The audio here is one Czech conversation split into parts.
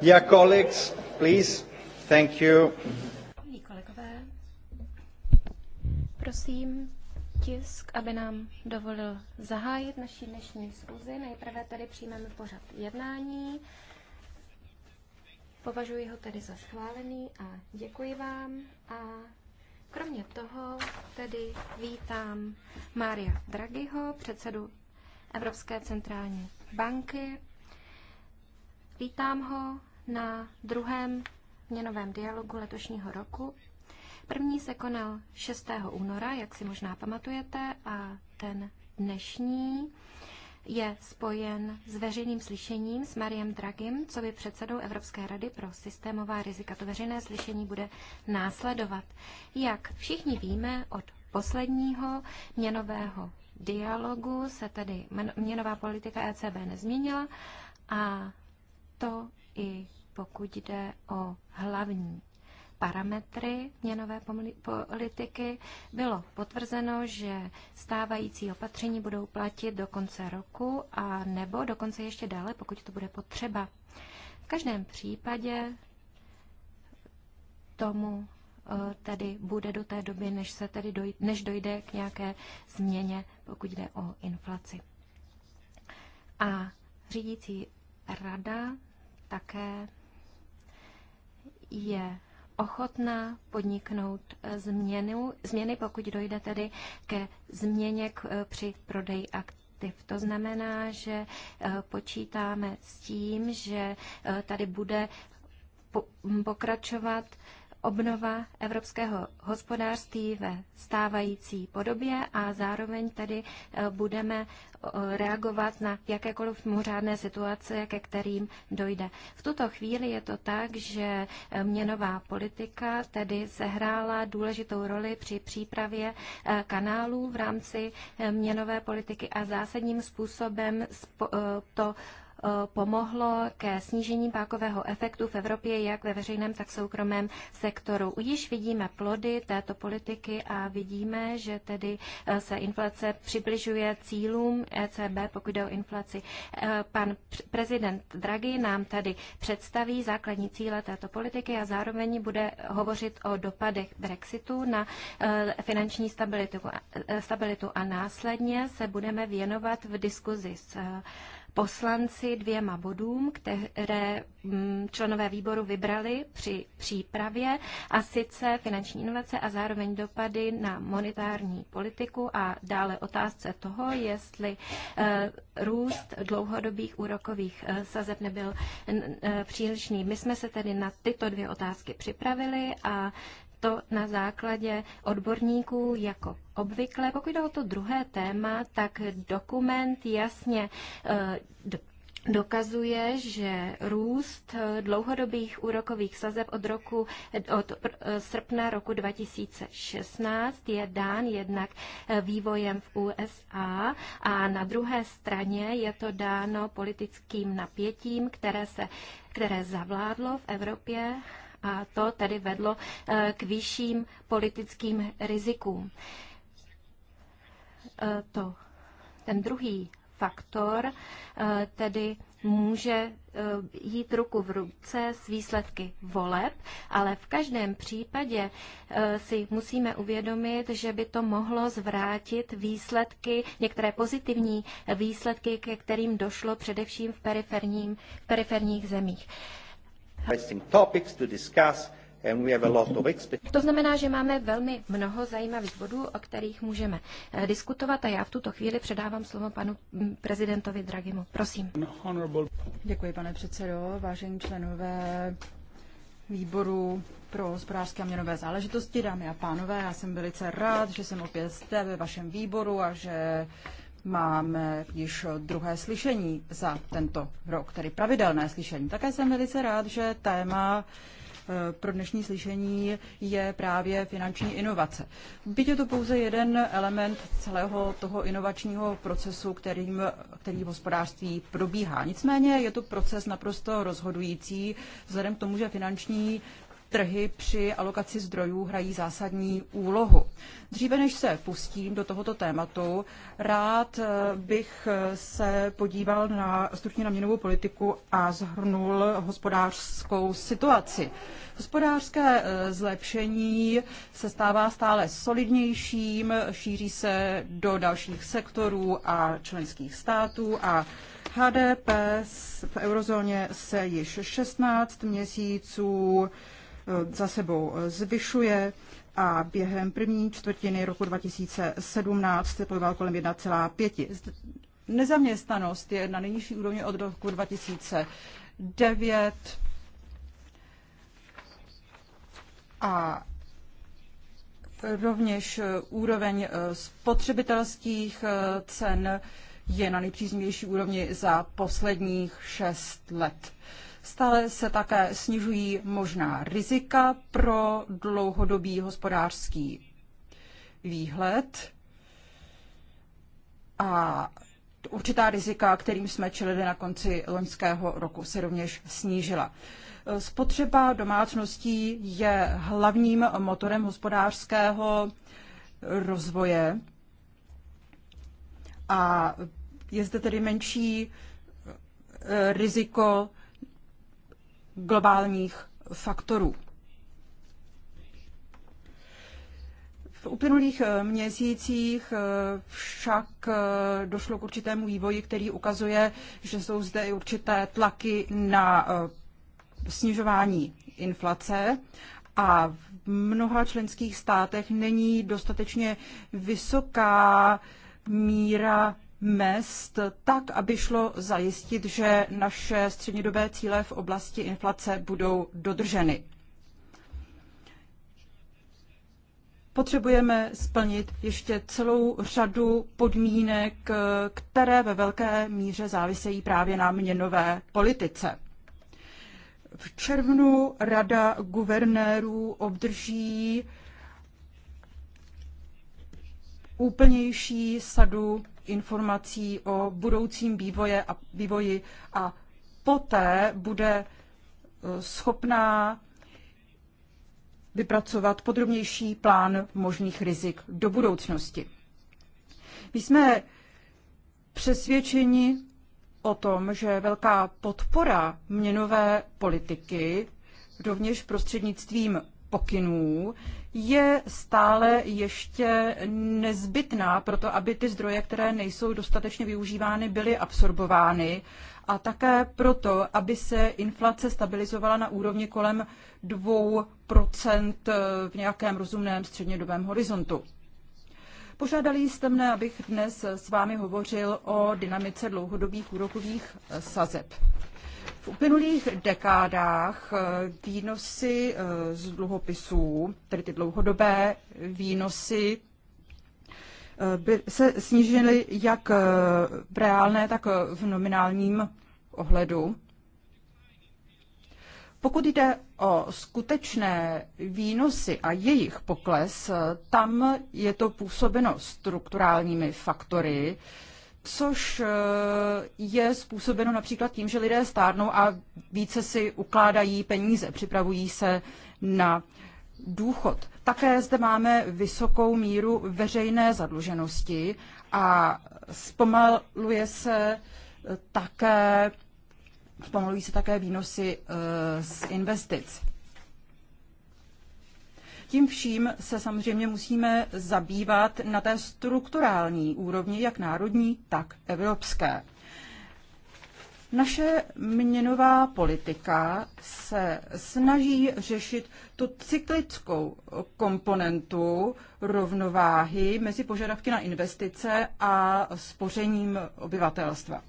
Dear colleagues, please, thank you. prosím tisk, aby nám dovolil zahájit naši dnešní schůzi. Nejprve tedy přijmeme pořad jednání. Považuji ho tedy za schválený a děkuji vám. A kromě toho tedy vítám Mária Draghiho, předsedu Evropské centrální banky. Vítám ho na druhém měnovém dialogu letošního roku. První se konal 6. února, jak si možná pamatujete, a ten dnešní je spojen s veřejným slyšením s Mariem Dragim, co by předsedou Evropské rady pro systémová rizika. To veřejné slyšení bude následovat. Jak všichni víme, od posledního měnového dialogu se tedy měnová politika ECB nezměnila a to i pokud jde o hlavní parametry měnové politiky, bylo potvrzeno, že stávající opatření budou platit do konce roku a nebo dokonce ještě dále, pokud to bude potřeba. V každém případě tomu eh, tedy bude do té doby, než, se tedy dojde, než dojde k nějaké změně, pokud jde o inflaci. A řídící rada také je ochotná podniknout eh, změnu, změny, pokud dojde tedy ke změně k, eh, při prodeji aktiv. To znamená, že eh, počítáme s tím, že tady bude pokračovat obnova evropského hospodářství ve stávající podobě a zároveň tady eh, budeme eh, reagovat na jakékoliv mimořádné situace, ke kterým dojde. V tuto chvíli je to tak, že eh, měnová politika tedy sehrála důležitou roli při přípravě kanálů v rámci měnové politiky a zásadním způsobem to Eh, pomohlo ke snížení pákového efektu v Evropě, jak ve veřejném, tak soukromém sektoru. Již vidíme plody této politiky a vidíme, že tedy eh, se inflace přibližuje cílům ECB, pokud jde o inflaci. Eh, pan prezident Draghi nám tady představí základní cíle této politiky a zároveň bude hovořit o dopadech Brexitu na finanční stabilitu, stabilitu a následně se budeme věnovat v diskuzi s poslanci dvěma bodům, které mm, členové výboru vybrali při přípravě, a sice finanční inovace a zároveň dopady na monetární politiku a dále otázce toho, jestli e, růst dlouhodobých úrokových e, sazeb nebyl e, přílišný. My jsme se tedy na tyto dvě otázky připravili a to na základě odborníků jako obvykle. Pokud jde o to druhé téma, tak dokument jasně eh, dokazuje, že růst eh, dlouhodobých úrokových sazeb od, roku, od eh, srpna roku 2016 je dán jednak vývojem v USA a na druhé straně je to dáno politickým napětím, které, se, které zavládlo v Evropě a to tedy vedlo eh, k vyšším politickým rizikům. Eh, to, ten druhý faktor eh, tedy může jít ruku v ruce s výsledky voleb, ale v každém případě si musíme uvědomit, že by to mohlo zvrátit výsledky, některé pozitivní výsledky, ke kterým došlo především v, periferním, v periferních zemích. To znamená, že máme velmi mnoho zajímavých bodů, o kterých můžeme eh, diskutovat a já v tuto chvíli předávám slovo panu mm, prezidentovi Dragimu. Prosím. Děkuji, pane předsedo, vážení členové výboru pro hospodářské a měnové záležitosti, dámy a pánové. Já jsem velice rád, že jsem opět zde ve vašem výboru a že máme již druhé slyšení za tento rok, tedy pravidelné slyšení. Také jsem velice rád, že téma eh, pro dnešní slyšení je právě finanční inovace. Byť je to pouze jeden element celého toho inovačního procesu, kterým, který v hospodářství probíhá. Nicméně je to proces naprosto rozhodující, vzhledem k tomu, že finanční trhy při alokaci zdrojů hrají zásadní úlohu. Dříve než se pustím do tohoto tématu, rád eh, bych eh, se podíval na stručně na měnovou politiku a zhrnul hospodářskou situaci. Hospodářské eh, zlepšení se stává stále solidnějším, šíří se do dalších sektorů a členských států a HDP v eurozóně se již 16 měsíců Eh, za sebou zvyšuje a během první čtvrtiny roku 2017 se pohyboval kolem 1,5. Nezaměstnanost je na nejnižší úrovni od roku 2009 a rovněž eh, úroveň eh, spotřebitelských cen je na nejpříznivější úrovni za posledních šest let. Stále se také snižují možná rizika pro dlouhodobý hospodářský výhled a určitá rizika, kterým jsme čelili na konci loňského roku, se rovněž snížila. Spotřeba domácností je hlavním motorem hospodářského rozvoje a je zde tedy menší riziko globálních faktorů. V uplynulých eh, měsících eh, však eh, došlo k určitému vývoji, který ukazuje, že jsou zde i určité tlaky na snižování inflace a v mnoha členských státech není dostatečně vysoká míra mest tak, aby šlo zajistit, že naše střednědobé cíle v oblasti inflace budou dodrženy. Potřebujeme splnit ještě celou řadu podmínek, které ve velké míře závisejí právě na měnové politice. V červnu Rada guvernérů obdrží úplnější sadu informací o budoucím vývoje a, vývoji a poté bude e, schopná vypracovat podrobnější plán možných rizik do budoucnosti. My jsme přesvědčeni o tom, že velká podpora měnové politiky rovněž prostřednictvím pokynů je stále ještě nezbytná pro to, aby ty zdroje, které nejsou dostatečně využívány, byly absorbovány a také proto, aby se inflace stabilizovala na úrovni kolem 2% v nějakém rozumném střednědobém horizontu. Požádali jste mne, abych dnes s vámi hovořil o dynamice dlouhodobých úrokových sazeb. V uplynulých dekádách eh, výnosy eh, z dluhopisů, tedy ty dlouhodobé výnosy, eh, by se snížily jak v reálné, tak v nominálním ohledu. Pokud jde o skutečné výnosy a jejich pokles, tam je to působeno strukturálními faktory, což eh, je způsobeno například tím, že lidé stárnou a více si ukládají peníze, připravují se na důchod. Také zde máme vysokou míru veřejné zadluženosti a zpomaluje se eh, také, zpomalují se také výnosy eh, z investic. Tím vším se samozřejmě musíme zabývat na té strukturální úrovni, jak národní, tak evropské. Naše měnová politika se snaží řešit tu cyklickou komponentu rovnováhy mezi požadavky na investice a spořením obyvatelstva.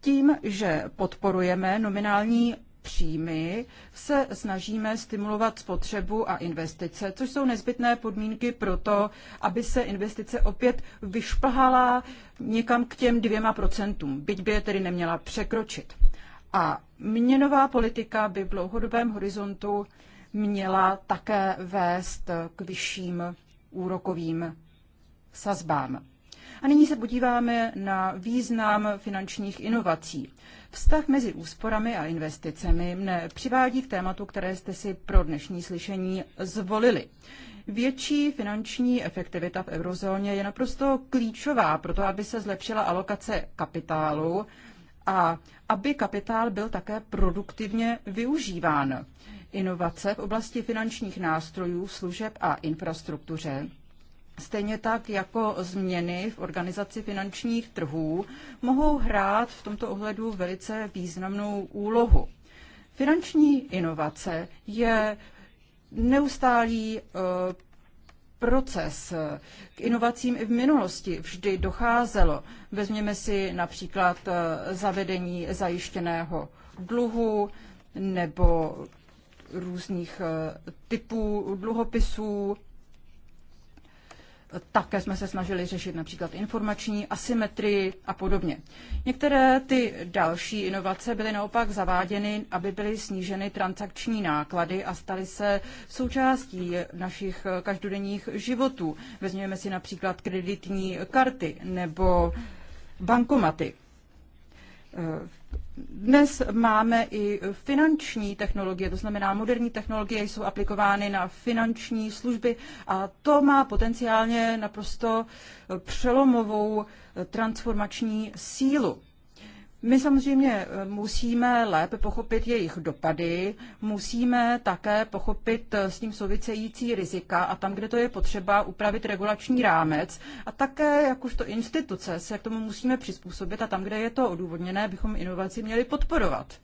Tím, že podporujeme nominální příjmy se snažíme stimulovat spotřebu a investice, což jsou nezbytné podmínky pro to, aby se investice opět vyšplhala někam k těm dvěma procentům, byť by je tedy neměla překročit. A měnová politika by v dlouhodobém horizontu měla také vést k vyšším úrokovým sazbám. A nyní se podíváme na význam finančních inovací. Vztah mezi úsporami a investicemi mne přivádí k tématu, které jste si pro dnešní slyšení zvolili. Větší finanční efektivita v eurozóně je naprosto klíčová pro to, aby se zlepšila alokace kapitálu a aby kapitál byl také produktivně využíván. Inovace v oblasti finančních nástrojů, služeb a infrastruktuře Stejně tak jako změny v organizaci finančních trhů mohou hrát v tomto ohledu velice významnou úlohu. Finanční inovace je neustálý eh, proces. K inovacím i v minulosti vždy docházelo. Vezměme si například eh, zavedení zajištěného dluhu nebo různých eh, typů dluhopisů také jsme se snažili řešit například informační asymetrii a podobně. Některé ty další inovace byly naopak zaváděny, aby byly sníženy transakční náklady a staly se součástí našich každodenních životů. Vezměme si například kreditní karty nebo bankomaty. Dnes máme i finanční technologie, to znamená moderní technologie jsou aplikovány na finanční služby a to má potenciálně naprosto přelomovou transformační sílu. My samozřejmě eh, musíme lépe pochopit jejich dopady, musíme také pochopit eh, s tím související rizika a tam, kde to je potřeba, upravit regulační rámec a také jakožto instituce se k tomu musíme přizpůsobit a tam, kde je to odůvodněné, bychom inovaci měli podporovat.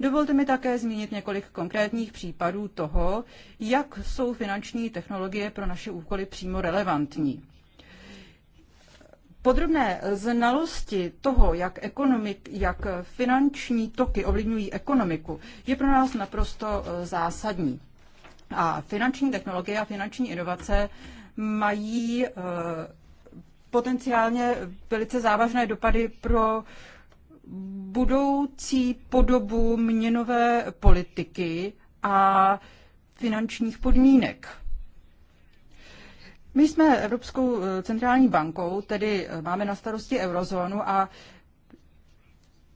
Dovolte mi také zmínit několik konkrétních případů toho, jak jsou finanční technologie pro naše úkoly přímo relevantní podrobné znalosti toho, jak, ekonomik, jak finanční toky ovlivňují ekonomiku, je pro nás naprosto eh, zásadní. A finanční technologie a finanční inovace mají eh, potenciálně velice závažné dopady pro budoucí podobu měnové politiky a finančních podmínek. My jsme Evropskou eh, centrální bankou, tedy eh, máme na starosti eurozónu a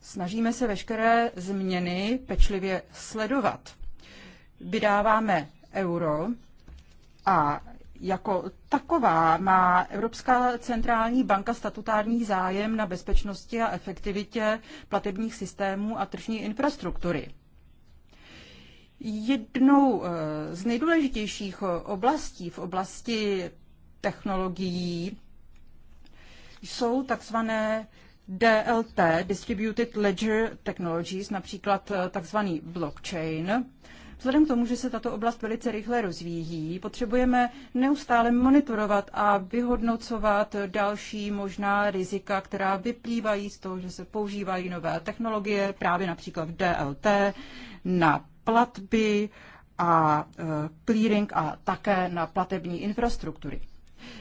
snažíme se veškeré změny pečlivě sledovat. Vydáváme euro a jako taková má Evropská centrální banka statutární zájem na bezpečnosti a efektivitě platebních systémů a tržní infrastruktury. Jednou eh, z nejdůležitějších oblastí v oblasti technologií jsou takzvané DLT, Distributed Ledger Technologies, například eh, takzvaný blockchain. Vzhledem k tomu, že se tato oblast velice rychle rozvíjí, potřebujeme neustále monitorovat a vyhodnocovat další možná rizika, která vyplývají z toho, že se používají nové technologie, právě například DLT, na platby a eh, clearing a také na platební infrastruktury.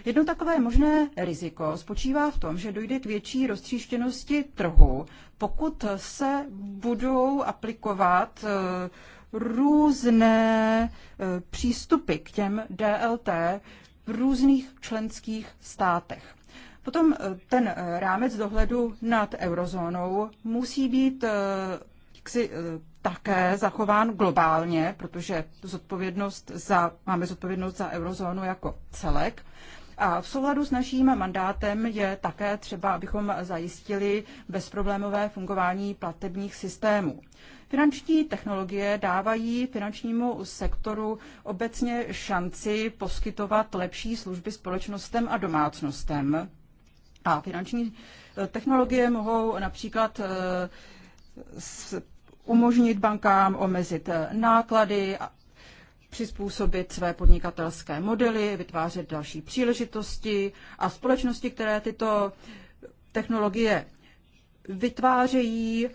Jedno takové možné riziko spočívá v tom, že dojde k větší roztříštěnosti trhu, pokud se budou aplikovat eh, různé eh, přístupy k těm DLT v různých členských státech. Potom eh, ten rámec dohledu nad eurozónou musí být jaksi také zachován globálně, protože zodpovědnost za, máme zodpovědnost za eurozónu jako celek. A v souladu s naším mandátem je také třeba, abychom zajistili bezproblémové fungování platebních systémů. Finanční technologie dávají finančnímu sektoru obecně šanci poskytovat lepší služby společnostem a domácnostem. A finanční eh, technologie mohou například eh, umožnit bankám omezit eh, náklady přizpůsobit své podnikatelské modely, vytvářet další příležitosti a společnosti, které tyto technologie vytvářejí,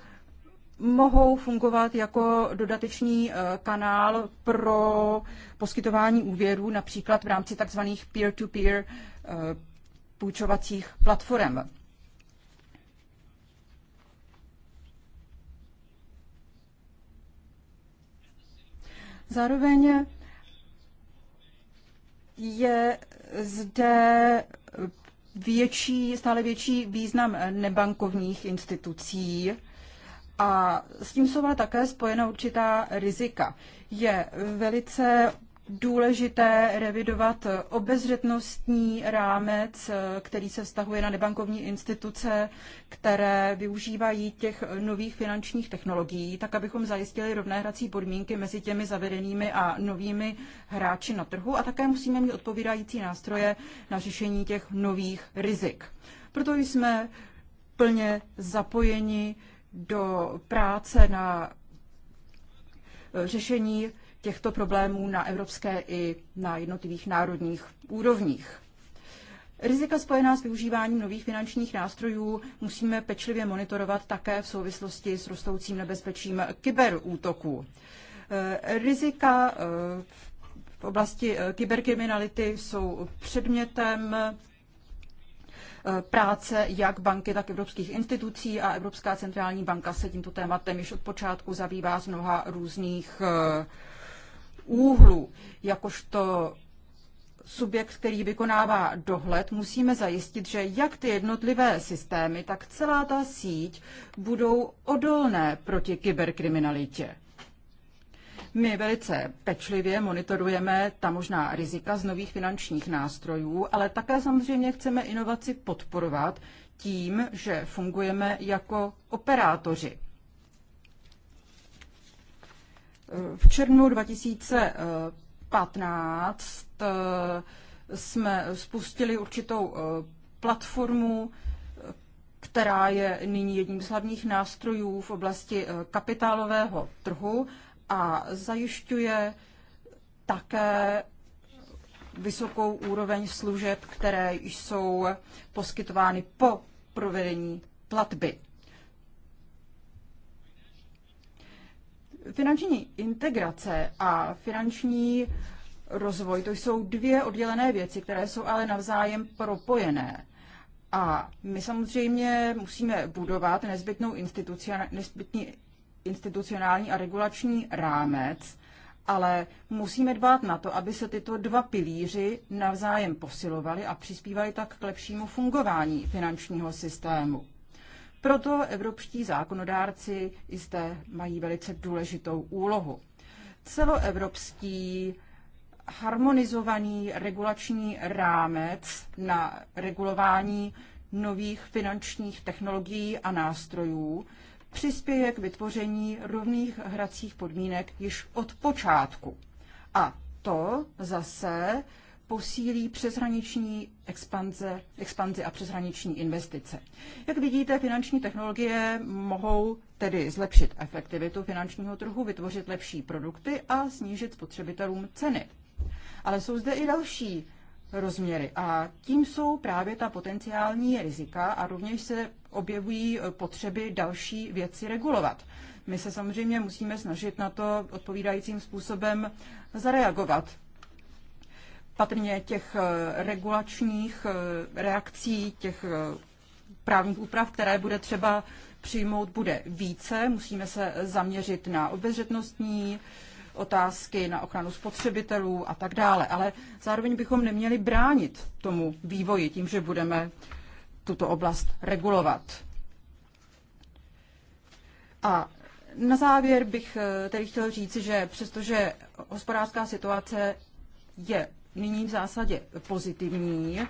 mohou fungovat jako dodatečný eh, kanál pro poskytování úvěrů, například v rámci tzv. peer-to-peer eh, půjčovacích platform. Zároveň je zde větší, stále větší význam nebankovních institucí a s tím jsou ale také spojena určitá rizika. Je velice důležité revidovat obezřetnostní rámec, eh, který se vztahuje na nebankovní instituce, které využívají těch nových finančních technologií, tak abychom zajistili rovné hrací podmínky mezi těmi zavedenými a novými hráči na trhu a také musíme mít odpovídající nástroje na řešení těch nových rizik. Proto jsme plně zapojeni do práce na řešení těchto problémů na evropské i na jednotlivých národních úrovních. Rizika spojená s využíváním nových finančních nástrojů musíme pečlivě monitorovat také v souvislosti s rostoucím nebezpečím kyberútoků. Eh, rizika eh, v oblasti eh, kyberkriminality jsou předmětem práce jak banky, tak evropských institucí a Evropská centrální banka se tímto tématem již od počátku zabývá z mnoha různých Úhlu Jakožto subjekt, který vykonává dohled, musíme zajistit, že jak ty jednotlivé systémy, tak celá ta síť budou odolné proti kyberkriminalitě. My velice pečlivě monitorujeme ta možná rizika z nových finančních nástrojů, ale také samozřejmě chceme inovaci podporovat tím, že fungujeme jako operátoři. V červnu 2015 eh, jsme spustili určitou eh, platformu, která je nyní jedním z hlavních nástrojů v oblasti eh, kapitálového trhu a zajišťuje také vysokou úroveň služeb, které jsou poskytovány po provedení platby. Finanční integrace a finanční rozvoj, to jsou dvě oddělené věci, které jsou ale navzájem propojené. A my samozřejmě musíme budovat nezbytnou instituci- nezbytný institucionální a regulační rámec, ale musíme dbát na to, aby se tyto dva pilíři navzájem posilovaly a přispívaly tak k lepšímu fungování finančního systému. Proto evropští zákonodárci i zde mají velice důležitou úlohu. Celoevropský harmonizovaný regulační rámec na regulování nových finančních technologií a nástrojů přispěje k vytvoření rovných hracích podmínek již od počátku. A to zase posílí přeshraniční expanze, expanzi a přeshraniční investice. Jak vidíte, finanční technologie mohou tedy zlepšit efektivitu finančního trhu, vytvořit lepší produkty a snížit spotřebitelům ceny. Ale jsou zde i další rozměry a tím jsou právě ta potenciální rizika a rovněž se objevují potřeby další věci regulovat. My se samozřejmě musíme snažit na to odpovídajícím způsobem zareagovat, patrně těch eh, regulačních eh, reakcí, těch eh, právních úprav, které bude třeba přijmout, bude více. Musíme se zaměřit na obezřetnostní otázky, na ochranu spotřebitelů a tak dále. Ale zároveň bychom neměli bránit tomu vývoji tím, že budeme tuto oblast regulovat. A na závěr bych tedy chtěl říci, že přestože hospodářská situace je nyní v zásadě pozitivní.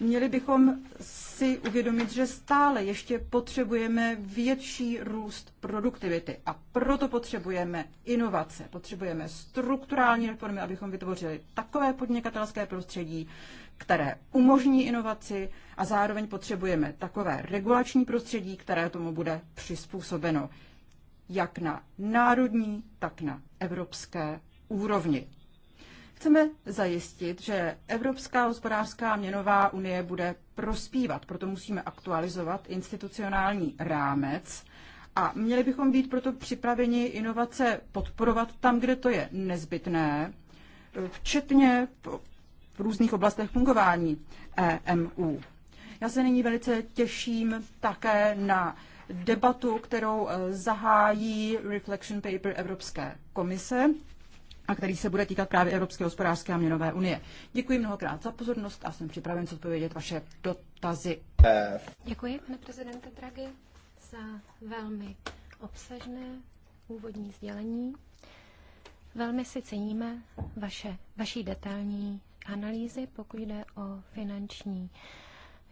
Měli bychom si uvědomit, že stále ještě potřebujeme větší růst produktivity a proto potřebujeme inovace, potřebujeme strukturální reformy, abychom vytvořili takové podnikatelské prostředí, které umožní inovaci a zároveň potřebujeme takové regulační prostředí, které tomu bude přizpůsobeno jak na národní, tak na evropské úrovni. Chceme zajistit, že Evropská hospodářská měnová unie bude prospívat, proto musíme aktualizovat institucionální rámec a měli bychom být proto připraveni inovace podporovat tam, kde to je nezbytné, eh, včetně v různých oblastech fungování EMU. Já se nyní velice těším také na debatu, kterou eh, zahájí Reflection Paper Evropské komise a který se bude týkat právě Evropské hospodářské a měnové unie. Děkuji mnohokrát za pozornost a jsem připraven zodpovědět vaše dotazy. Děkuji, pane prezidente Draghi, za velmi obsažné úvodní sdělení. Velmi si ceníme vaše, vaší detailní analýzy, pokud jde o finanční uh,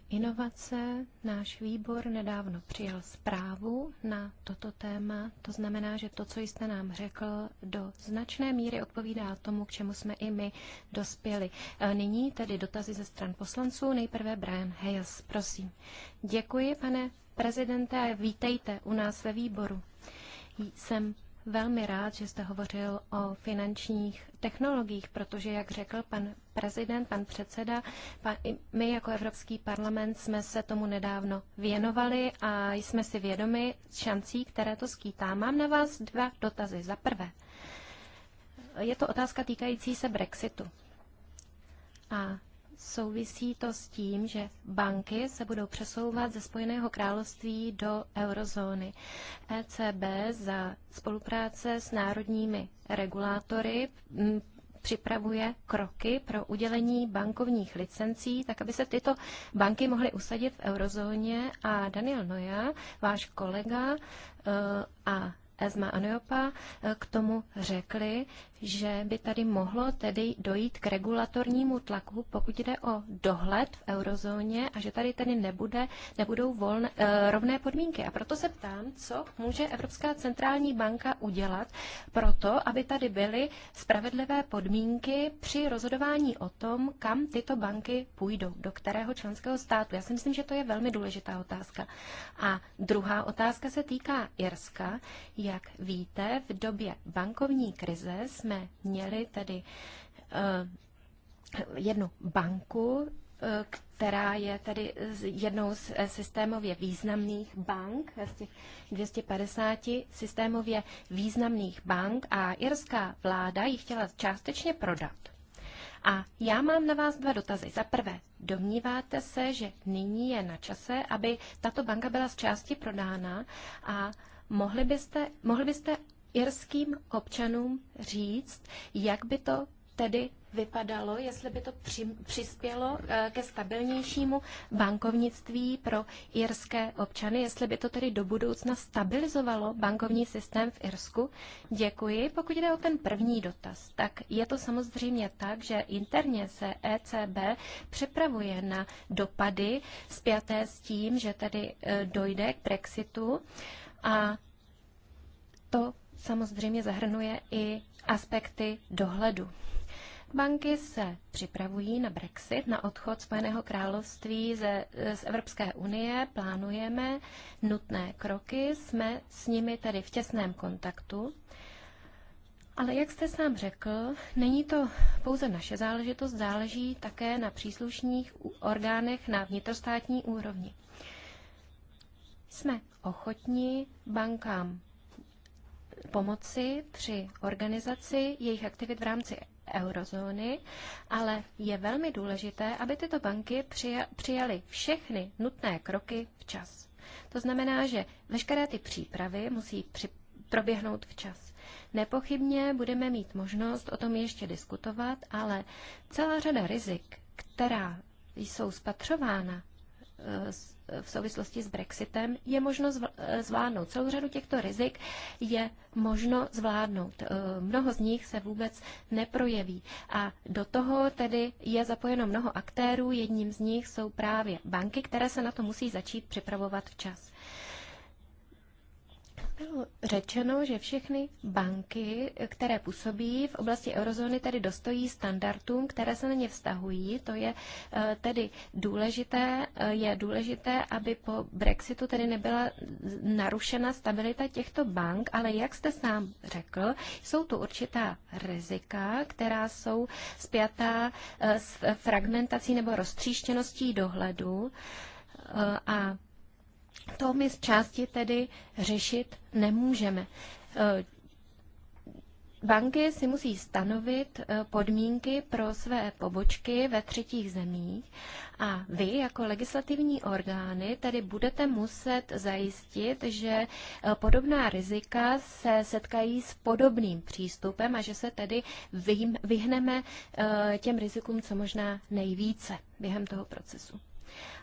inovace. Náš výbor nedávno přijal zprávu na toto téma. To znamená, že to, co jste nám řekl, do značné míry odpovídá tomu, k čemu jsme i my dospěli. Nyní tedy dotazy ze stran poslanců. Nejprve Brian Hayes, prosím. Děkuji, pane prezidente, a vítejte u nás ve výboru. Jsem velmi rád, že jste hovořil o finančních technologiích, protože, jak řekl pan prezident, pan předseda, pan, my jako Evropský parlament jsme se tomu nedávno věnovali a jsme si vědomi šancí, které to skýtá. Mám na vás dva dotazy. Za prvé, je to otázka týkající se Brexitu. A Souvisí to s tím, že banky se budou přesouvat ze Spojeného království do eurozóny. ECB za spolupráce s národními regulátory mm, připravuje kroky pro udělení bankovních licencí, tak aby se tyto banky mohly usadit v eurozóně. A Daniel Noja, váš kolega e, a Esma Aniopa e, k tomu řekli, že by tady mohlo tedy dojít k regulatornímu tlaku, pokud jde o dohled v eurozóně a že tady tedy nebude, nebudou volné, eh, rovné podmínky. A proto se ptám, co může Evropská centrální banka udělat pro to, aby tady byly spravedlivé podmínky při rozhodování o tom, kam tyto banky půjdou, do kterého členského státu. Já si myslím, že to je velmi důležitá otázka. A druhá otázka se týká Irska. Jak víte, v době bankovní krize jsme měli tedy eh, jednu banku, eh, která je tedy jednou z eh, systémově významných bank, z těch 250 systémově významných bank a irská vláda ji chtěla částečně prodat. A já mám na vás dva dotazy. Za prvé, domníváte se, že nyní je na čase, aby tato banka byla z části prodána a mohli byste, mohli byste irským občanům říct, jak by to tedy vypadalo, jestli by to při, přispělo eh, ke stabilnějšímu bankovnictví pro irské občany, jestli by to tedy do budoucna stabilizovalo bankovní systém v Irsku. Děkuji. Pokud jde o ten první dotaz, tak je to samozřejmě tak, že interně se ECB připravuje na dopady spjaté s tím, že tedy eh, dojde k Brexitu a to samozřejmě zahrnuje i aspekty dohledu. Banky se připravují na Brexit, na odchod Spojeného království ze, z Evropské unie, plánujeme nutné kroky, jsme s nimi tedy v těsném kontaktu. Ale jak jste sám řekl, není to pouze naše záležitost, záleží také na příslušných orgánech na vnitrostátní úrovni. Jsme ochotní bankám pomoci při organizaci jejich aktivit v rámci eurozóny, ale je velmi důležité, aby tyto banky přijaly všechny nutné kroky včas. To znamená, že veškeré ty přípravy musí při proběhnout včas. Nepochybně budeme mít možnost o tom ještě diskutovat, ale celá řada rizik, která jsou spatřována Eh, v souvislosti s Brexitem, je možno eh, zvládnout. Celou řadu těchto rizik je možno zvládnout. Eh, mnoho z nich se vůbec neprojeví. A do toho tedy je zapojeno mnoho aktérů. Jedním z nich jsou právě banky, které se na to musí začít připravovat včas. Bylo řečeno, že všechny banky, které působí v oblasti eurozóny, tedy dostojí standardům, které se na ně vztahují. To je eh, tedy důležité, eh, je důležité, aby po Brexitu tedy nebyla narušena stabilita těchto bank, ale jak jste sám řekl, jsou tu určitá rizika, která jsou spjatá eh, s fragmentací nebo roztříštěností dohledu a to my z části tedy řešit nemůžeme. E, banky si musí stanovit e, podmínky pro své pobočky ve třetích zemích a vy jako legislativní orgány tedy budete muset zajistit, že e, podobná rizika se setkají s podobným přístupem a že se tedy vyhneme těm rizikům co možná nejvíce během toho procesu.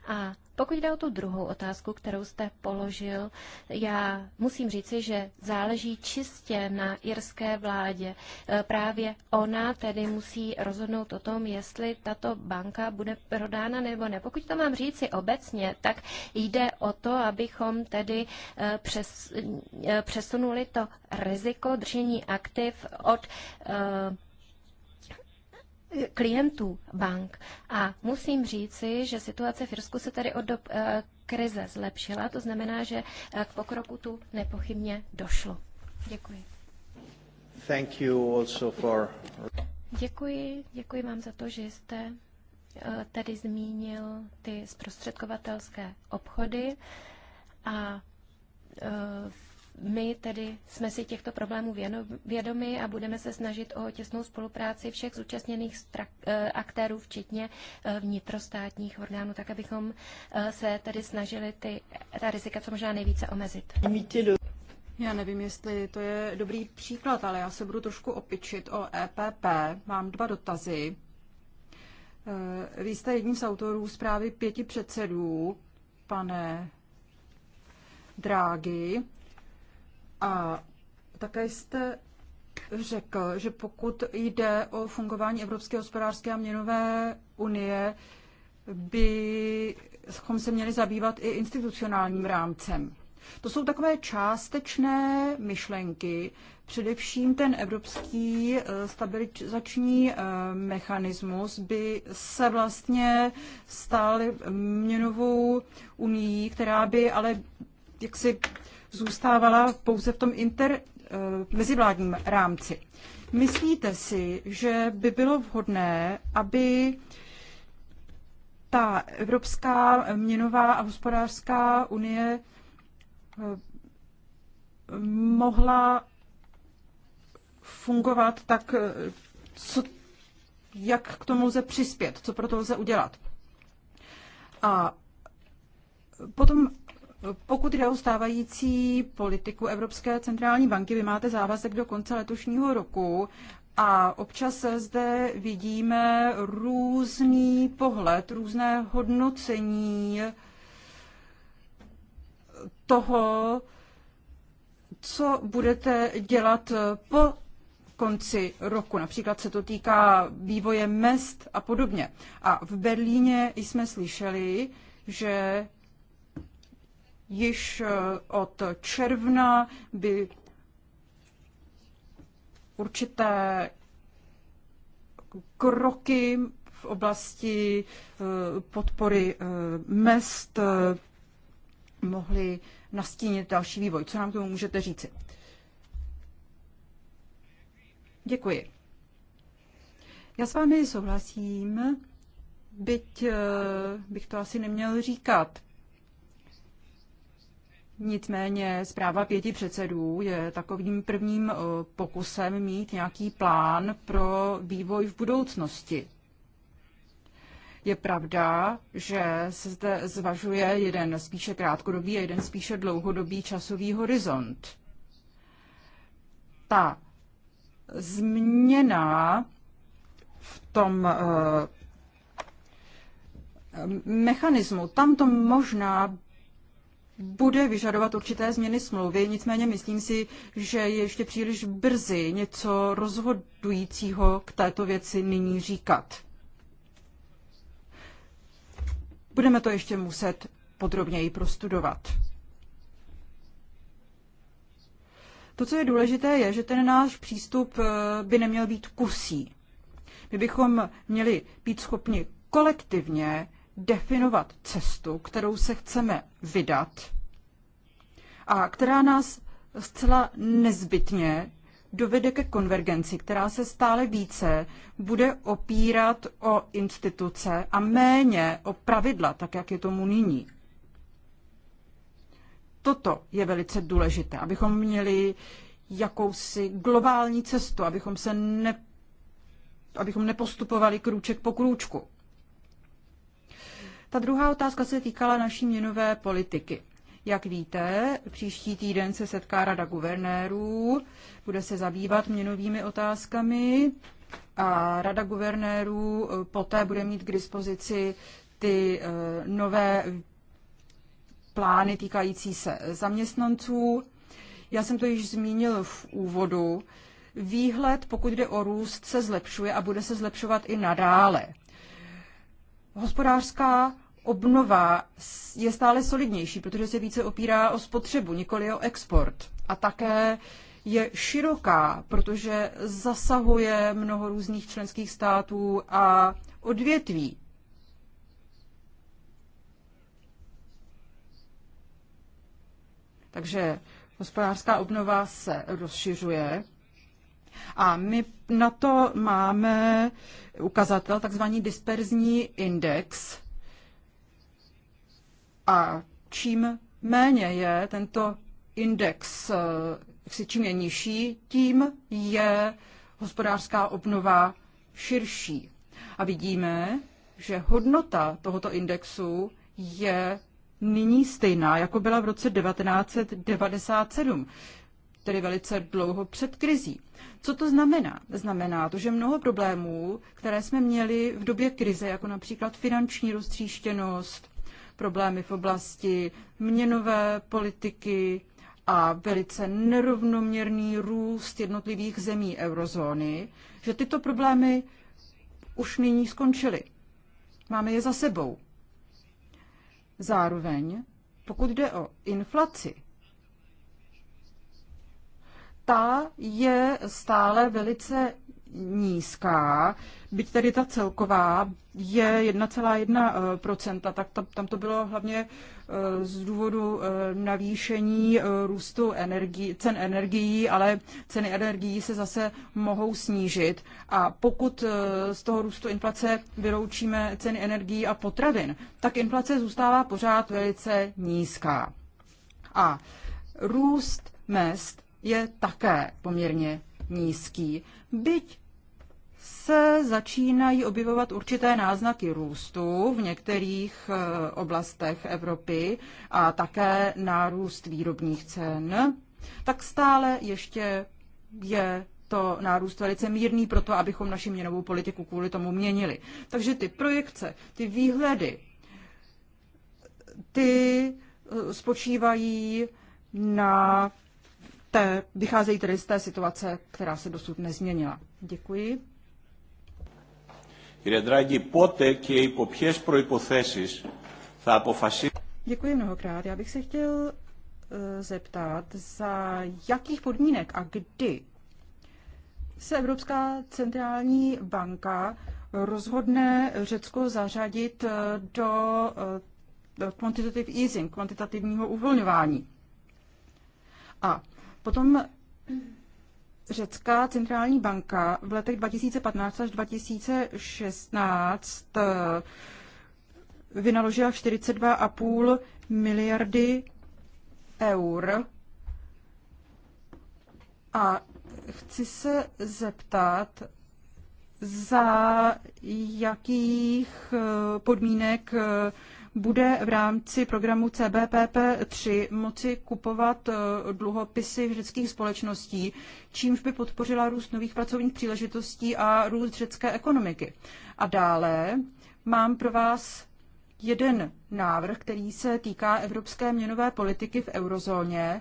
A pokud jde o tu druhou otázku, kterou jste položil, já musím říci, že záleží čistě na irské vládě. E, právě ona tedy musí rozhodnout o tom, jestli tato banka bude prodána nebo ne. Pokud to mám říci obecně, tak jde o to, abychom tedy e, přes, e, přesunuli to riziko držení aktiv od klientů bank. A musím říci, že situace v Irsku se tady od dob eh, krize zlepšila, to znamená, že eh, k pokroku tu nepochybně došlo. Děkuji. Thank you also for... Děkuji, děkuji vám za to, že jste eh, tady zmínil ty zprostředkovatelské obchody a my tedy jsme si těchto problémů vědomi a budeme se snažit o těsnou spolupráci všech zúčastněných eh, aktérů, včetně eh, vnitrostátních orgánů, tak abychom eh, se tedy snažili ty, ta rizika co možná nejvíce omezit. Já nevím, jestli to je dobrý příklad, ale já se budu trošku opičit o EPP. Mám dva dotazy. Vy jste jedním z autorů zprávy pěti předsedů, pane Drágy, a také jste řekl, že pokud jde o fungování Evropské hospodářské a měnové unie, bychom se měli zabývat i institucionálním rámcem. To jsou takové částečné myšlenky, především ten evropský eh, stabilizační eh, mechanismus by se vlastně stal měnovou unii, která by ale jaksi zůstávala pouze v tom inter, eh, mezivládním rámci. Myslíte si, že by bylo vhodné, aby ta Evropská měnová a hospodářská unie eh, mohla fungovat tak, eh, co, jak k tomu lze přispět, co pro to lze udělat. A potom pokud jde o stávající politiku Evropské centrální banky, vy máte závazek do konce letošního roku a občas zde vidíme různý pohled, různé hodnocení toho, co budete dělat po konci roku. Například se to týká vývoje mest a podobně. A v Berlíně jsme slyšeli, že Již eh, od června by určité kroky v oblasti eh, podpory eh, mest mohly nastínit další vývoj. Co nám k tomu můžete říci? Děkuji. Já s vámi souhlasím, byť bych to asi neměl říkat, Nicméně zpráva pěti předsedů je takovým prvním eh, pokusem mít nějaký plán pro vývoj v budoucnosti. Je pravda, že se zde zvažuje jeden spíše krátkodobý a jeden spíše dlouhodobý časový horizont. Ta změna v tom eh, mechanismu, tam to možná bude vyžadovat určité změny smlouvy, nicméně myslím si, že je ještě příliš brzy něco rozhodujícího k této věci nyní říkat. Budeme to ještě muset podrobněji prostudovat. To, co je důležité, je, že ten náš přístup eh, by neměl být kusí. My bychom měli být schopni kolektivně definovat cestu, kterou se chceme vydat a která nás zcela nezbytně dovede ke konvergenci, která se stále více bude opírat o instituce a méně o pravidla, tak jak je tomu nyní. Toto je velice důležité, abychom měli jakousi globální cestu, abychom se ne, abychom nepostupovali krůček po krůčku. Ta druhá otázka se týkala naší měnové politiky. Jak víte, příští týden se setká Rada guvernérů, bude se zabývat měnovými otázkami a Rada guvernérů eh, poté bude mít k dispozici ty eh, nové plány týkající se zaměstnanců. Já jsem to již zmínil v úvodu. Výhled, pokud jde o růst, se zlepšuje a bude se zlepšovat i nadále. Hospodářská obnova je stále solidnější, protože se více opírá o spotřebu, nikoli o export. A také je široká, protože zasahuje mnoho různých členských států a odvětví. Takže hospodářská obnova se rozšiřuje. A my na to máme ukazatel, takzvaný disperzní index, a čím méně je tento index, eh, si čím je nižší, tím je hospodářská obnova širší. A vidíme, že hodnota tohoto indexu je nyní stejná, jako byla v roce 1997, tedy velice dlouho před krizí. Co to znamená? Znamená to, že mnoho problémů, které jsme měli v době krize, jako například finanční roztříštěnost, problémy v oblasti měnové politiky a velice nerovnoměrný růst jednotlivých zemí eurozóny, že tyto problémy už nyní skončily. Máme je za sebou. Zároveň, pokud jde o inflaci, ta je stále velice nízká, byť tedy ta celková je 1,1%, tak tam, to bylo hlavně eh, z důvodu eh, navýšení eh, růstu energii, cen energií, ale ceny energií se zase mohou snížit. A pokud z toho růstu inflace vyloučíme ceny energií a potravin, tak inflace zůstává pořád velice nízká. A růst mest je také poměrně nízký, byť se začínají objevovat určité náznaky růstu v některých eh, oblastech Evropy a také nárůst výrobních cen, tak stále ještě je to nárůst velice mírný pro to, abychom naši měnovou politiku kvůli tomu měnili. Takže ty projekce, ty výhledy, ty eh, spočívají na té, vycházejí tedy z té situace, která se dosud nezměnila. Děkuji. Κύριε Ντράγκη, πότε και υπό ποιε προποθέσει θα αποφασίσει. Děkuji mnohokrát. Já bych se chtěl e, zeptat, za jakých podmínek a kdy se Evropská centrální banka rozhodne Řecko zařadit e, do e, quantitative easing, kvantitativního uvolňování. A potom Řecká centrální banka v letech 2015 až 2016 eh, vynaložila 42,5 miliardy eur. A chci se zeptat, za jakých eh, podmínek eh, bude v rámci programu CBPP3 moci kupovat eh, dluhopisy řeckých společností, čímž by podpořila růst nových pracovních příležitostí a růst řecké ekonomiky. A dále mám pro vás jeden návrh, který se týká evropské měnové politiky v eurozóně.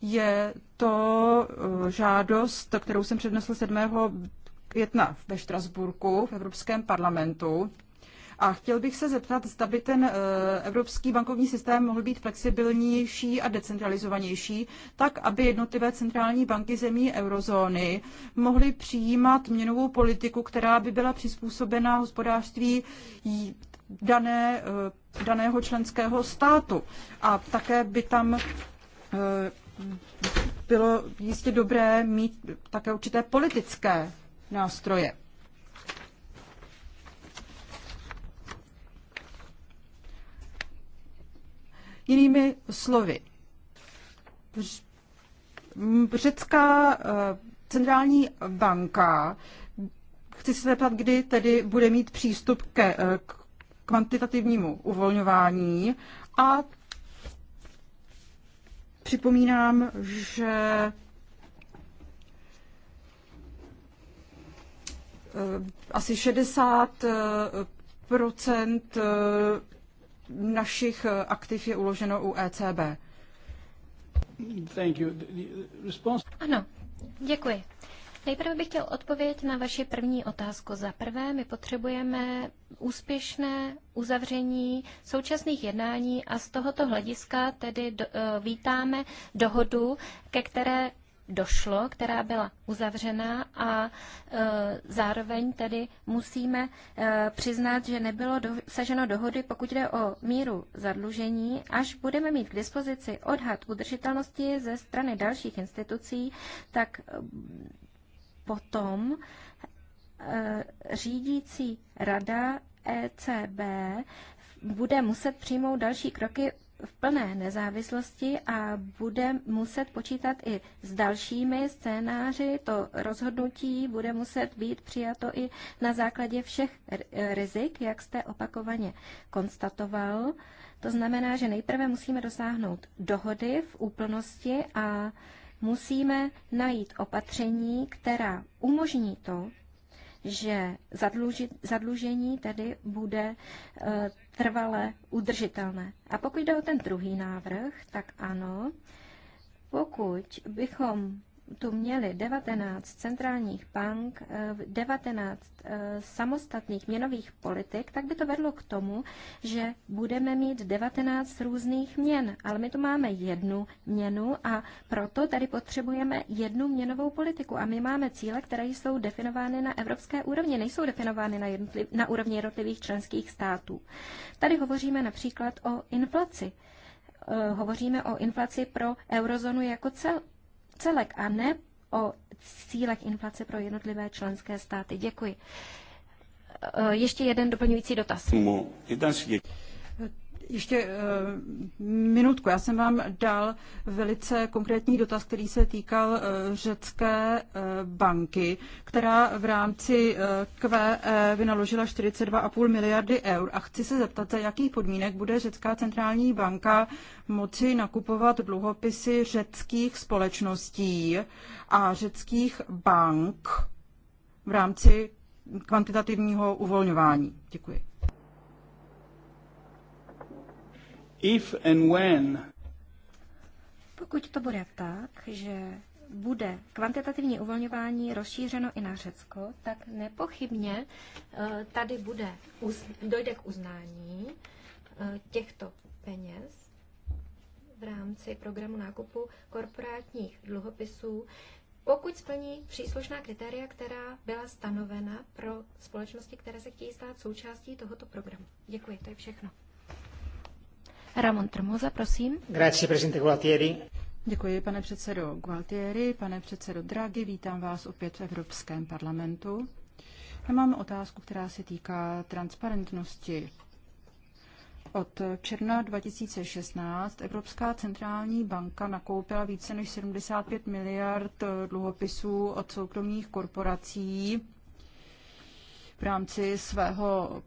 Je to eh, žádost, kterou jsem přednesl 7. května ve Štrasburku v Evropském parlamentu. A chtěl bych se zeptat, zda by ten eh, evropský bankovní systém mohl být flexibilnější a decentralizovanější, tak aby jednotlivé centrální banky zemí eurozóny mohly přijímat měnovou politiku, která by byla přizpůsobena hospodářství dané, eh, daného členského státu. A také by tam eh, bylo jistě dobré mít také určité politické nástroje. Jinými slovy, řecká eh, centrální banka, chci se zeptat, kdy tedy bude mít přístup ke eh, k kvantitativnímu uvolňování a připomínám, že eh, asi 60 procent našich eh, aktiv je uloženo u ECB. Thank you. Response... Ano, děkuji. Nejprve bych chtěl odpověď na vaši první otázku. Za prvé, my potřebujeme úspěšné uzavření současných jednání a z tohoto hlediska tedy do, eh, vítáme dohodu, ke které došlo, která byla uzavřená a e, zároveň tedy musíme e, přiznat, že nebylo dosaženo dohody, pokud jde o míru zadlužení. Až budeme mít k dispozici odhad udržitelnosti ze strany dalších institucí, tak e, potom řídící rada ECB bude muset přijmout další kroky v plné nezávislosti a bude muset počítat i s dalšími scénáři. To rozhodnutí bude muset být přijato i na základě všech rizik, jak jste opakovaně konstatoval. To znamená, že nejprve musíme dosáhnout dohody v úplnosti a musíme najít opatření, která umožní to, že zadlužení tedy bude eh, trvale udržitelné. A pokud jde o ten druhý návrh, tak ano, pokud bychom tu měli 19 centrálních bank, 19 eh, eh, samostatných měnových politik, tak by to vedlo k tomu, že budeme mít 19 různých měn. Ale my tu máme jednu měnu a proto tady potřebujeme jednu měnovou politiku. A my máme cíle, které jsou definovány na evropské úrovni, nejsou definovány na, jednotliv, na úrovni jednotlivých členských států. Tady hovoříme například o inflaci eh, hovoříme o inflaci pro eurozónu jako cel, celek a ne o cílech inflace pro jednotlivé členské státy. Děkuji. E, ještě jeden doplňující dotaz. Ještě eh, minutku. Já jsem vám dal velice konkrétní dotaz, který se týkal eh, řecké eh, banky, která v rámci QE vynaložila 42,5 miliardy eur. A chci se zeptat, za jakých podmínek bude řecká centrální banka moci nakupovat dluhopisy řeckých společností a řeckých bank v rámci kvantitativního uvolňování. Děkuji. If and when pokud to bude tak, že bude kvantitativní uvolňování rozšířeno i na Řecko, tak nepochybně eh, tady bude, dojde k uznání eh, těchto peněz v rámci programu nákupu korporátních dluhopisů, pokud splní příslušná kritéria, která byla stanovena pro společnosti, které se chtějí stát součástí tohoto programu. Děkuji, to je všechno. Ramon Tremoza, prosím. Grazie, Gualtieri. Děkuji, pane předsedo Gualtieri, pane předsedo Draghi, vítám vás opět v Evropském parlamentu. Já mám otázku, která se týká transparentnosti. Od června 2016 Evropská centrální banka nakoupila více než 75 miliard dluhopisů od soukromých korporací v rámci svého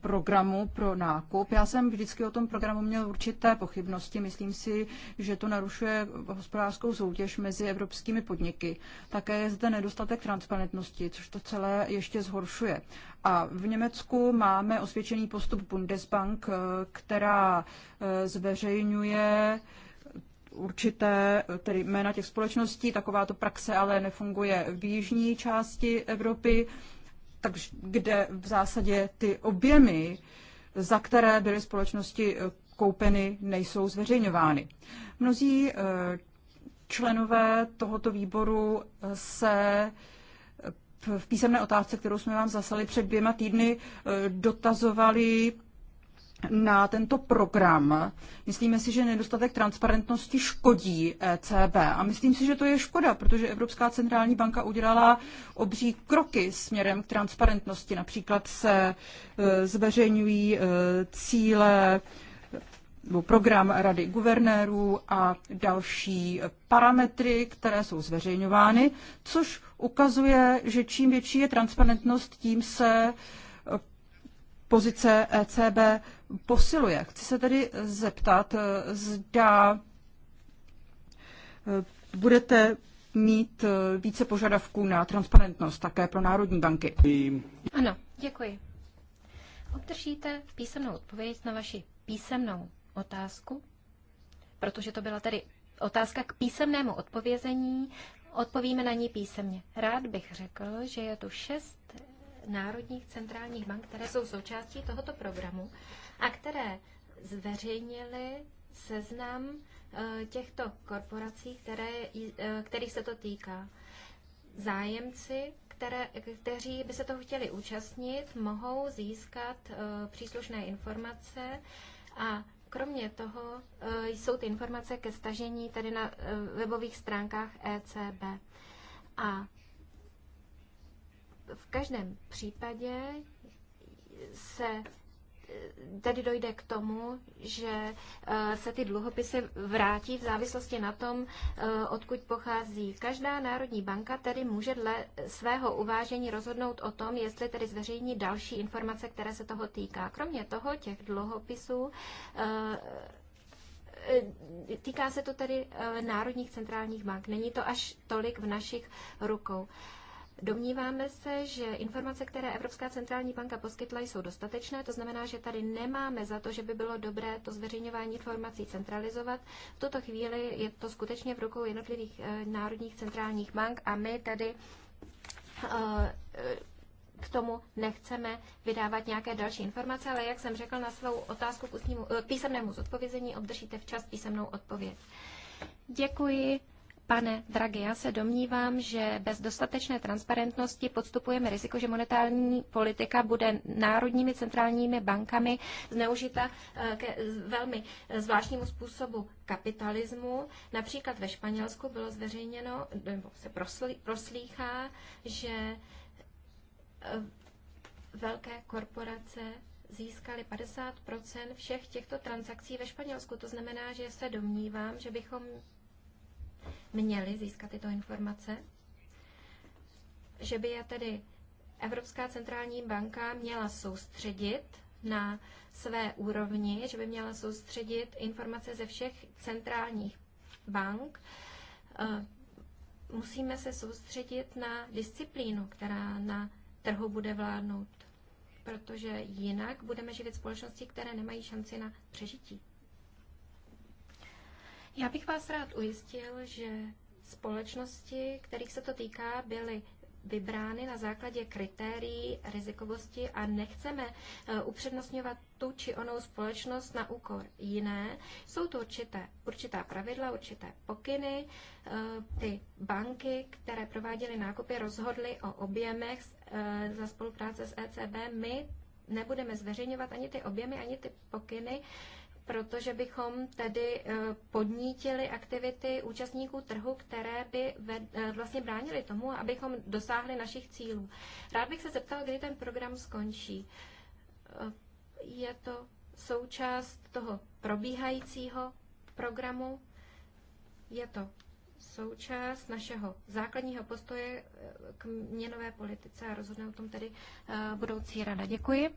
programu pro nákup. Já jsem vždycky o tom programu měl určité pochybnosti. Myslím si, že to narušuje hospodářskou soutěž mezi evropskými podniky. Také je zde nedostatek transparentnosti, což to celé ještě zhoršuje. A v Německu máme osvědčený postup Bundesbank, eh, která eh, zveřejňuje určité eh, tedy jména těch společností. Takováto praxe ale nefunguje v jižní části Evropy takže kde v zásadě ty objemy, za které byly společnosti eh, koupeny, nejsou zveřejňovány. Mnozí eh, členové tohoto výboru eh, se v písemné otázce, kterou jsme vám zaslali před dvěma týdny, dotazovali na tento program. Myslíme si, že nedostatek transparentnosti škodí ECB a myslím si, že to je škoda, protože Evropská centrální banka udělala obří kroky směrem k transparentnosti. Například se e, zveřejňují e, cíle program Rady guvernérů a další parametry, které jsou zveřejňovány, což ukazuje, že čím větší je transparentnost, tím se uh, pozice ECB posiluje. Chci se tedy zeptat, eh, zda eh, budete mít eh, více požadavků na transparentnost také pro národní banky. Ano, děkuji. Obdržíte písemnou odpověď na vaši písemnou otázku, protože to byla tedy otázka k písemnému odpovězení. Odpovíme na ní písemně. Rád bych řekl, že je tu šest národních centrálních bank, které jsou součástí tohoto programu a které zveřejnily seznam eh, těchto korporací, které, eh, kterých se to týká. Zájemci, které, kteří by se toho chtěli účastnit, mohou získat eh, příslušné informace a kromě toho jsou ty informace ke stažení tedy na webových stránkách ECB. A v každém případě se tedy dojde k tomu, že e, se ty dluhopisy vrátí v závislosti na tom, e, odkud pochází. Každá národní banka tedy může dle svého uvážení rozhodnout o tom, jestli tedy zveřejní další informace, které se toho týká. Kromě toho těch dluhopisů e, týká se to tedy národních centrálních bank. Není to až tolik v našich rukou. Domníváme se, že informace, které Evropská centrální banka poskytla, jsou dostatečné, to znamená, že tady nemáme za to, že by bylo dobré to zveřejňování informací centralizovat. V tuto chvíli je to skutečně v rukou jednotlivých eh, národních centrálních bank a my tady eh, eh, k tomu nechceme vydávat nějaké další informace, ale jak jsem řekl, na svou otázku k ústnímu, písemnému zodpovězení obdržíte včas písemnou odpověď. Děkuji. Pane Draghi, já se domnívám, že bez dostatečné transparentnosti podstupujeme riziko, že monetární politika bude národními centrálními bankami zneužita eh, ke velmi zvláštnímu způsobu kapitalismu. Například ve Španělsku bylo zveřejněno, nebo se proslýchá, že eh, velké korporace získali 50 všech těchto transakcí ve Španělsku. To znamená, že se domnívám, že bychom měli získat tyto informace, že by je tedy Evropská centrální banka měla soustředit na své úrovni, že by měla soustředit informace ze všech centrálních bank. Eh, musíme se soustředit na disciplínu, která na trhu bude vládnout, protože jinak budeme živit společnosti, které nemají šanci na přežití. Já bych vás rád ujistil, že společnosti, kterých se to týká, byly vybrány na základě kritérií rizikovosti a nechceme eh, upřednostňovat tu či onou společnost na úkor jiné. Jsou to určité, určitá pravidla, určité pokyny. Eh, ty banky, které prováděly nákupy, rozhodly o objemech eh, za spolupráce s ECB. My nebudeme zveřejňovat ani ty objemy, ani ty pokyny protože bychom tedy eh, podnítili aktivity účastníků trhu, které by eh, vlastně bránily tomu, abychom dosáhli našich cílů. Rád bych se zeptal, kdy ten program skončí. Eh, je to součást toho probíhajícího programu, je to součást našeho základního postoje k měnové politice a rozhodne o tom tedy budoucí rada. Děkuji.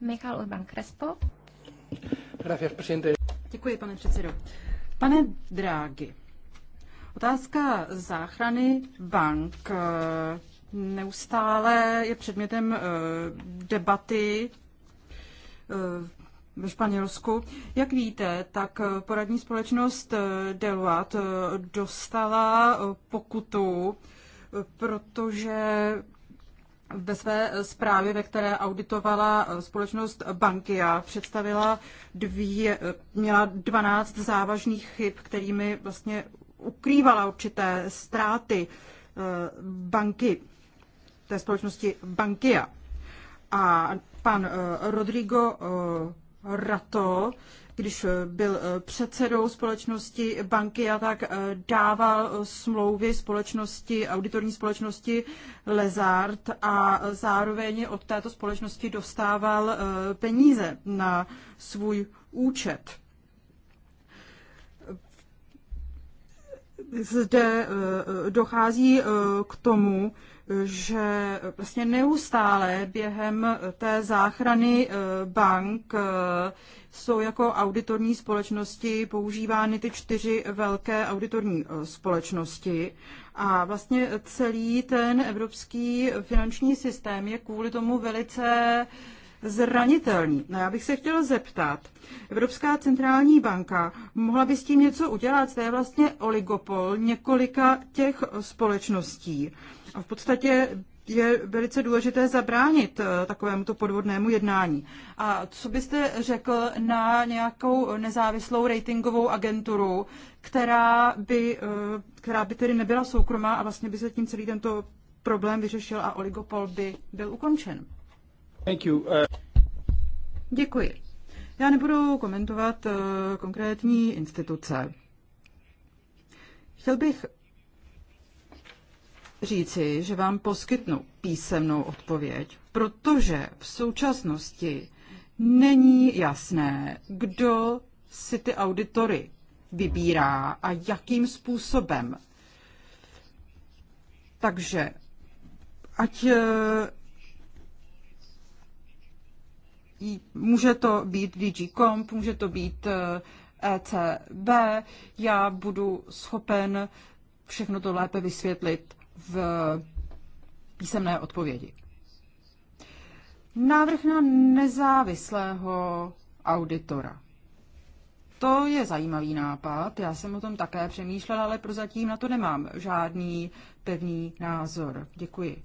Michal Urban Crespo. Děkuji, pane předsedo. Pane Drági, otázka záchrany bank eh, neustále je předmětem eh, debaty eh, ve Španělsku. Jak víte, tak poradní společnost Deluat dostala pokutu, protože ve své zprávě, ve které auditovala společnost Bankia, představila dvě, měla 12 závažných chyb, kterými vlastně ukrývala určité ztráty eh, banky, té společnosti Bankia. A pan eh, Rodrigo eh, Rato když eh, byl eh, předsedou společnosti banky a tak eh, dával smlouvy společnosti, auditorní společnosti Lezard a zároveň od této společnosti dostával peníze na svůj účet. Zde dochází k tomu, že vlastně neustále během té záchrany eh, bank eh, jsou jako auditorní společnosti používány ty čtyři velké auditorní eh, společnosti. A vlastně celý ten evropský finanční systém je kvůli tomu velice zranitelný. No já bych se chtěla zeptat, Evropská centrální banka mohla by s tím něco udělat? To je vlastně oligopol několika těch společností. A v podstatě je velice důležité zabránit eh, takovému to podvodnému jednání. A co byste řekl na nějakou nezávislou ratingovou agenturu, která by, eh, která by tedy nebyla soukromá a vlastně by se tím celý tento problém vyřešil a oligopol by byl ukončen? Thank you. Uh... Děkuji. Já nebudu komentovat konkrétní instituce. Chtěl bych říci, že vám poskytnu písemnou odpověď, protože v současnosti není jasné, kdo si ty auditory vybírá a jakým způsobem. Takže ať eh, může to být DG Comp, může to být ECB, eh, e já budu schopen všechno to lépe vysvětlit v písemné odpovědi. Návrh na nezávislého auditora. To je zajímavý nápad, já jsem o tom také přemýšlela, ale prozatím na to nemám žádný pevný názor. Děkuji.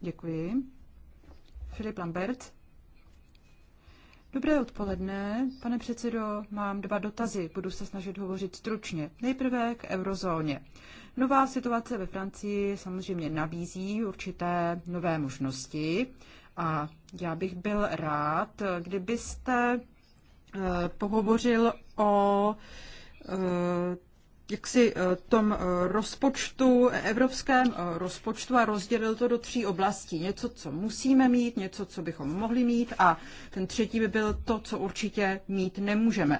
Děkuji. Filip Lambert. Dobré odpoledne, pane předsedo, mám dva dotazy, budu se snažit hovořit stručně. Nejprve k eurozóně. Nová situace ve Francii samozřejmě nabízí určité nové možnosti a já bych byl rád, kdybyste eh, pohovořil o eh, jaksi eh, tom rozpočtu, evropském rozpočtu a rozdělil to do tří oblastí. Něco, co musíme mít, něco, co bychom mohli mít a ten třetí by byl to, co určitě mít nemůžeme.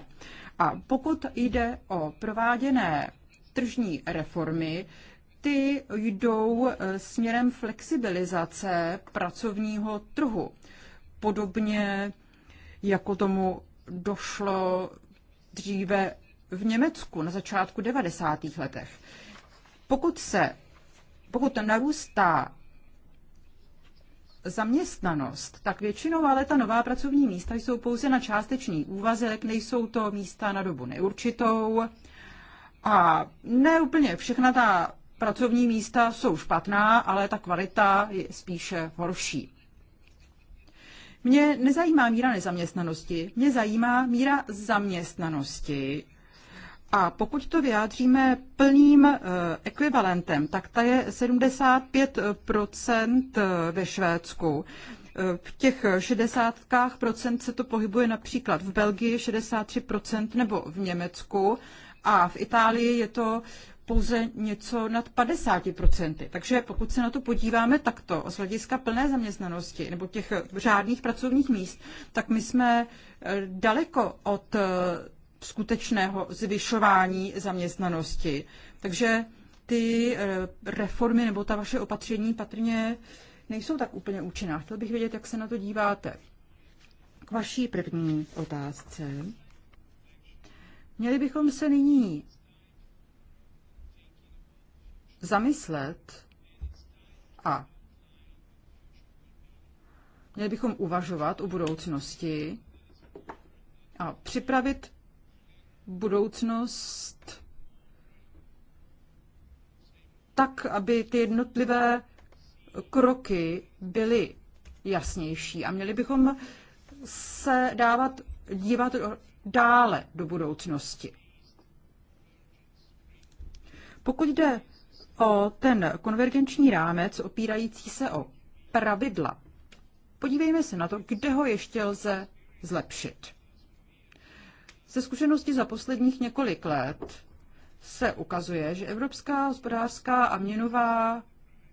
A pokud jde o prováděné tržní reformy, ty jdou eh, směrem flexibilizace pracovního trhu. Podobně jako tomu došlo dříve v Německu na začátku 90. letech. Pokud se, pokud narůstá zaměstnanost, tak většinou ale ta nová pracovní místa jsou pouze na částečný úvazek, nejsou to místa na dobu neurčitou, a ne úplně všechna ta pracovní místa jsou špatná, ale ta kvalita je spíše horší. Mě nezajímá míra nezaměstnanosti, mě zajímá míra zaměstnanosti. A pokud to vyjádříme plným eh, ekvivalentem, tak ta je 75 eh, ve Švédsku. Eh, v těch 60 procent se to pohybuje například v Belgii 63 nebo v Německu a v Itálii je to pouze něco nad 50%. Takže pokud se na to podíváme takto, z hlediska plné zaměstnanosti nebo těch řádných pracovních míst, tak my jsme eh, daleko od eh, skutečného zvyšování zaměstnanosti. Takže ty eh, reformy nebo ta vaše opatření patrně nejsou tak úplně účinná. Chtěl bych vědět, jak se na to díváte. K vaší první otázce. Měli bychom se nyní zamyslet a měli bychom uvažovat o budoucnosti a připravit budoucnost tak, aby ty jednotlivé kroky byly jasnější a měli bychom se dávat dívat dále do budoucnosti. Pokud jde o ten konvergenční rámec opírající se o pravidla, podívejme se na to, kde ho ještě lze zlepšit. Ze zkušenosti za posledních několik let se ukazuje, že Evropská hospodářská a měnová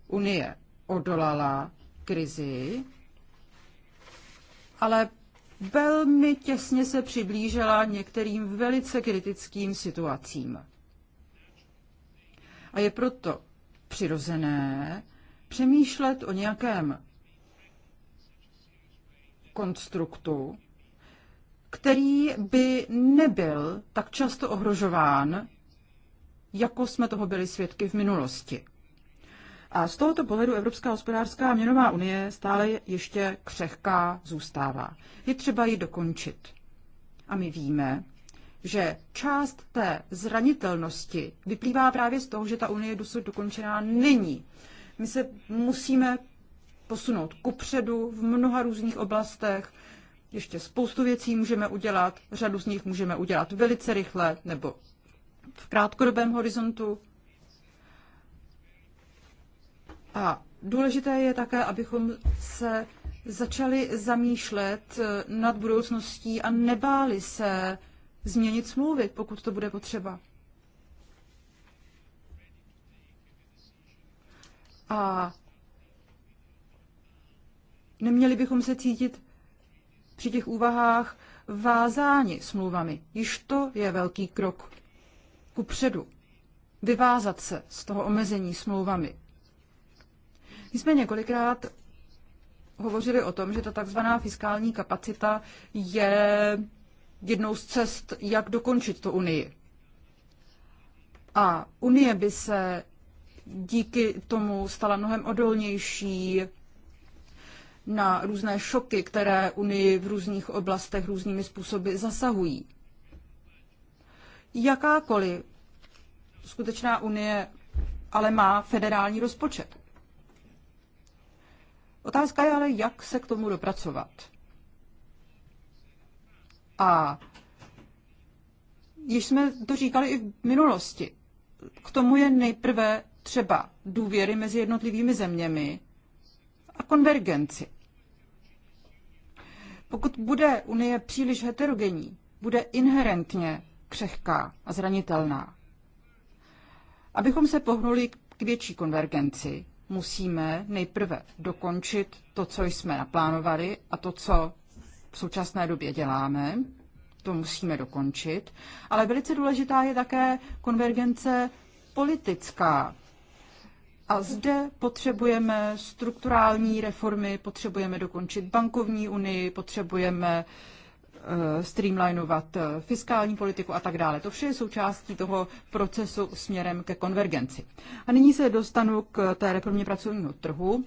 unie odolala krizi, ale velmi těsně se přiblížila některým velice kritickým situacím. A je proto přirozené přemýšlet o nějakém konstruktu, který by nebyl tak často ohrožován, jako jsme toho byli svědky v minulosti. A z tohoto pohledu Evropská hospodářská měnová unie stále ještě křehká zůstává. Je třeba ji dokončit. A my víme, že část té zranitelnosti vyplývá právě z toho, že ta unie dosud dokončená není. My se musíme posunout kupředu v mnoha různých oblastech. Ještě spoustu věcí můžeme udělat, řadu z nich můžeme udělat velice rychle nebo v krátkodobém horizontu. A důležité je také, abychom se začali zamýšlet eh, nad budoucností a nebáli se změnit smlouvy, pokud to bude potřeba. A neměli bychom se cítit při těch úvahách vázáni smlouvami. Již to je velký krok ku předu. Vyvázat se z toho omezení smlouvami. My jsme několikrát hovořili o tom, že ta takzvaná fiskální kapacita je jednou z cest, jak dokončit tu Unii. A Unie by se díky tomu stala mnohem odolnější na různé šoky, které Unii v různých oblastech různými způsoby zasahují. Jakákoliv skutečná Unie ale má federální rozpočet. Otázka je ale, jak se k tomu dopracovat. A již jsme to říkali i v minulosti. K tomu je nejprve třeba důvěry mezi jednotlivými zeměmi a konvergenci. Pokud bude Unie příliš heterogenní, bude inherentně křehká a zranitelná. Abychom se pohnuli k větší konvergenci, musíme nejprve dokončit to, co jsme naplánovali a to, co v současné době děláme. To musíme dokončit. Ale velice důležitá je také konvergence politická. A zde potřebujeme strukturální reformy, potřebujeme dokončit bankovní unii, potřebujeme uh, Eh, streamlinovat eh, fiskální politiku a tak dále. To vše je součástí toho procesu směrem ke konvergenci. A nyní se dostanu k té reformě pracovního trhu.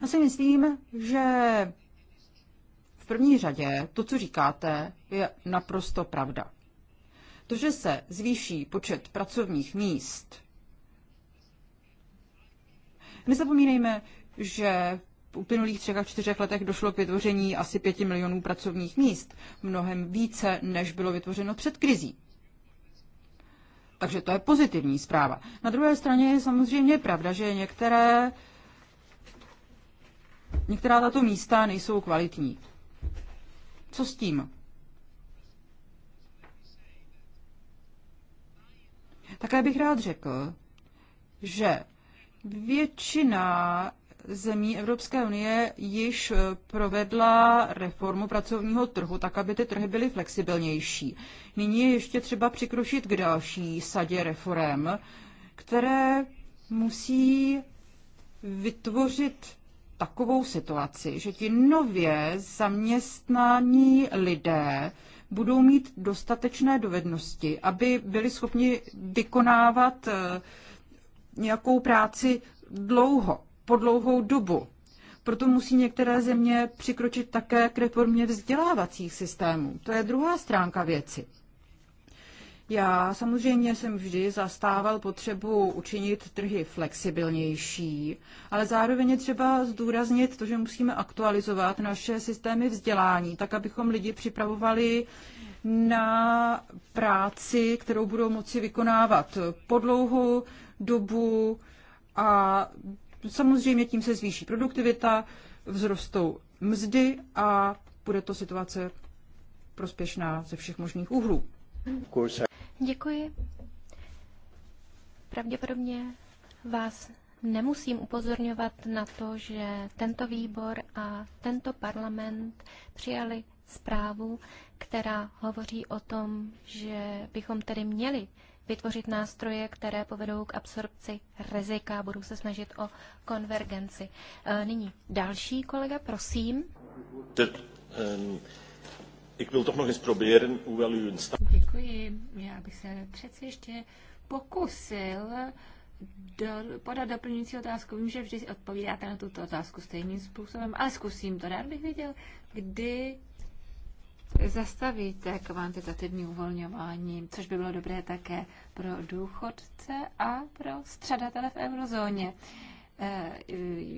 Já si myslím, že v první řadě to, co říkáte, je naprosto pravda. To, že se zvýší počet pracovních míst, nezapomínejme, že uplynulých třech a čtyřech letech došlo k vytvoření asi pěti milionů pracovních míst, mnohem více, než bylo vytvořeno před krizí. Takže to je pozitivní zpráva. Na druhé straně je samozřejmě pravda, že některé, některá tato místa nejsou kvalitní. Co s tím? Také bych rád řekl, že většina zemí Evropské unie již eh, provedla reformu pracovního trhu tak, aby ty trhy byly flexibilnější. Nyní je ještě třeba přikrušit k další sadě reform, které musí vytvořit takovou situaci, že ti nově zaměstnání lidé budou mít dostatečné dovednosti, aby byli schopni vykonávat eh, nějakou práci dlouho po dlouhou dobu. Proto musí některé země přikročit také k reformě vzdělávacích systémů. To je druhá stránka věci. Já samozřejmě jsem vždy zastával potřebu učinit trhy flexibilnější, ale zároveň je třeba zdůraznit to, že musíme aktualizovat naše systémy vzdělání, tak abychom lidi připravovali na práci, kterou budou moci vykonávat po dlouhou dobu a Samozřejmě tím se zvýší produktivita, vzrostou mzdy a bude to situace prospěšná ze všech možných úhlů. Děkuji. Pravděpodobně vás nemusím upozorňovat na to, že tento výbor a tento parlament přijali zprávu, která hovoří o tom, že bychom tedy měli vytvořit nástroje, které povedou k absorpci rizika. Budu se snažit o konvergenci. E, nyní další kolega, prosím. Děkuji. Já bych se přeci ještě pokusil do, podat doplňující otázku. Vím, že vždy odpovídáte na tuto otázku stejným způsobem, ale zkusím to. Rád bych věděl, kdy zastavíte kvantitativní uvolňování, což by bylo dobré také pro důchodce a pro střadatele v eurozóně. Eh,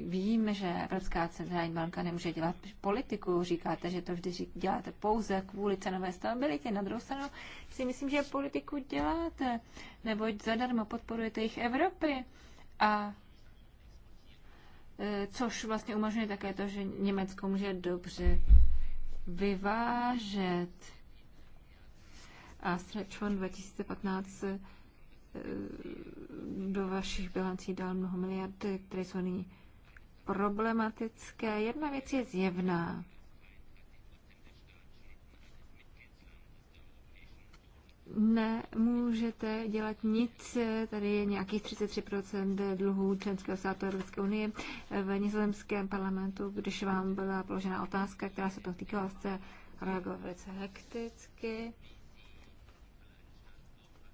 vím, že Evropská centrální banka nemůže dělat politiku. Říkáte, že to vždy děláte pouze kvůli cenové stabilitě. Na druhou stranu si myslím, že politiku děláte, neboť zadarmo podporujete jich Evropy. A eh, což vlastně umožňuje také to, že Německo může dobře vyvážet. A Stretchfond eh, 2015 do vašich bilancí dal mnoho miliard, které jsou nyní problematické. Jedna věc je zjevná. nemůžete dělat nic. Tady je nějakých 33% dluhů členského státu Evropské unie v nizozemském parlamentu. Když vám byla položena otázka, která se toho týkala, jste reagovali velice hekticky.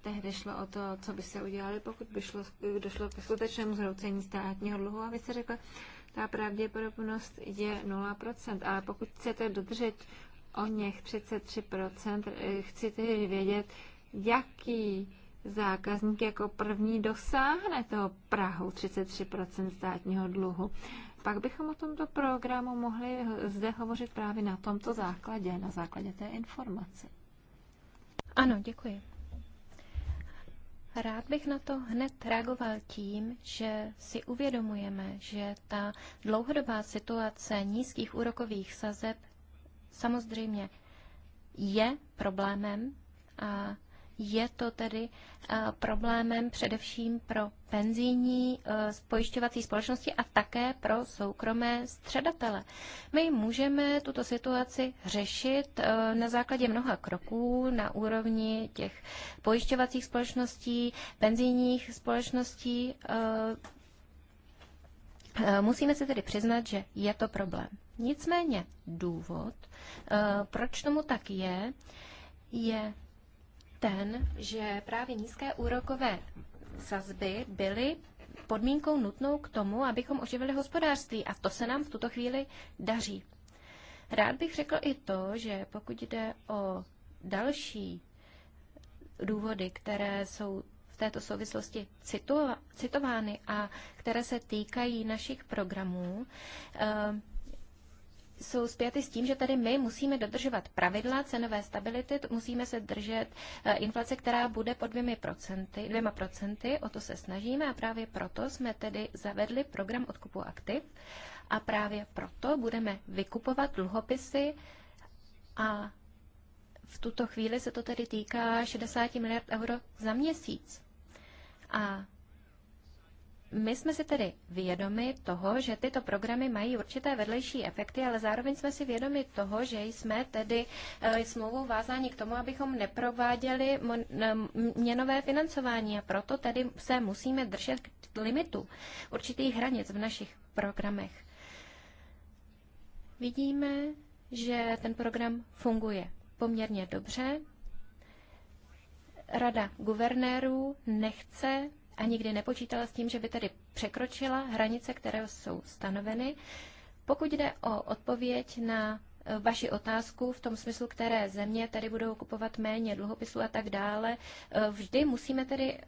Tehdy šlo o to, co by se udělali, pokud by šlo, došlo k skutečnému zhroucení státního dluhu. A vy jste řekla, ta pravděpodobnost je 0%, ale pokud chcete dodržet o něch 33%, eh, chci tedy vědět, jaký zákazník jako první dosáhne toho Prahu 33% státního dluhu. Pak bychom o tomto programu mohli zde hovořit právě na tomto základě, na základě té informace. Ano, děkuji. Rád bych na to hned reagoval tím, že si uvědomujeme, že ta dlouhodobá situace nízkých úrokových sazeb samozřejmě je problémem. A je to tedy problémem především pro penzijní spojišťovací e, společnosti a také pro soukromé středatele. My můžeme tuto situaci řešit e, na základě mnoha kroků na úrovni těch pojišťovacích společností, penzijních společností, e, Eh, musíme se tedy přiznat, že je to problém. Nicméně důvod, eh, proč tomu tak je, je ten, že právě nízké úrokové sazby byly podmínkou nutnou k tomu, abychom oživili hospodářství. A to se nám v tuto chvíli daří. Rád bych řekl i to, že pokud jde o další důvody, které jsou v této souvislosti citovány a které se týkají našich programů, eh, jsou zpěty s tím, že tady my musíme dodržovat pravidla cenové stability, musíme se držet eh, inflace, která bude pod dvěmi procenty, dvěma procenty, o to se snažíme a právě proto jsme tedy zavedli program odkupu aktiv a právě proto budeme vykupovat dluhopisy a v tuto chvíli se to tedy týká 60 miliard euro za měsíc. A my jsme si tedy vědomi toho, že tyto programy mají určité vedlejší efekty, ale zároveň jsme si vědomi toho, že jsme tedy eh, smlouvou vázáni k tomu, abychom neprováděli eh, měnové financování a proto tedy se musíme držet limitu určitých hranic v našich programech. Vidíme, že ten program funguje poměrně dobře. Rada guvernérů nechce a nikdy nepočítala s tím, že by tedy překročila hranice, které jsou stanoveny. Pokud jde o odpověď na eh, vaši otázku v tom smyslu, které země tady budou kupovat méně dluhopisů a tak dále, eh, vždy musíme tedy eh,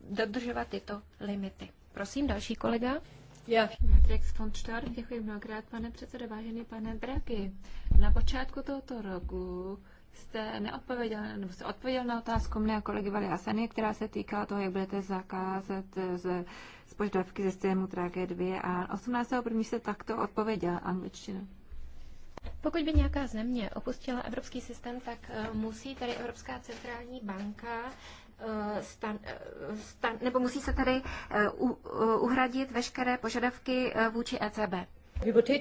dodržovat tyto limity. Prosím, další kolega. Já, Matrix von děkuji mnohokrát, pane předsedo, vážený pane Draghi. Na počátku tohoto roku jste neodpověděl, nebo jste odpověděl na otázku mne a kolegy Valiasany, která se týkala toho, jak budete zakázat z, z požadavky systému Trake 2 a 18. první se takto odpověděl angličtina. Pokud by nějaká země opustila evropský systém, tak eh, musí tady Evropská centrální banka eh, stan, eh, stan, nebo musí se tady uhradit veškeré požadavky vůči ECB.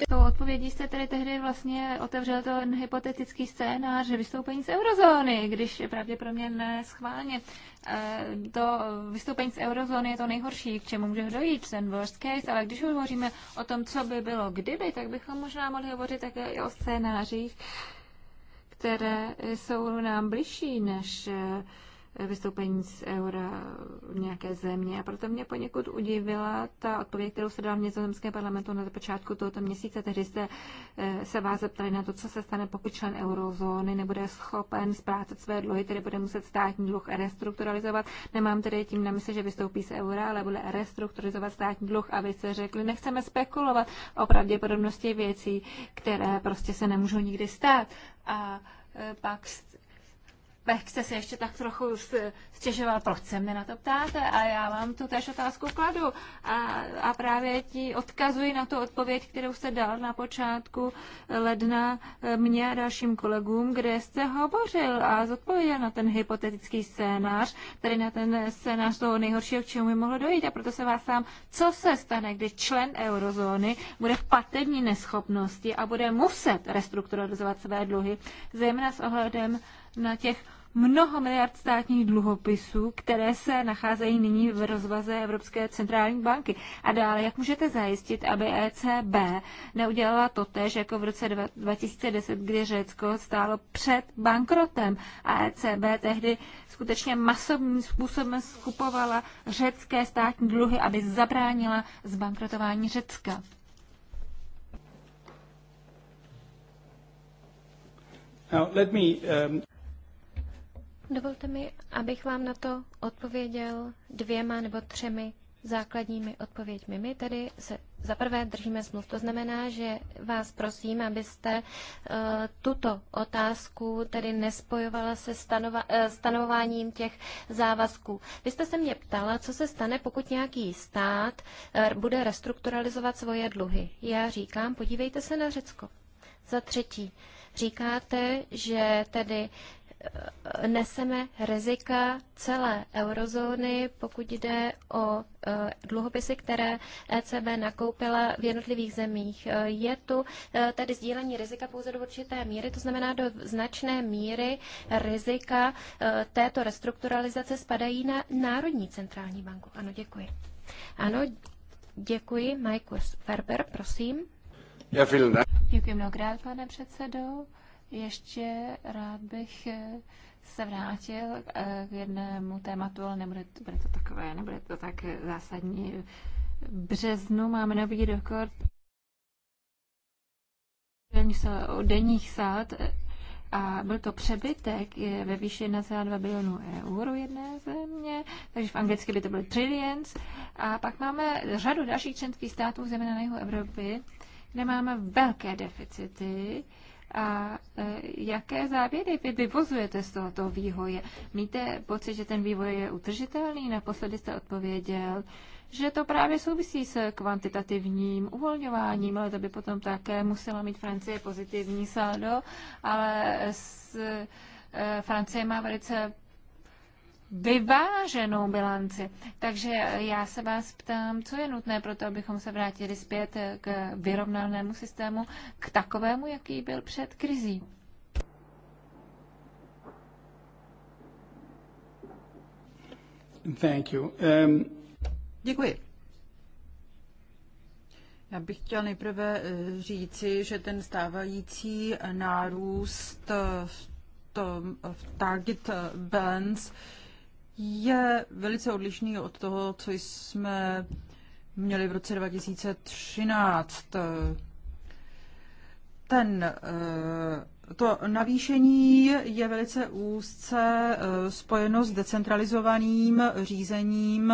Tou odpovědí jste tedy tehdy vlastně otevřel ten hypotetický scénář vystoupení z eurozóny, když pravděpodobně neschválně. Eh, to vystoupení z eurozóny je to nejhorší, k čemu může dojít, ten worst case, ale když hovoříme o tom, co by bylo kdyby, tak bychom možná mohli hovořit také i o scénářích, které jsou nám bližší než eh, vystoupení z eura v nějaké země. A proto mě poněkud udivila ta odpověď, kterou se dala v nizozemském parlamentu na začátku tohoto měsíce. Tehdy jste eh, se vás zeptali na to, co se stane, pokud člen eurozóny nebude schopen splácet své dluhy, tedy bude muset státní dluh restrukturalizovat. Nemám tedy tím na mysli, že vystoupí z eura, ale bude restrukturalizovat státní dluh. A vy jste řekli, nechceme spekulovat o pravděpodobnosti věcí, které prostě se nemůžou nikdy stát. A eh, pak Bech jste se ještě tak trochu stěžoval, proč se mě na to ptáte a já vám tu též otázku kladu a, a právě ti odkazuji na tu odpověď, kterou jste dal na počátku ledna eh, mně a dalším kolegům, kde jste hovořil a zodpověděl na ten hypotetický scénář, tedy na ten scénář toho nejhoršího, k čemu by mohlo dojít a proto se vás sám, co se stane, když člen eurozóny bude v platební neschopnosti a bude muset restrukturalizovat své dluhy, zejména s ohledem na těch mnoho miliard státních dluhopisů, které se nacházejí nyní v rozvaze Evropské centrální banky. A dále, jak můžete zajistit, aby ECB neudělala totež jako v roce 2010, kdy Řecko stálo před bankrotem a ECB tehdy skutečně masovým způsobem skupovala řecké státní dluhy, aby zabránila zbankrotování Řecka. Now, let me, um... Dovolte mi, abych vám na to odpověděl dvěma nebo třemi základními odpověďmi. My tady se za prvé držíme smluv. To znamená, že vás prosím, abyste uh, tuto otázku tedy nespojovala se stanova, uh, eh, stanováním těch závazků. Vy jste se mě ptala, co se stane, pokud nějaký stát uh, bude restrukturalizovat svoje dluhy. Já říkám, podívejte se na Řecko. Za třetí, říkáte, že tedy neseme rizika celé eurozóny, pokud jde o eh, dluhopisy, které ECB nakoupila v jednotlivých zemích. Eh, je tu eh, tedy sdílení rizika pouze do určité míry, to znamená do značné míry rizika této restrukturalizace spadají na Národní centrální banku. Ano, děkuji. Ano, děkuji. Michael Ferber, prosím. Děkuji mnohokrát, pane předsedo. Ještě rád bych eh, se vrátil eh, k jednému tématu, ale nebude to, bude to takové, nebude to tak zásadní. V březnu máme nový rekord denních sád eh, a byl to přebytek ve výši 1,2 bilionů eur jedné země, takže v anglicky by to byl trillions. A pak máme řadu dalších členských států, zejména na jihu Evropy, kde máme velké deficity, a e, jaké závěry vy vyvozujete z tohoto vývoje? Míte pocit, že ten vývoj je utržitelný? Naposledy jste odpověděl, že to právě souvisí s kvantitativním uvolňováním, ale to by potom také musela mít Francie pozitivní saldo, ale s, e, Francie má velice vyváženou bilanci. Takže já se vás ptám, co je nutné pro to, abychom se vrátili zpět k vyrovnanému systému, k takovému, jaký byl před krizí. Thank you. Um... Děkuji. Já bych chtěl nejprve eh, říci, že ten stávající nárůst eh, to, eh, v target balance je velice odlišný od toho, co jsme měli v roce 2013. Ten, eh, to navýšení je velice úzce eh, spojeno s decentralizovaným řízením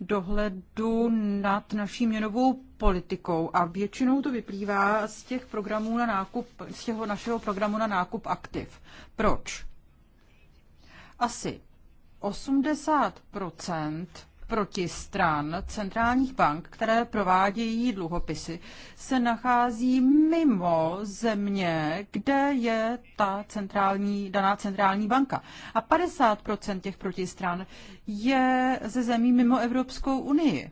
dohledu nad naší měnovou politikou a většinou to vyplývá z těch programů na nákup, z těho našeho programu na nákup aktiv. Proč? Asi 80 protistran centrálních bank, které provádějí dluhopisy, se nachází mimo země, kde je ta centrální, daná centrální banka. A 50% těch protistran je ze zemí mimo Evropskou unii.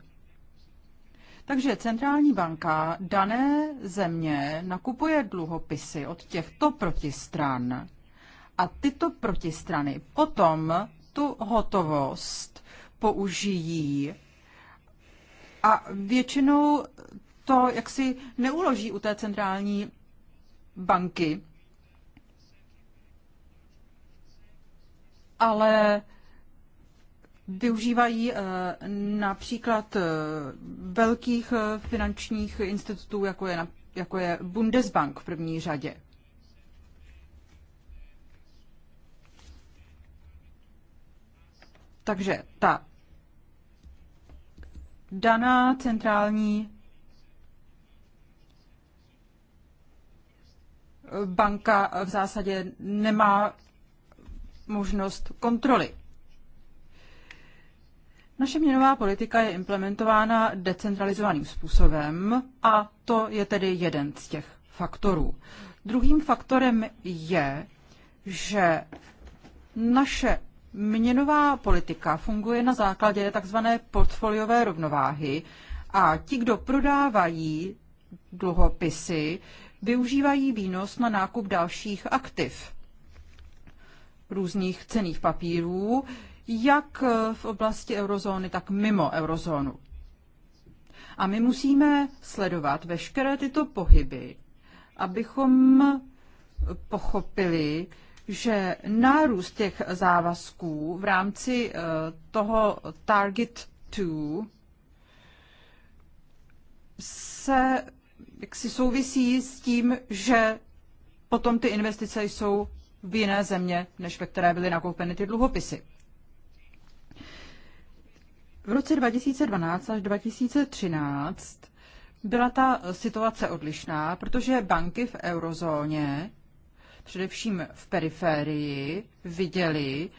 Takže centrální banka dané země nakupuje dluhopisy od těchto protistran a tyto protistrany potom tu hotovost použijí a většinou to jaksi neuloží u té centrální banky, ale využívají eh, například eh, velkých eh, finančních institutů, jako je, jako je Bundesbank v první řadě. Takže ta daná centrální banka v zásadě nemá možnost kontroly. Naše měnová politika je implementována decentralizovaným způsobem a to je tedy jeden z těch faktorů. Druhým faktorem je, že naše Měnová politika funguje na základě takzvané portfoliové rovnováhy a ti, kdo prodávají dluhopisy, využívají výnos na nákup dalších aktiv, různých cených papírů, jak v oblasti eurozóny, tak mimo eurozónu. A my musíme sledovat veškeré tyto pohyby, abychom pochopili, že nárůst těch závazků v rámci eh, toho Target 2 se jaksi souvisí s tím, že potom ty investice jsou v jiné země, než ve které byly nakoupeny ty dluhopisy. V roce 2012 až 2013 byla ta situace odlišná, protože banky v eurozóně především v periférii, viděli,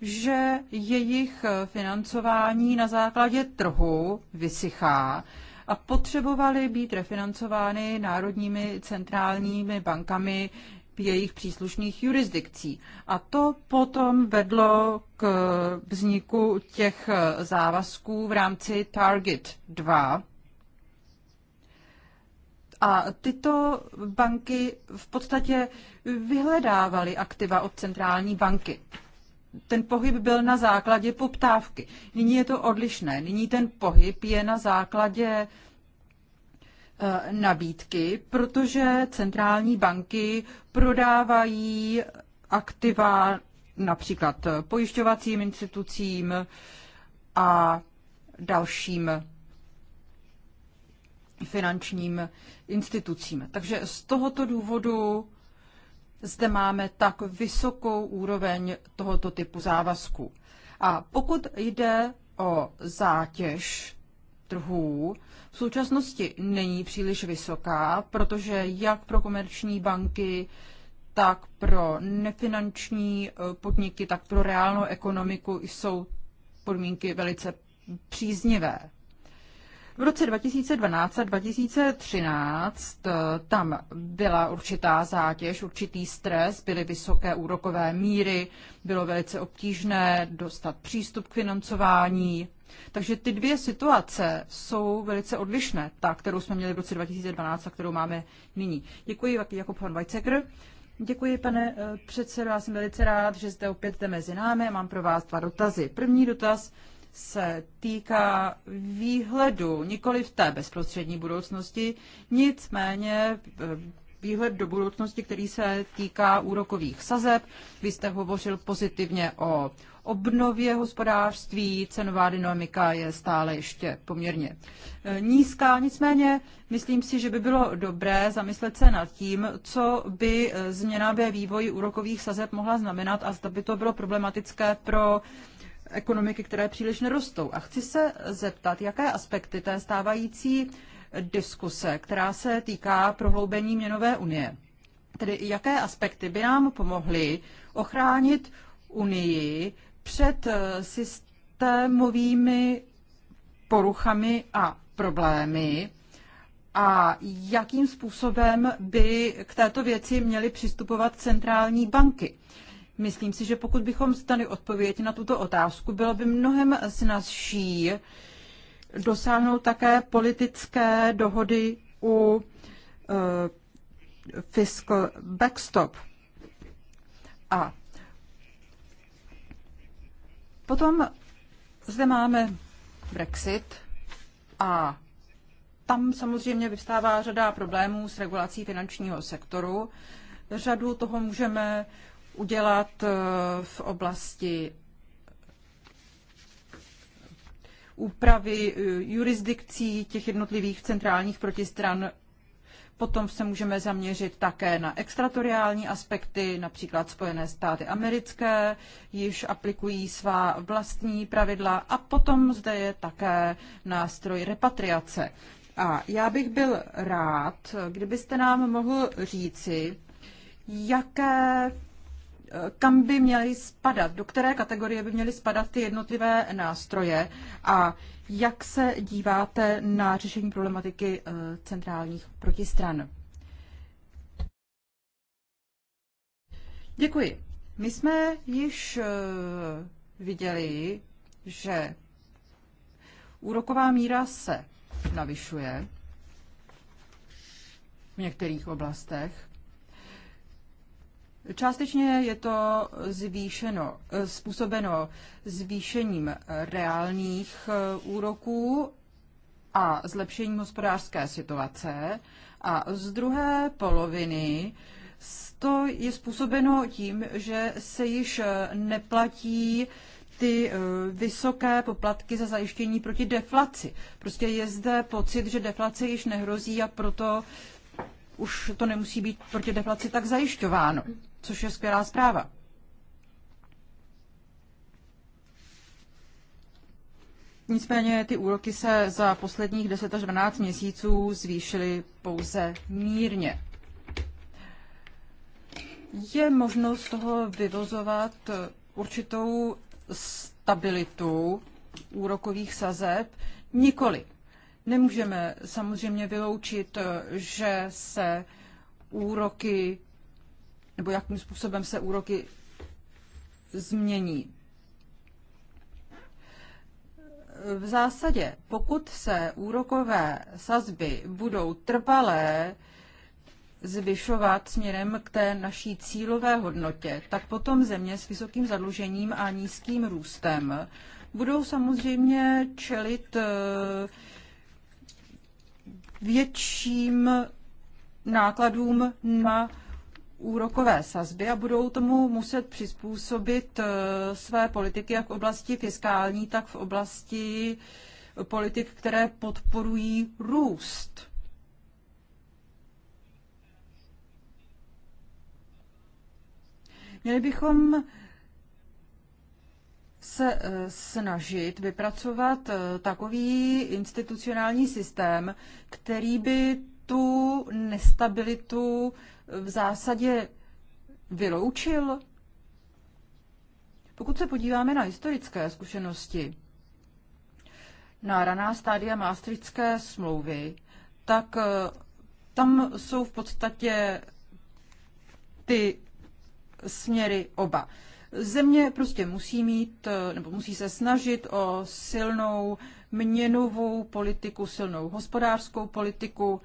že jejich financování na základě trhu vysychá a potřebovali být refinancovány národními centrálními bankami jejich příslušných jurisdikcí. A to potom vedlo k vzniku těch závazků v rámci Target 2, a tyto banky v podstatě vyhledávaly aktiva od centrální banky. Ten pohyb byl na základě poptávky. Nyní je to odlišné. Nyní ten pohyb je na základě e, nabídky, protože centrální banky prodávají aktiva například pojišťovacím institucím a dalším finančním institucím. Takže z tohoto důvodu zde máme tak vysokou úroveň tohoto typu závazků. A pokud jde o zátěž trhů, v současnosti není příliš vysoká, protože jak pro komerční banky, tak pro nefinanční eh, podniky, tak pro reálnou ekonomiku jsou podmínky velice příznivé. V roce 2012 a 2013 eh, tam byla určitá zátěž, určitý stres, byly vysoké úrokové míry, bylo velice obtížné dostat přístup k financování. Takže ty dvě situace jsou velice odlišné, ta, kterou jsme měli v roce 2012 a kterou máme nyní. Děkuji, Jakub pan Weizsäcker. Děkuji, pane eh, předsedo. Já jsem velice rád, že jste opět mezi námi. Mám pro vás dva dotazy. První dotaz se týká výhledu, nikoli v té bezprostřední budoucnosti, nicméně eh, výhled do budoucnosti, který se týká úrokových sazeb. Vy jste hovořil pozitivně o obnově hospodářství, cenová dynamika je stále ještě poměrně eh, nízká, nicméně myslím si, že by bylo dobré zamyslet se nad tím, co by eh, změna ve vývoji úrokových sazeb mohla znamenat a zda by to bylo problematické pro ekonomiky, které příliš nerostou. A chci se zeptat, jaké aspekty té stávající diskuse, která se týká prohloubení měnové unie, tedy jaké aspekty by nám pomohly ochránit Unii před eh, systémovými poruchami a problémy a jakým způsobem by k této věci měly přistupovat centrální banky. Myslím si, že pokud bychom stali odpověď na tuto otázku, bylo by mnohem snazší dosáhnout také politické dohody u uh, fiscal backstop. A potom zde máme Brexit a tam samozřejmě vyvstává řada problémů s regulací finančního sektoru. Řadu toho můžeme udělat eh, v oblasti eh, úpravy eh, jurisdikcí těch jednotlivých centrálních protistran. Potom se můžeme zaměřit také na extratoriální aspekty, například Spojené státy americké již aplikují svá vlastní pravidla a potom zde je také nástroj repatriace. A já bych byl rád, kdybyste nám mohl říci, jaké kam by měly spadat, do které kategorie by měly spadat ty jednotlivé nástroje a jak se díváte na řešení problematiky eh, centrálních protistran. Děkuji. My jsme již eh, viděli, že úroková míra se navyšuje v některých oblastech Částečně je to zvýšeno, eh, způsobeno zvýšením reálných eh, úroků a zlepšením hospodářské situace a z druhé poloviny to je způsobeno tím, že se již eh, neplatí ty vysoké poplatky za zajištění proti deflaci. Prostě je zde pocit, že deflace již nehrozí a proto už to nemusí být proti deflaci tak zajišťováno, což je skvělá zpráva. Nicméně ty úroky se za posledních 10 až 12 měsíců zvýšily pouze mírně. Je možno z toho vyvozovat určitou stabilitu úrokových sazeb? Nikoli. Nemůžeme samozřejmě vyloučit, že se úroky nebo jakým způsobem se úroky změní. V zásadě, pokud se úrokové sazby budou trvalé zvyšovat směrem k té naší cílové hodnotě, tak potom země s vysokým zadlužením a nízkým růstem budou samozřejmě čelit eh, větším nákladům na úrokové sazby a budou tomu muset přizpůsobit eh, své politiky jak v oblasti fiskální, tak v oblasti eh, politik, které podporují růst. Měli bychom se eh, snažit vypracovat eh, takový institucionální systém, který by tu nestabilitu v zásadě vyloučil? Pokud se podíváme na historické zkušenosti, na raná stádia Maastrichtské smlouvy, tak eh, tam jsou v podstatě ty směry oba. Země prostě musí mít, eh, nebo musí se snažit o silnou měnovou politiku, silnou hospodářskou politiku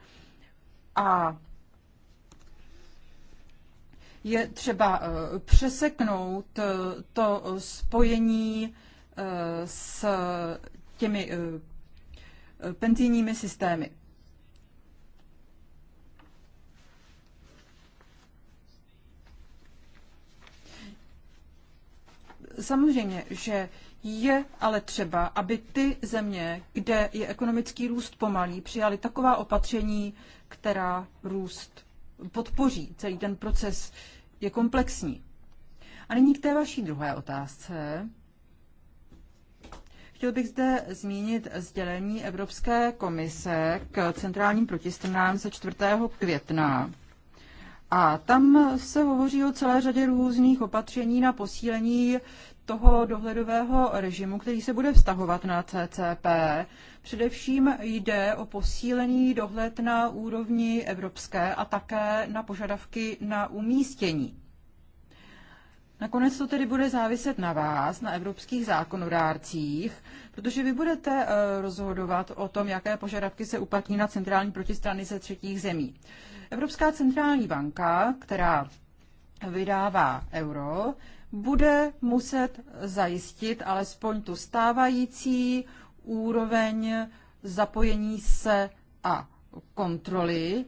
a je třeba eh, přeseknout eh, to spojení s těmi penzijními systémy. Samozřejmě, že je ale třeba, aby ty země, kde je ekonomický růst pomalý, přijali taková opatření, která růst podpoří. Celý ten proces je komplexní. A nyní k té vaší druhé otázce. Chtěl bych zde zmínit sdělení Evropské komise k centrálním protistranám ze 4. května a tam se hovoří o celé řadě různých opatření na posílení toho dohledového režimu, který se bude vztahovat na CCP. Především jde o posílení dohled na úrovni evropské a také na požadavky na umístění. Nakonec to tedy bude záviset na vás, na evropských zákonodárcích, protože vy budete eh, rozhodovat o tom, jaké požadavky se uplatní na centrální protistrany ze třetích zemí. Evropská centrální banka, která vydává euro, bude muset zajistit alespoň tu stávající úroveň zapojení se a kontroly,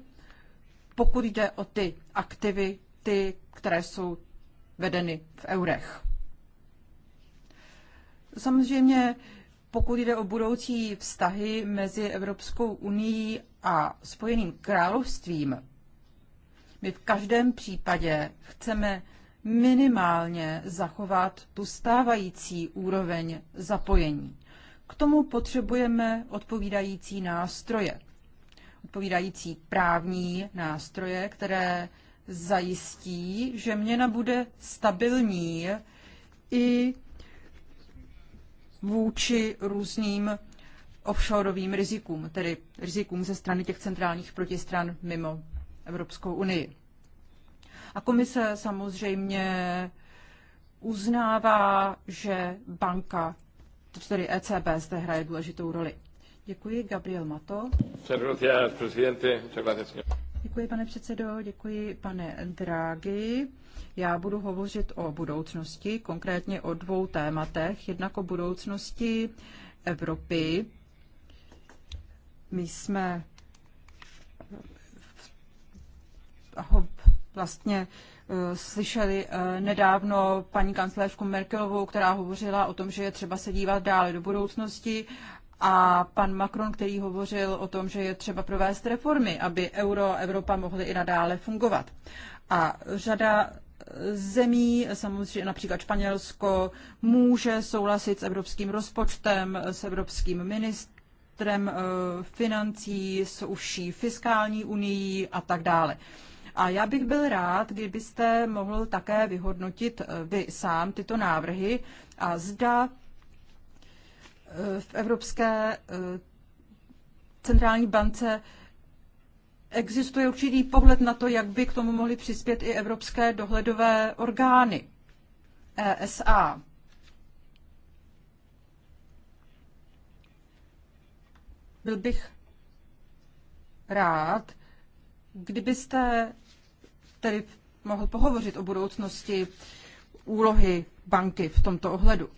pokud jde o ty aktivity, které jsou vedeny v eurech. Samozřejmě, pokud jde o budoucí vztahy mezi Evropskou unii a Spojeným královstvím, my v každém případě chceme minimálně zachovat tu stávající úroveň zapojení. K tomu potřebujeme odpovídající nástroje, odpovídající právní nástroje, které zajistí, že měna bude stabilní i vůči různým offshoreovým rizikům, tedy rizikům ze strany těch centrálních protistran mimo Evropskou unii. A komise samozřejmě uznává, že banka, tedy ECB, zde hraje důležitou roli. Děkuji, Gabriel Mato. Děkuji, pane předsedo, děkuji, pane Draghi. Já budu hovořit o budoucnosti, konkrétně o dvou tématech. Jednak o budoucnosti Evropy. My jsme ho vlastně e, slyšeli e, nedávno paní kancléřku Merkelovou, která hovořila o tom, že je třeba se dívat dále do budoucnosti a pan Macron, který hovořil o tom, že je třeba provést reformy, aby euro a Evropa mohly i nadále fungovat. A řada zemí, samozřejmě například Španělsko, může souhlasit s evropským rozpočtem, s evropským ministrem e, financí, s užší fiskální unii a tak dále. A já bych byl rád, kdybyste mohl také vyhodnotit eh, vy sám tyto návrhy a zda eh, v Evropské eh, centrální bance existuje určitý pohled na to, jak by k tomu mohly přispět i evropské dohledové orgány ESA. Byl bych rád, kdybyste tedy mohl pohovořit o budoucnosti úlohy banky v tomto ohledu.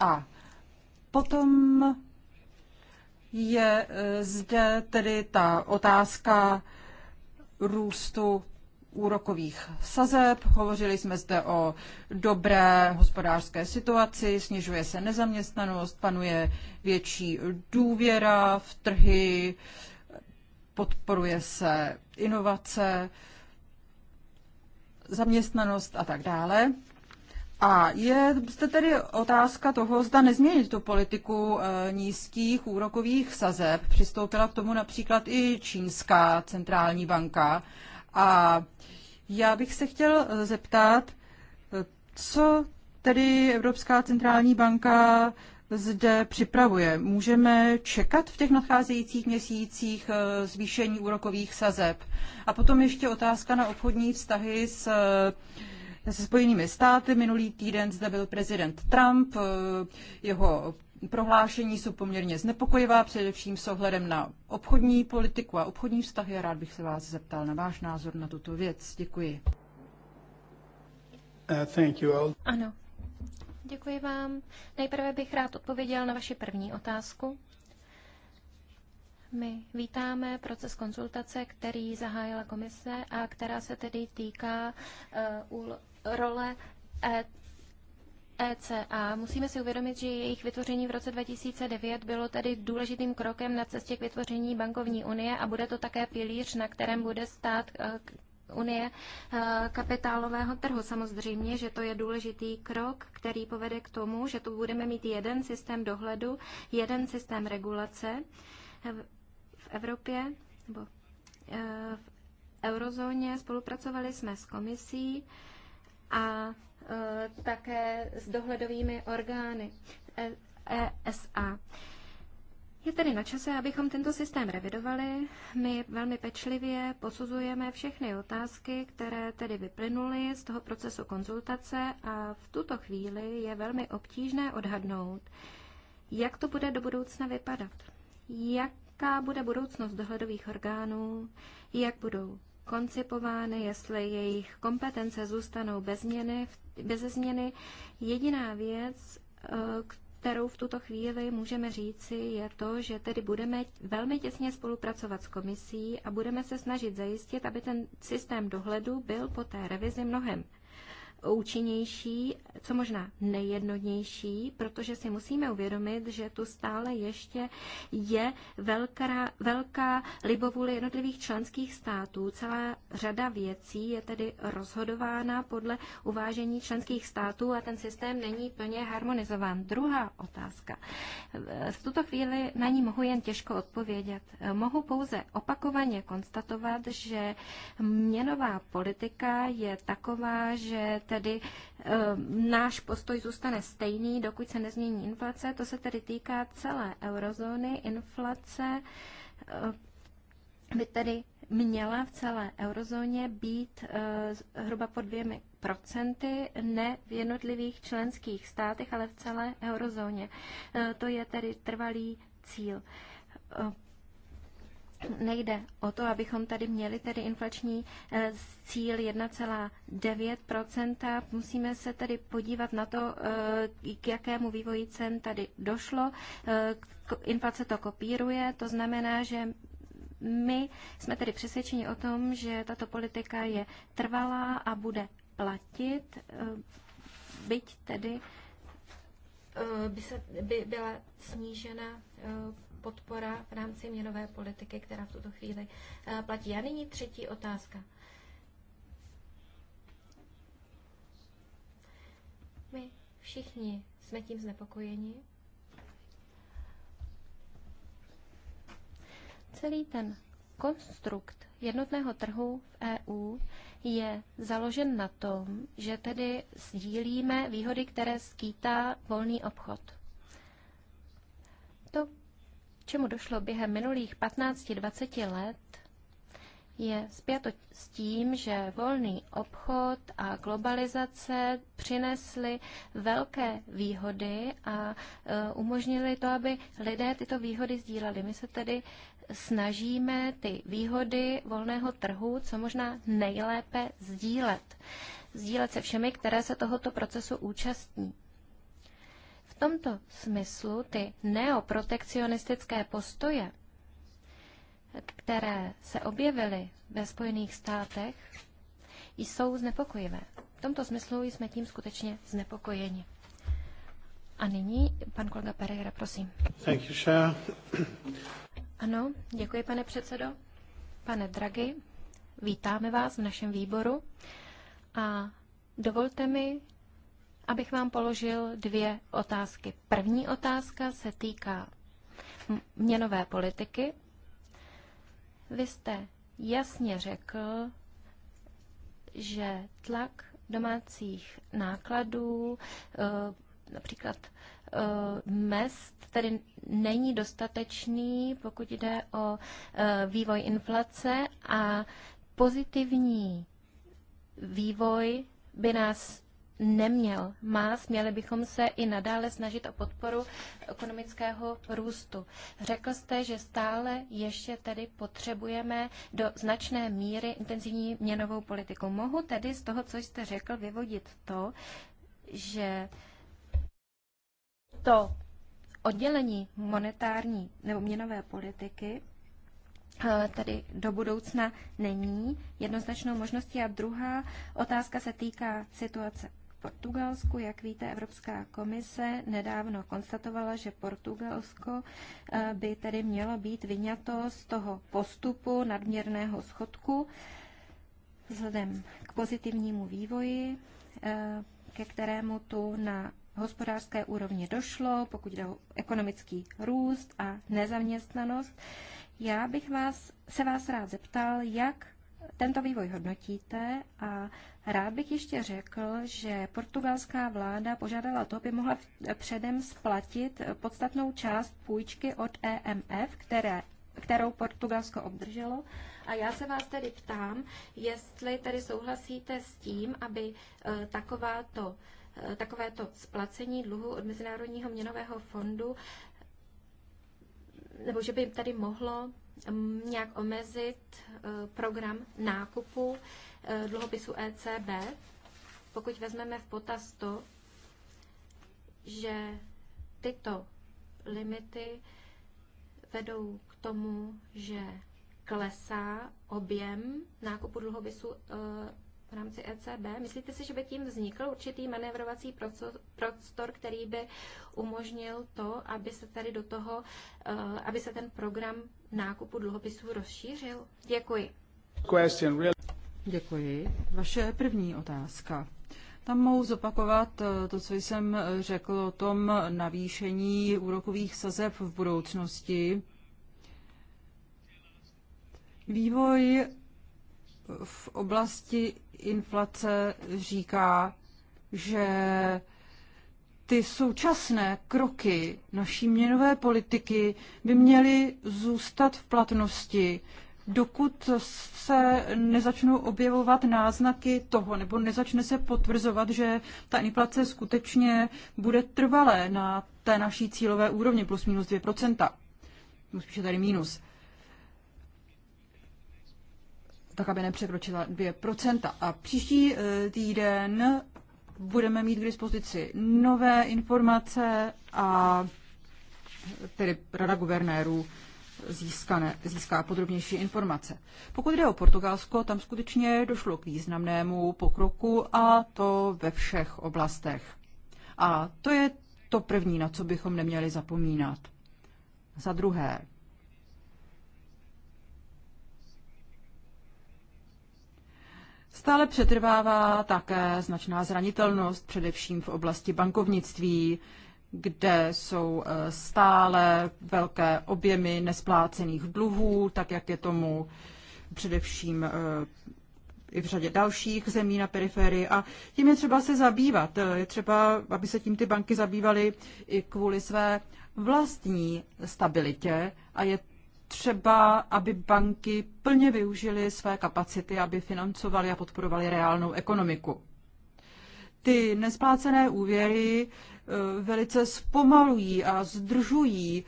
A potom je e, zde tedy ta otázka růstu úrokových sazeb. Hovořili jsme zde o dobré hospodářské situaci, snižuje se nezaměstnanost, panuje větší důvěra v trhy, podporuje se inovace, zaměstnanost a tak dále. A je zde tedy otázka toho, zda nezměnit tu politiku eh, nízkých úrokových sazeb. Přistoupila k tomu například i Čínská centrální banka. A já bych se chtěl zeptat, eh, co tedy Evropská centrální banka zde připravuje? Můžeme čekat v těch nadcházejících měsících eh, zvýšení úrokových sazeb? A potom ještě otázka na obchodní vztahy s eh, se Spojenými státy. Minulý týden zde byl prezident Trump, eh, jeho prohlášení jsou poměrně znepokojivá, především s ohledem na obchodní politiku a obchodní vztahy. A rád bych se vás zeptal na váš názor na tuto věc. Děkuji. Uh, thank you all. Ano, Děkuji vám. Nejprve bych rád odpověděl na vaši první otázku. My vítáme proces konzultace, který zahájila komise a která se tedy týká uh, role e ECA. Musíme si uvědomit, že jejich vytvoření v roce 2009 bylo tedy důležitým krokem na cestě k vytvoření bankovní unie a bude to také pilíř, na kterém bude stát eh, unie eh, kapitálového trhu. Samozřejmě, že to je důležitý krok, který povede k tomu, že tu budeme mít jeden systém dohledu, jeden systém regulace eh, v Evropě nebo eh, v eurozóně. Spolupracovali jsme s komisí a také s dohledovými orgány ESA. Je tedy na čase, abychom tento systém revidovali. My velmi pečlivě posuzujeme všechny otázky, které tedy vyplynuly z toho procesu konzultace a v tuto chvíli je velmi obtížné odhadnout, jak to bude do budoucna vypadat, jaká bude budoucnost dohledových orgánů, jak budou koncipovány, jestli jejich kompetence zůstanou bez změny. Bez změny. Jediná věc, k eh, kterou v tuto chvíli můžeme říci, je to, že tedy budeme velmi těsně spolupracovat s komisí a budeme se snažit zajistit, aby ten systém dohledu byl po té revizi mnohem účinnější, co možná nejjednodnější, protože si musíme uvědomit, že tu stále ještě je velká, velká libovůle jednotlivých členských států. Celá řada věcí je tedy rozhodována podle uvážení členských států a ten systém není plně harmonizován. Druhá otázka. V tuto chvíli na ní mohu jen těžko odpovědět. Mohu pouze opakovaně konstatovat, že měnová politika je taková, že ten tedy eh, náš postoj zůstane stejný, dokud se nezmění inflace. To se tedy týká celé eurozóny. Inflace eh, by tedy měla v celé eurozóně být eh, hruba pod dvěmi procenty, ne v jednotlivých členských státech, ale v celé eurozóně. To je tedy trvalý cíl nejde o to, abychom tady měli tedy inflační eh, cíl 1,9%. Musíme se tedy podívat na to, eh, k jakému vývoji cen tady došlo. Eh, inflace to kopíruje, to znamená, že my jsme tedy přesvědčeni o tom, že tato politika je trvalá a bude platit, byť tedy by, se, by byla snížena podpora v rámci měnové politiky, která v tuto chvíli eh, platí. A nyní třetí otázka. My všichni jsme tím znepokojeni. Celý ten konstrukt jednotného trhu v EU je založen na tom, že tedy sdílíme výhody, které skýtá volný obchod čemu došlo během minulých 15-20 let, je zpěto s tím, že volný obchod a globalizace přinesly velké výhody a e, umožnili to, aby lidé tyto výhody sdíleli. My se tedy snažíme ty výhody volného trhu co možná nejlépe sdílet. Sdílet se všemi, které se tohoto procesu účastní. V tomto smyslu ty neoprotekcionistické postoje, které se objevily ve Spojených státech, jsou znepokojivé. V tomto smyslu jsme tím skutečně znepokojeni. A nyní pan kolega Pereira, prosím. Thank you, Chair. Ano, děkuji, pane předsedo. Pane Dragi, vítáme vás v našem výboru a dovolte mi abych vám položil dvě otázky. První otázka se týká měnové politiky. Vy jste jasně řekl, že tlak domácích nákladů, eh, například eh, mest tedy není dostatečný, pokud jde o eh, vývoj inflace a pozitivní vývoj by nás neměl má. měli bychom se i nadále snažit o podporu ekonomického růstu. Řekl jste, že stále ještě tedy potřebujeme do značné míry intenzivní měnovou politiku. Mohu tedy z toho, co jste řekl, vyvodit to, že to oddělení monetární nebo měnové politiky eh, tedy do budoucna není jednoznačnou možností. A druhá otázka se týká situace Portugalsku. Jak víte, Evropská komise nedávno konstatovala, že Portugalsko eh, by tedy mělo být vyňato z toho postupu nadměrného schodku vzhledem k pozitivnímu vývoji, eh, ke kterému tu na hospodářské úrovni došlo, pokud jde o ekonomický růst a nezaměstnanost. Já bych vás, se vás rád zeptal, jak tento vývoj hodnotíte a rád bych ještě řekl, že portugalská vláda požádala to, aby mohla předem splatit podstatnou část půjčky od EMF, které, kterou Portugalsko obdrželo. A já se vás tedy ptám, jestli tedy souhlasíte s tím, aby e, takováto, e, takovéto splacení dluhu od Mezinárodního měnového fondu nebo že by tady mohlo nějak omezit e, program nákupu e, dluhopisu ECB, pokud vezmeme v potaz to, že tyto limity vedou k tomu, že klesá objem nákupu dluhopisu e, v rámci ECB. Myslíte si, že by tím vznikl určitý manévrovací prostor, který by umožnil to, aby se tady do toho, eh, aby se ten program nákupu dluhopisů rozšířil? Děkuji. Děkuji. Vaše první otázka. Tam mohu zopakovat eh, to, co jsem řekl o tom navýšení úrokových sazeb v budoucnosti. Vývoj v oblasti inflace říká, že ty současné kroky naší měnové politiky by měly zůstat v platnosti, dokud se nezačnou objevovat náznaky toho, nebo nezačne se potvrzovat, že ta inflace skutečně bude trvalé na té naší cílové úrovni plus minus 2%. Spíše tady minus. tak aby nepřekročila 2%. A příští eh, týden budeme mít k dispozici nové informace a tedy Rada guvernérů získané, získá podrobnější informace. Pokud jde o Portugalsko, tam skutečně došlo k významnému pokroku a to ve všech oblastech. A to je to první, na co bychom neměli zapomínat. Za druhé, Stále přetrvává také značná zranitelnost, především v oblasti bankovnictví, kde jsou eh, stále velké objemy nesplácených dluhů, tak jak je tomu především eh, i v řadě dalších zemí na periferii a tím je třeba se zabývat. Eh, je třeba, aby se tím ty banky zabývaly i kvůli své vlastní stabilitě a je třeba, aby banky plně využily své kapacity, aby financovaly a podporovaly reálnou ekonomiku. Ty nesplácené úvěry eh, velice zpomalují a zdržují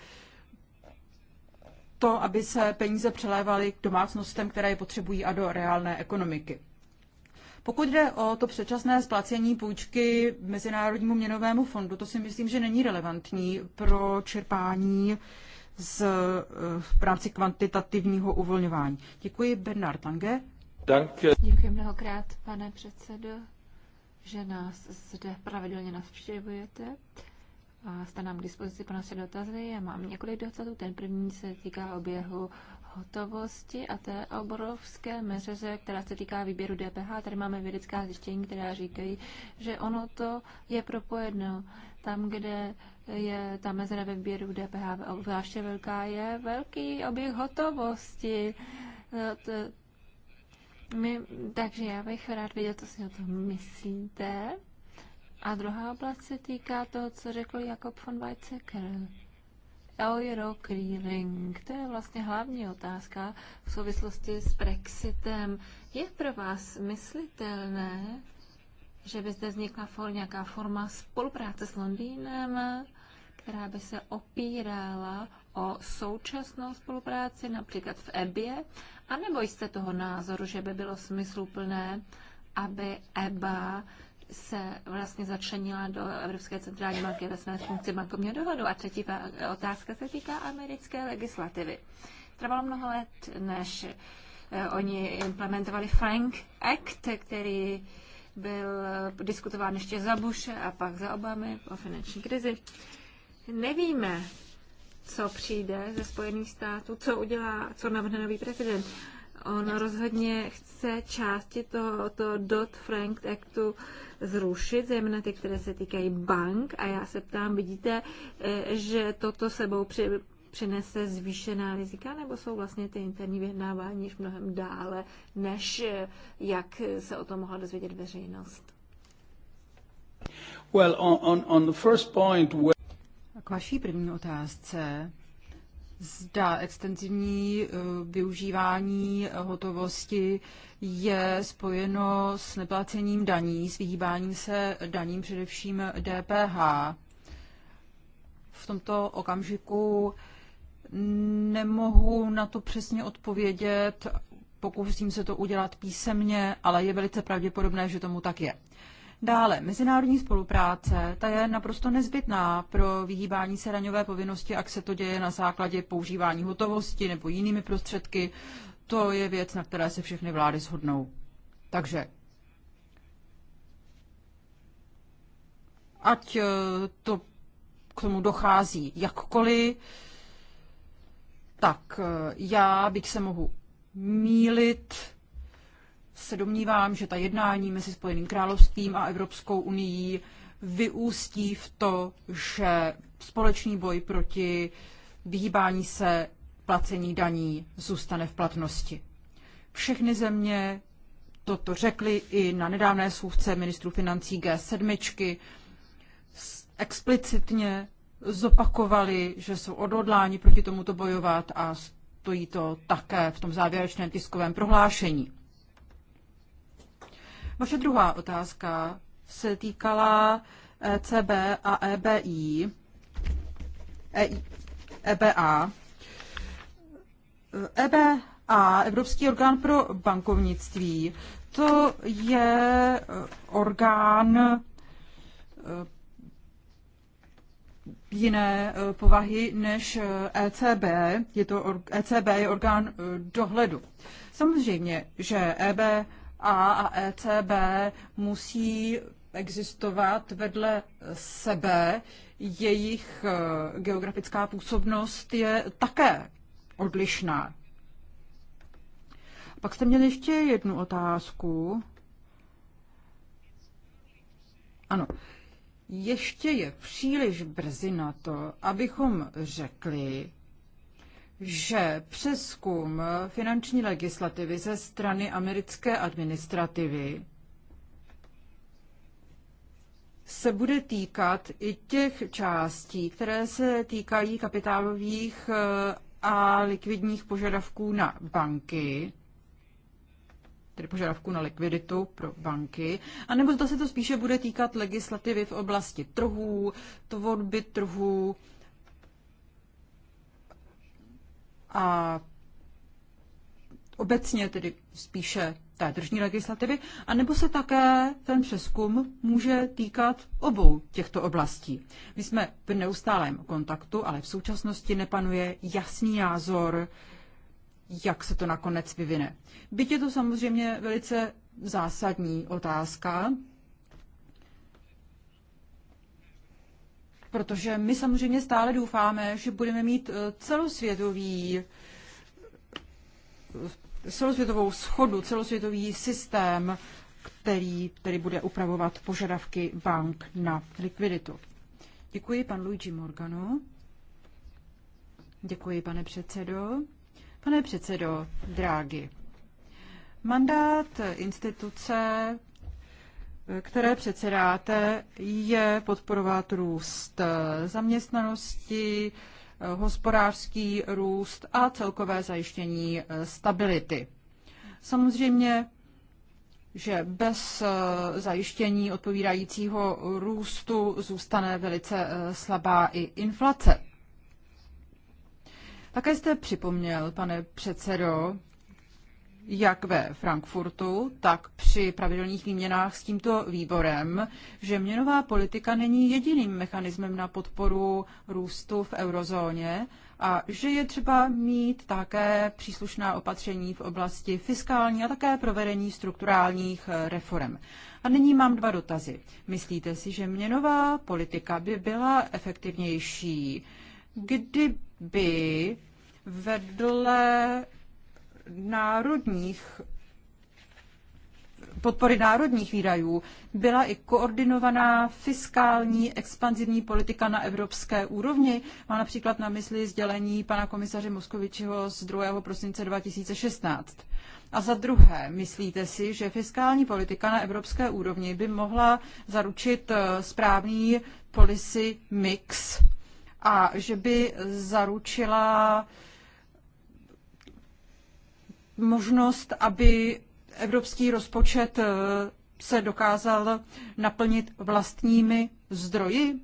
to, aby se peníze přelévaly k domácnostem, které je potřebují a do reálné ekonomiky. Pokud jde o to předčasné splacení půjčky Mezinárodnímu měnovému fondu, to si myslím, že není relevantní pro čerpání z, eh, v práci kvantitativního uvolňování. Děkuji, Bernard Lange. Danke. Děkuji mnohokrát, pane předsedo, že nás zde pravidelně navštěvujete a jste nám k dispozici pro naše dotazy. Já mám několik dotazů. Ten první se týká oběhu hotovosti a té obrovské meřeze, která se týká výběru DPH. Tady máme vědecká zjištění, která říkají, že ono to je propojeno. Tam, kde je ta mezera ve výběru DPH zvláště velká, je velký objekt hotovosti. No, my, takže já bych rád věděl, co si o tom myslíte. A druhá oblast se týká toho, co řekl Jakob von Weizsäcker. Euro clearing, to je vlastně hlavní otázka v souvislosti s Brexitem. Je pro vás myslitelné, že by zde vznikla nějaká forma spolupráce s Londýnem která by se opírala o současnou spolupráci například v EBě, anebo jste toho názoru, že by bylo smysluplné, aby EBA se vlastně začlenila do Evropské centrální banky ve své funkci bankovního dohodu. A třetí otázka se týká americké legislativy. Trvalo mnoho let, než eh, oni implementovali Frank Act, který byl eh, diskutován ještě za Bushe a pak za Obamy o finanční krizi nevíme, co přijde ze Spojených států, co udělá, co navrhne nový prezident. On rozhodně chce části toho, toho Dodd-Frank Actu zrušit, zejména ty, které se týkají bank. A já se ptám, vidíte, eh, že toto sebou při, přinese zvýšená rizika, nebo jsou vlastně ty interní vyjednávání již mnohem dále, než eh, jak se o tom mohla dozvědět veřejnost? Well, on, on, on the first point, where... K vaší první otázce. Zda extenzivní eh, využívání eh, hotovosti je spojeno s neplacením daní, s vyhýbáním se daním, především DPH. V tomto okamžiku nemohu na to přesně odpovědět, pokusím se to udělat písemně, ale je velice pravděpodobné, že tomu tak je. Dále, mezinárodní spolupráce, ta je naprosto nezbytná pro vyhýbání se daňové povinnosti, ak se to děje na základě používání hotovosti nebo jinými prostředky. To je věc, na které se všechny vlády shodnou. Takže ať eh, to k tomu dochází jakkoliv, tak eh, já, bych se mohu mílit, se domnívám, že ta jednání mezi Spojeným královstvím a Evropskou unii vyústí v to, že společný boj proti vyhýbání se placení daní zůstane v platnosti. Všechny země toto řekly i na nedávné schůzce ministrů financí G7 explicitně zopakovali, že jsou odhodláni proti tomuto bojovat a stojí to také v tom závěrečném tiskovém prohlášení. Vaše druhá otázka se týkala ECB eh, a EBI, EBA. E EBA, eh, e Evropský orgán pro bankovnictví, to je eh, orgán jiné povahy než ECB. E je to, ECB je orgán dohledu. Samozřejmě, že EBA a a ECB musí existovat vedle sebe. Jejich eh, geografická působnost je také odlišná. Pak jste měli ještě jednu otázku. Ano. Ještě je příliš brzy na to, abychom řekli, že přeskum finanční legislativy ze strany americké administrativy se bude týkat i těch částí, které se týkají kapitálových eh, a likvidních požadavků na banky, tedy požadavků na likviditu pro banky, anebo zda se to spíše bude týkat legislativy v oblasti trhů, tvorby trhů, a obecně tedy spíše té držní legislativy, anebo se také ten přeskum může týkat obou těchto oblastí. My jsme v neustálém kontaktu, ale v současnosti nepanuje jasný názor, jak se to nakonec vyvine. Byť je to samozřejmě velice zásadní otázka, protože my samozřejmě stále doufáme, že budeme mít eh, celosvětový eh, celosvětovou schodu, celosvětový systém, který tedy bude upravovat požadavky bank na likviditu. Děkuji, pan Luigi Morgano. Děkuji, pane předsedo. Pane předsedo, drágy, mandát instituce které předsedáte, je podporovat růst zaměstnanosti, hospodářský růst a celkové zajištění eh, stability. Samozřejmě, že bez eh, zajištění odpovídajícího růstu zůstane velice eh, slabá i inflace. Také jste připomněl, pane předsedo, jak ve Frankfurtu, tak při pravidelných výměnách s tímto výborem, že měnová politika není jediným mechanismem na podporu růstu v eurozóně a že je třeba mít také příslušná opatření v oblasti fiskální a také provedení strukturálních reform. A nyní mám dva dotazy. Myslíte si, že měnová politika by byla efektivnější, kdyby vedle národních podpory národních výdajů byla i koordinovaná fiskální expanzivní politika na evropské úrovni. Má například na mysli sdělení pana komisaře Moskovičiho z 2. prosince 2016. A za druhé, myslíte si, že fiskální politika na evropské úrovni by mohla zaručit eh, správný policy mix a že by zaručila možnost, aby evropský rozpočet eh, se dokázal naplnit vlastními zdroji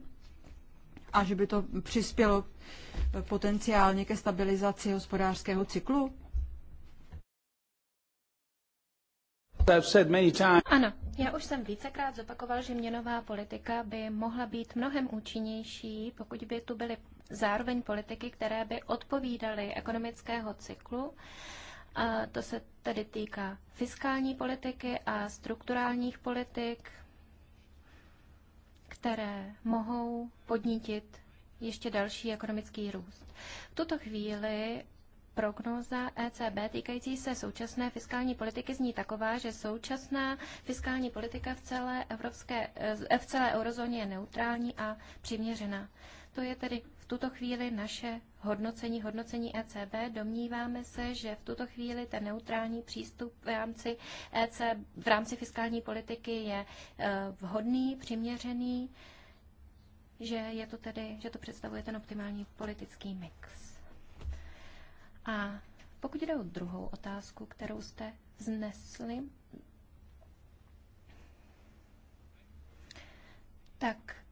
a že by to přispělo eh, potenciálně ke stabilizaci hospodářského cyklu? Ano, já už jsem vícekrát zopakoval, že měnová politika by mohla být mnohem účinnější, pokud by tu byly zároveň politiky, které by odpovídaly ekonomického cyklu a to se tedy týká fiskální politiky a strukturálních politik, které mohou podnítit ještě další ekonomický růst. V tuto chvíli prognóza ECB týkající se současné fiskální politiky zní taková, že současná fiskální politika v celé, evropské, eh, v celé eurozóně je neutrální a přiměřená. To je tedy v tuto chvíli naše hodnocení, hodnocení ECB. Domníváme se, že v tuto chvíli ten neutrální přístup v rámci, ECB, v rámci fiskální politiky je eh, vhodný, přiměřený, že, je to tedy, že to představuje ten optimální politický mix. A pokud jde o druhou otázku, kterou jste vznesli, tak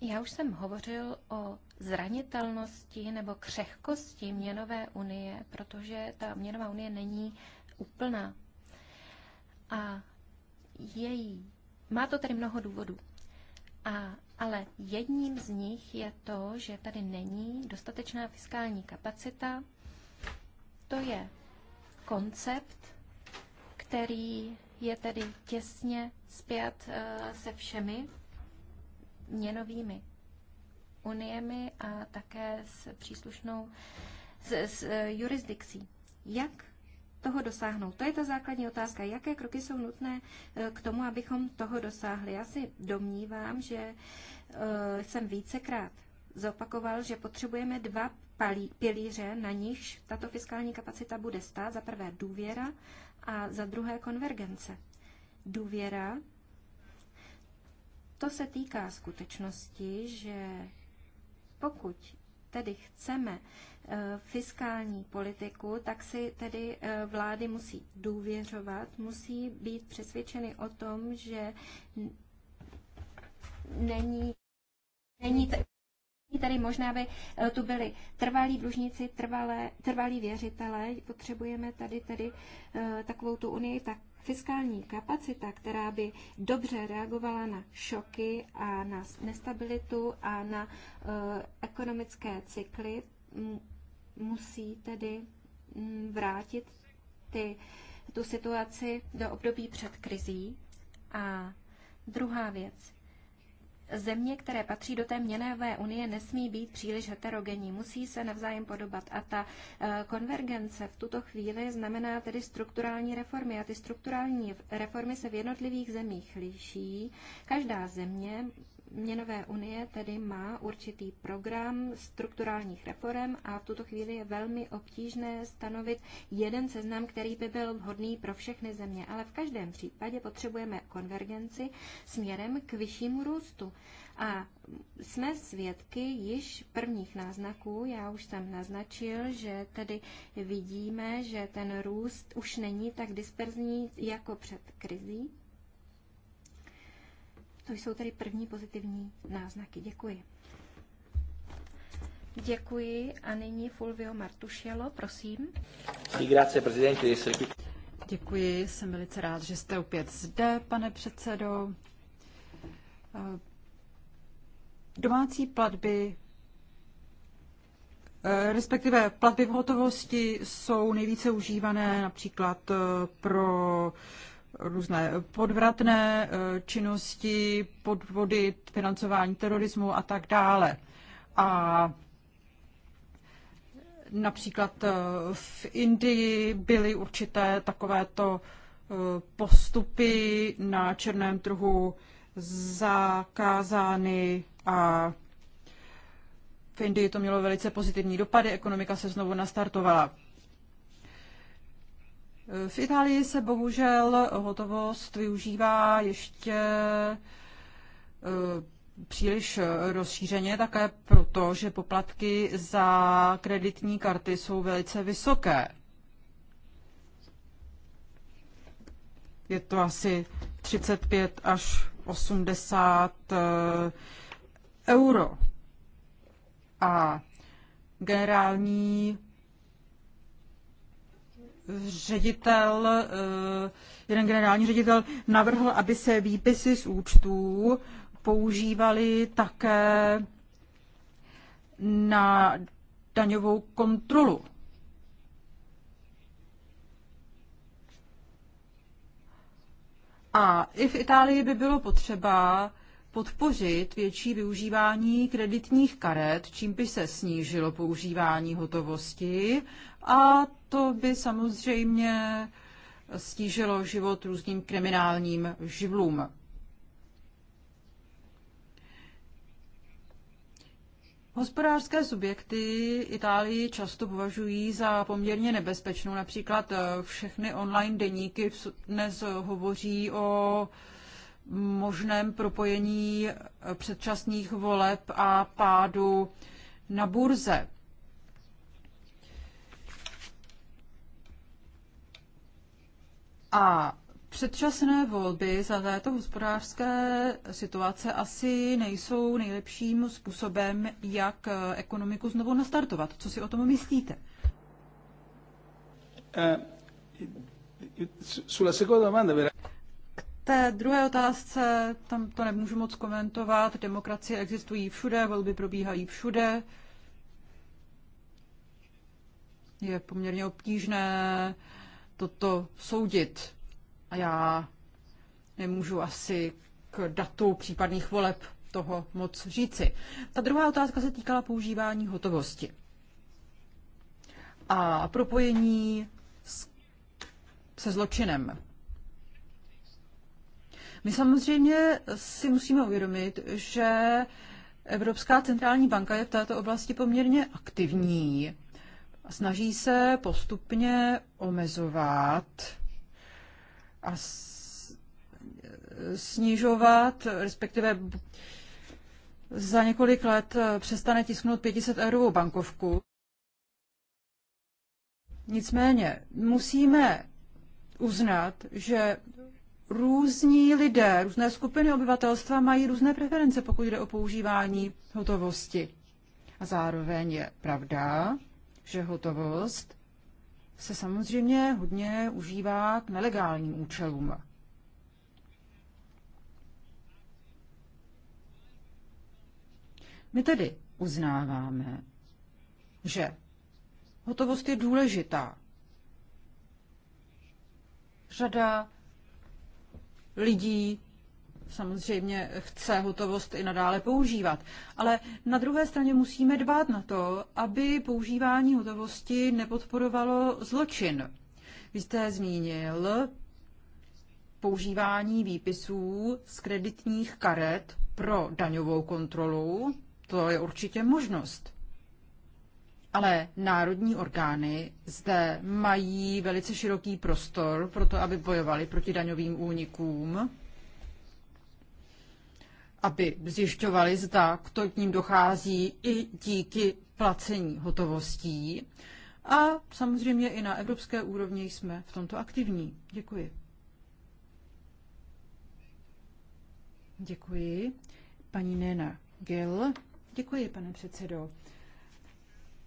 já už jsem hovořil o zranitelnosti nebo křehkosti měnové unie, protože ta měnová unie není úplná. A její. Má to tedy mnoho důvodů. A, ale jedním z nich je to, že tady není dostatečná fiskální kapacita. To je koncept, který je tedy těsně zpět eh, se všemi měnovými uniemi a také s příslušnou s, s eh, jurisdikcí. Jak toho dosáhnout? To je ta základní otázka. Jaké kroky jsou nutné eh, k tomu, abychom toho dosáhli? Já si domnívám, že eh, jsem vícekrát zopakoval, že potřebujeme dva palí, pilíře, na nichž tato fiskální kapacita bude stát. Za prvé důvěra a za druhé konvergence. Důvěra to se týká skutečnosti, že pokud tedy chceme eh, fiskální politiku, tak si tedy eh, vlády musí důvěřovat, musí být přesvědčeny o tom, že není, není tady možná, aby eh, tu byli trvalí dlužníci, trvalé, trvalí věřitelé. Potřebujeme tady tedy takovou tu unii tak fiskální kapacita, která by dobře reagovala na šoky a na nestabilitu a na eh, ekonomické cykly, musí tedy vrátit ty, tu situaci do období před krizí. A druhá věc země, které patří do té měnové unie, nesmí být příliš heterogenní, musí se navzájem podobat. A ta eh, konvergence v tuto chvíli znamená tedy strukturální reformy. A ty strukturální reformy se v jednotlivých zemích liší. Každá země měnové unie tedy má určitý program strukturálních reform a v tuto chvíli je velmi obtížné stanovit jeden seznam, který by byl vhodný pro všechny země. Ale v každém případě potřebujeme konvergenci směrem k vyššímu růstu. A jsme svědky již prvních náznaků. Já už jsem naznačil, že tedy vidíme, že ten růst už není tak disperzní jako před krizí. To jsou tedy první pozitivní náznaky. Děkuji. Děkuji a nyní Fulvio Martušielo, prosím. Děkuji, jsem velice rád, že jste opět zde, pane předsedo. Eh, domácí platby, eh, respektive platby v hotovosti, jsou nejvíce užívané například eh, pro různé podvratné eh, činnosti, podvody, financování terorismu a tak dále. A například eh, v Indii byly určité takovéto eh, postupy na černém trhu zakázány a v Indii to mělo velice pozitivní dopady, ekonomika se znovu nastartovala. V Itálii se bohužel hotovost využívá ještě eh, příliš rozšířeně, také proto, že poplatky za kreditní karty jsou velice vysoké. Je to asi 35 až 80 eh, euro. A generální ředitel, eh, jeden generální ředitel navrhl, aby se výpisy z účtů používaly také na daňovou kontrolu. A i v Itálii by bylo potřeba podpořit větší využívání kreditních karet, čím by se snížilo používání hotovosti a to by samozřejmě stížilo život různým kriminálním živlům. Hospodářské subjekty Itálii často považují za poměrně nebezpečnou. Například eh, všechny online deníky dnes hovoří o možném propojení eh, předčasných voleb a pádu na burze. A předčasné volby za této hospodářské situace asi nejsou nejlepším způsobem, jak ekonomiku znovu nastartovat. Co si o tom myslíte? Eh, K té druhé otázce, tam to nemůžu moc komentovat. Demokracie existují všude, volby probíhají všude. Je poměrně obtížné uh, toto soudit. A já nemůžu asi k datu případných voleb toho moc říci. Ta druhá otázka se týkala používání hotovosti a propojení s, se zločinem. My samozřejmě si musíme uvědomit, že Evropská centrální banka je v této oblasti poměrně aktivní snaží se postupně omezovat a snižovat, respektive za několik let přestane tisknout 500 eurovou bankovku. Nicméně musíme uznat, že různí lidé, různé skupiny obyvatelstva mají různé preference, pokud jde o používání hotovosti. A zároveň je pravda, že hotovost se samozřejmě hodně užívá k nelegálním účelům. My tedy uznáváme, že hotovost je důležitá. Řada lidí samozřejmě chce hotovost i nadále používat. Ale na druhé straně musíme dbát na to, aby používání hotovosti nepodporovalo zločin. Vy jste zmínil používání výpisů z kreditních karet pro daňovou kontrolu. To je určitě možnost. Ale národní orgány zde mají velice široký prostor pro to, aby bojovali proti daňovým únikům aby zjišťovali, zda k to k ním dochází i díky placení hotovostí. A samozřejmě i na evropské úrovni jsme v tomto aktivní. Děkuji. Děkuji. Paní Nena Gil. Děkuji, pane předsedo.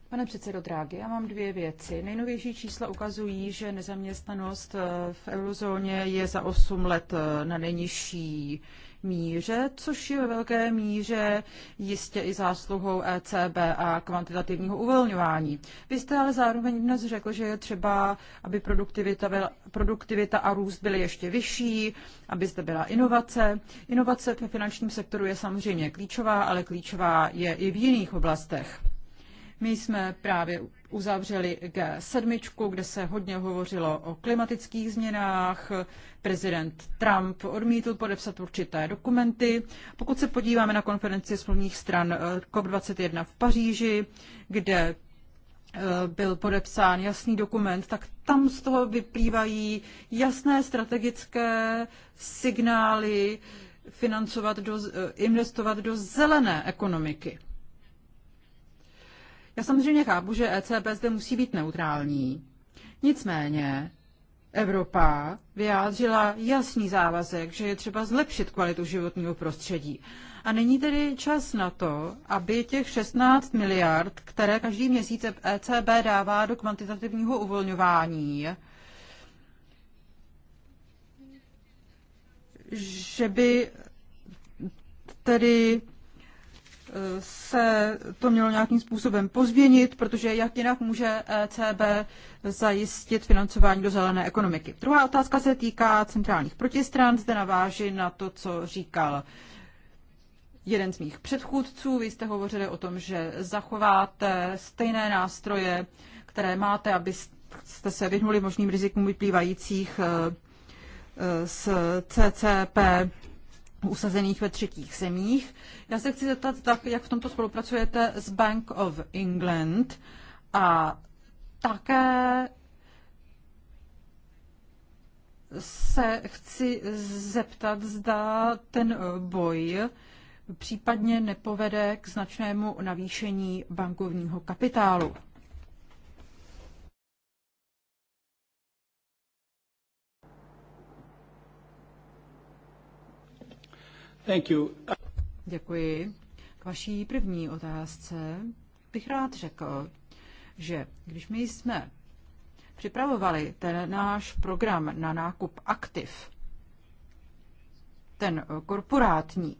Pane předsedo Drágy, já mám dvě věci. Nejnovější čísla ukazují, že nezaměstnanost eh, v eurozóně je za 8 let eh, na nejnižší míře, což je ve velké míře jistě i zásluhou ECB a kvantitativního uvolňování. Vy jste ale zároveň dnes řekl, že je třeba, aby produktivita, produktivita a růst byly ještě vyšší, aby zde byla inovace. Inovace ve finančním sektoru je samozřejmě klíčová, ale klíčová je i v jiných oblastech. My jsme právě uzavřeli G7, kde se hodně hovořilo o klimatických změnách. Prezident Trump odmítl podepsat určité dokumenty. Pokud se podíváme na konferenci smluvních stran eh, COP21 v Paříži, kde eh, byl podepsán jasný dokument, tak tam z toho vyplývají jasné strategické signály financovat do, eh, investovat do zelené ekonomiky. Já samozřejmě chápu, že ECB zde musí být neutrální. Nicméně Evropa vyjádřila jasný závazek, že je třeba zlepšit kvalitu životního prostředí. A není tedy čas na to, aby těch 16 miliard, které každý měsíc ECB dává do kvantitativního uvolňování, že by tedy se to mělo nějakým způsobem pozměnit, protože jak jinak může ECB zajistit financování do zelené ekonomiky. Druhá otázka se týká centrálních protistran. Zde naváži na to, co říkal jeden z mých předchůdců. Vy jste hovořili o tom, že zachováte stejné nástroje, které máte, abyste se vyhnuli možným rizikům vyplývajících eh, eh, z CCP usazených ve třetích zemích. Já se chci zeptat, tak, jak v tomto spolupracujete s Bank of England a také se chci zeptat, zda ten boj případně nepovede k značnému navýšení bankovního kapitálu. Děkuji. K vaší první otázce bych rád řekl, že když my jsme připravovali ten náš program na nákup aktiv, ten korporátní,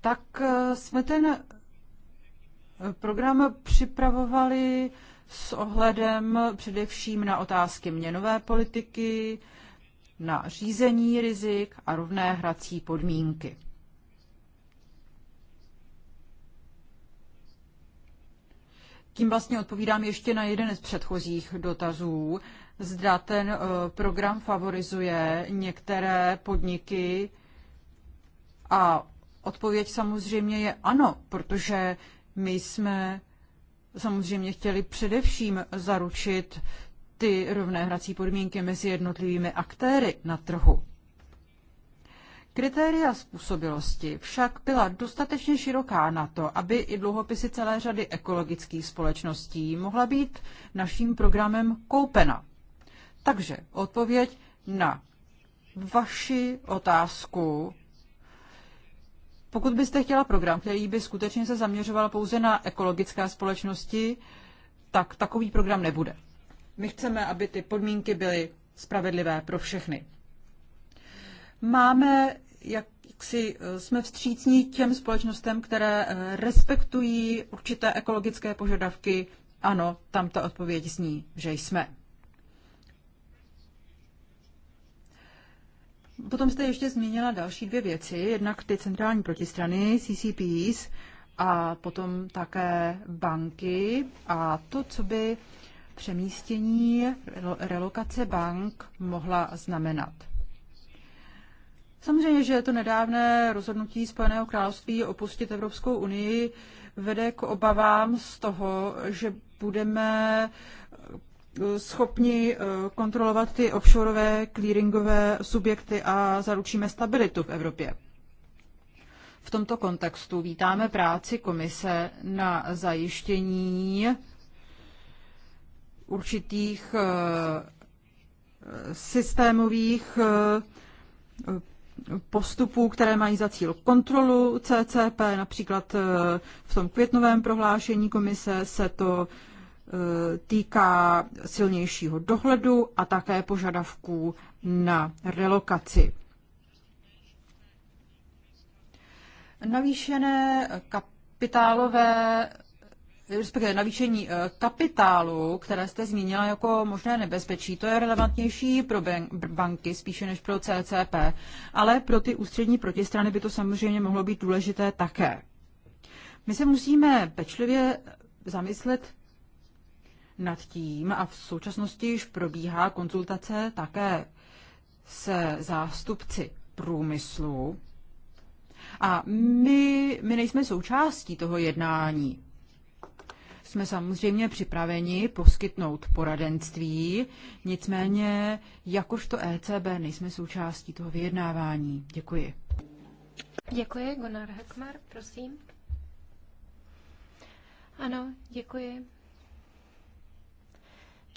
tak jsme ten program připravovali s ohledem především na otázky měnové politiky, na řízení rizik a rovné hrací podmínky. Tím vlastně odpovídám ještě na jeden z předchozích dotazů. Zda ten eh, program favorizuje některé podniky a odpověď samozřejmě je ano, protože my jsme samozřejmě chtěli především zaručit ty rovné hrací podmínky mezi jednotlivými aktéry na trhu. Kritéria způsobilosti však byla dostatečně široká na to, aby i dluhopisy celé řady ekologických společností mohla být naším programem koupena. Takže odpověď na vaši otázku pokud byste chtěla program, který by skutečně se zaměřoval pouze na ekologické společnosti, tak takový program nebude. My chceme, aby ty podmínky byly spravedlivé pro všechny. Máme, jak si eh, jsme vstřícní těm společnostem, které eh, respektují určité ekologické požadavky. Ano, tam ta odpověď zní, že jsme. Potom jste ještě zmínila další dvě věci, jednak ty centrální protistrany, CCPs, a potom také banky a to, co by přemístění, relokace bank mohla znamenat. Samozřejmě, že to nedávné rozhodnutí Spojeného království opustit Evropskou unii vede k obavám z toho, že budeme schopni eh, kontrolovat ty offshoreové clearingové subjekty a zaručíme stabilitu v Evropě. V tomto kontextu vítáme práci komise na zajištění určitých eh, systémových eh, postupů, které mají za cíl kontrolu CCP. Například v tom květnovém prohlášení komise se to týká silnějšího dohledu a také požadavků na relokaci. Navýšené kapitálové respektive navýšení eh, kapitálu, které jste zmínila jako možné nebezpečí, to je relevantnější pro banky spíše než pro CCP, ale pro ty ústřední protistrany by to samozřejmě mohlo být důležité také. My se musíme pečlivě zamyslet nad tím a v současnosti již probíhá konzultace také se zástupci průmyslu. A my, my nejsme součástí toho jednání. Jsme samozřejmě připraveni poskytnout poradenství, nicméně jakožto ECB nejsme součástí toho vyjednávání. Děkuji. Děkuji, Gunnar Hekmar, prosím. Ano, děkuji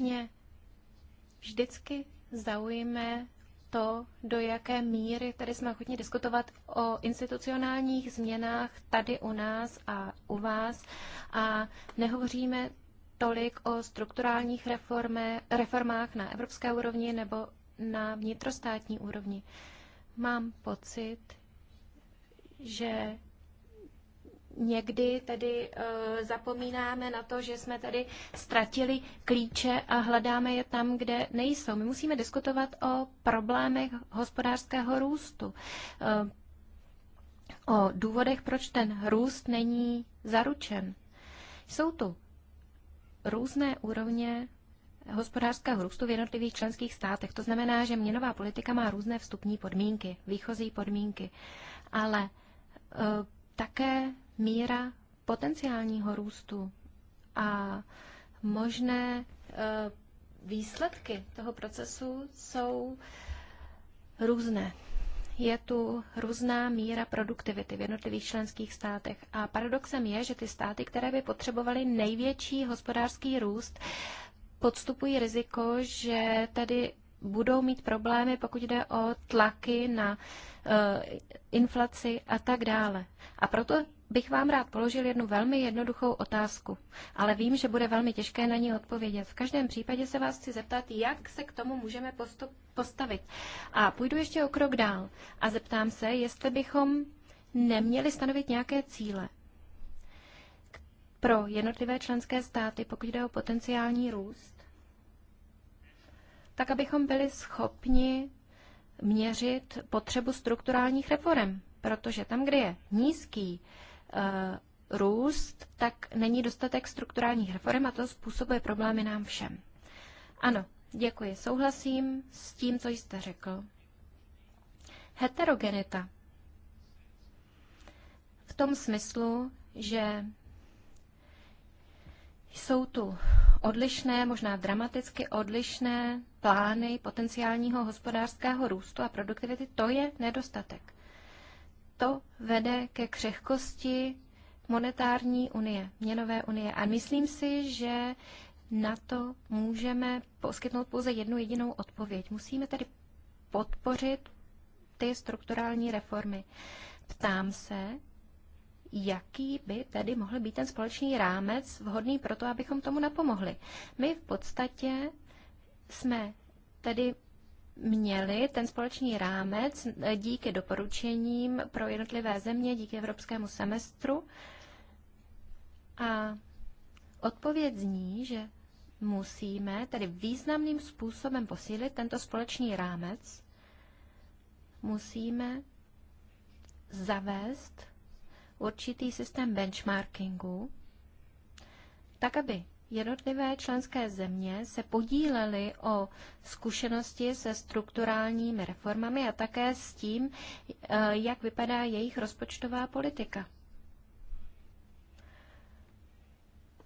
mě vždycky zaujme to, do jaké míry tady jsme ochotni diskutovat o institucionálních změnách tady u nás a u vás a nehovoříme tolik o strukturálních reforme, reformách na evropské úrovni nebo na vnitrostátní úrovni. Mám pocit, že někdy tedy eh, zapomínáme na to, že jsme tady ztratili klíče a hledáme je tam, kde nejsou. My musíme diskutovat o problémech hospodářského růstu, eh, o důvodech, proč ten růst není zaručen. Jsou tu různé úrovně hospodářského růstu v jednotlivých členských státech. To znamená, že měnová politika má různé vstupní podmínky, výchozí podmínky, ale e, také míra potenciálního růstu a možné e, výsledky toho procesu jsou různé. Je tu různá míra produktivity v jednotlivých členských státech a paradoxem je, že ty státy, které by potřebovaly největší hospodářský růst, podstupují riziko, že tady budou mít problémy, pokud jde o tlaky na uh, inflaci a tak dále. A proto bych vám rád položil jednu velmi jednoduchou otázku, ale vím, že bude velmi těžké na ní odpovědět. V každém případě se vás chci zeptat, jak se k tomu můžeme postavit. A půjdu ještě o krok dál a zeptám se, jestli bychom neměli stanovit nějaké cíle pro jednotlivé členské státy, pokud jde o potenciální růst, tak abychom byli schopni měřit potřebu strukturálních reform, protože tam, kde je nízký Eh, růst, tak není dostatek strukturálních reform a to způsobuje problémy nám všem. Ano, děkuji, souhlasím s tím, co jste řekl. Heterogenita. V tom smyslu, že jsou tu odlišné, možná dramaticky odlišné plány potenciálního hospodářského růstu a produktivity, to je nedostatek to vede ke křehkosti monetární unie, měnové unie. A myslím si, že na to můžeme poskytnout pouze jednu jedinou odpověď. Musíme tedy podpořit ty strukturální reformy. Ptám se, jaký by tedy mohl být ten společný rámec vhodný pro to, abychom tomu napomohli. My v podstatě jsme tedy měli ten společný rámec eh, díky doporučením pro jednotlivé země, díky evropskému semestru. A odpověď zní, že musíme tedy významným způsobem posílit tento společný rámec. Musíme zavést určitý systém benchmarkingu, tak aby Jednotlivé členské země se podílely o zkušenosti se strukturálními reformami a také s tím, eh, jak vypadá jejich rozpočtová politika.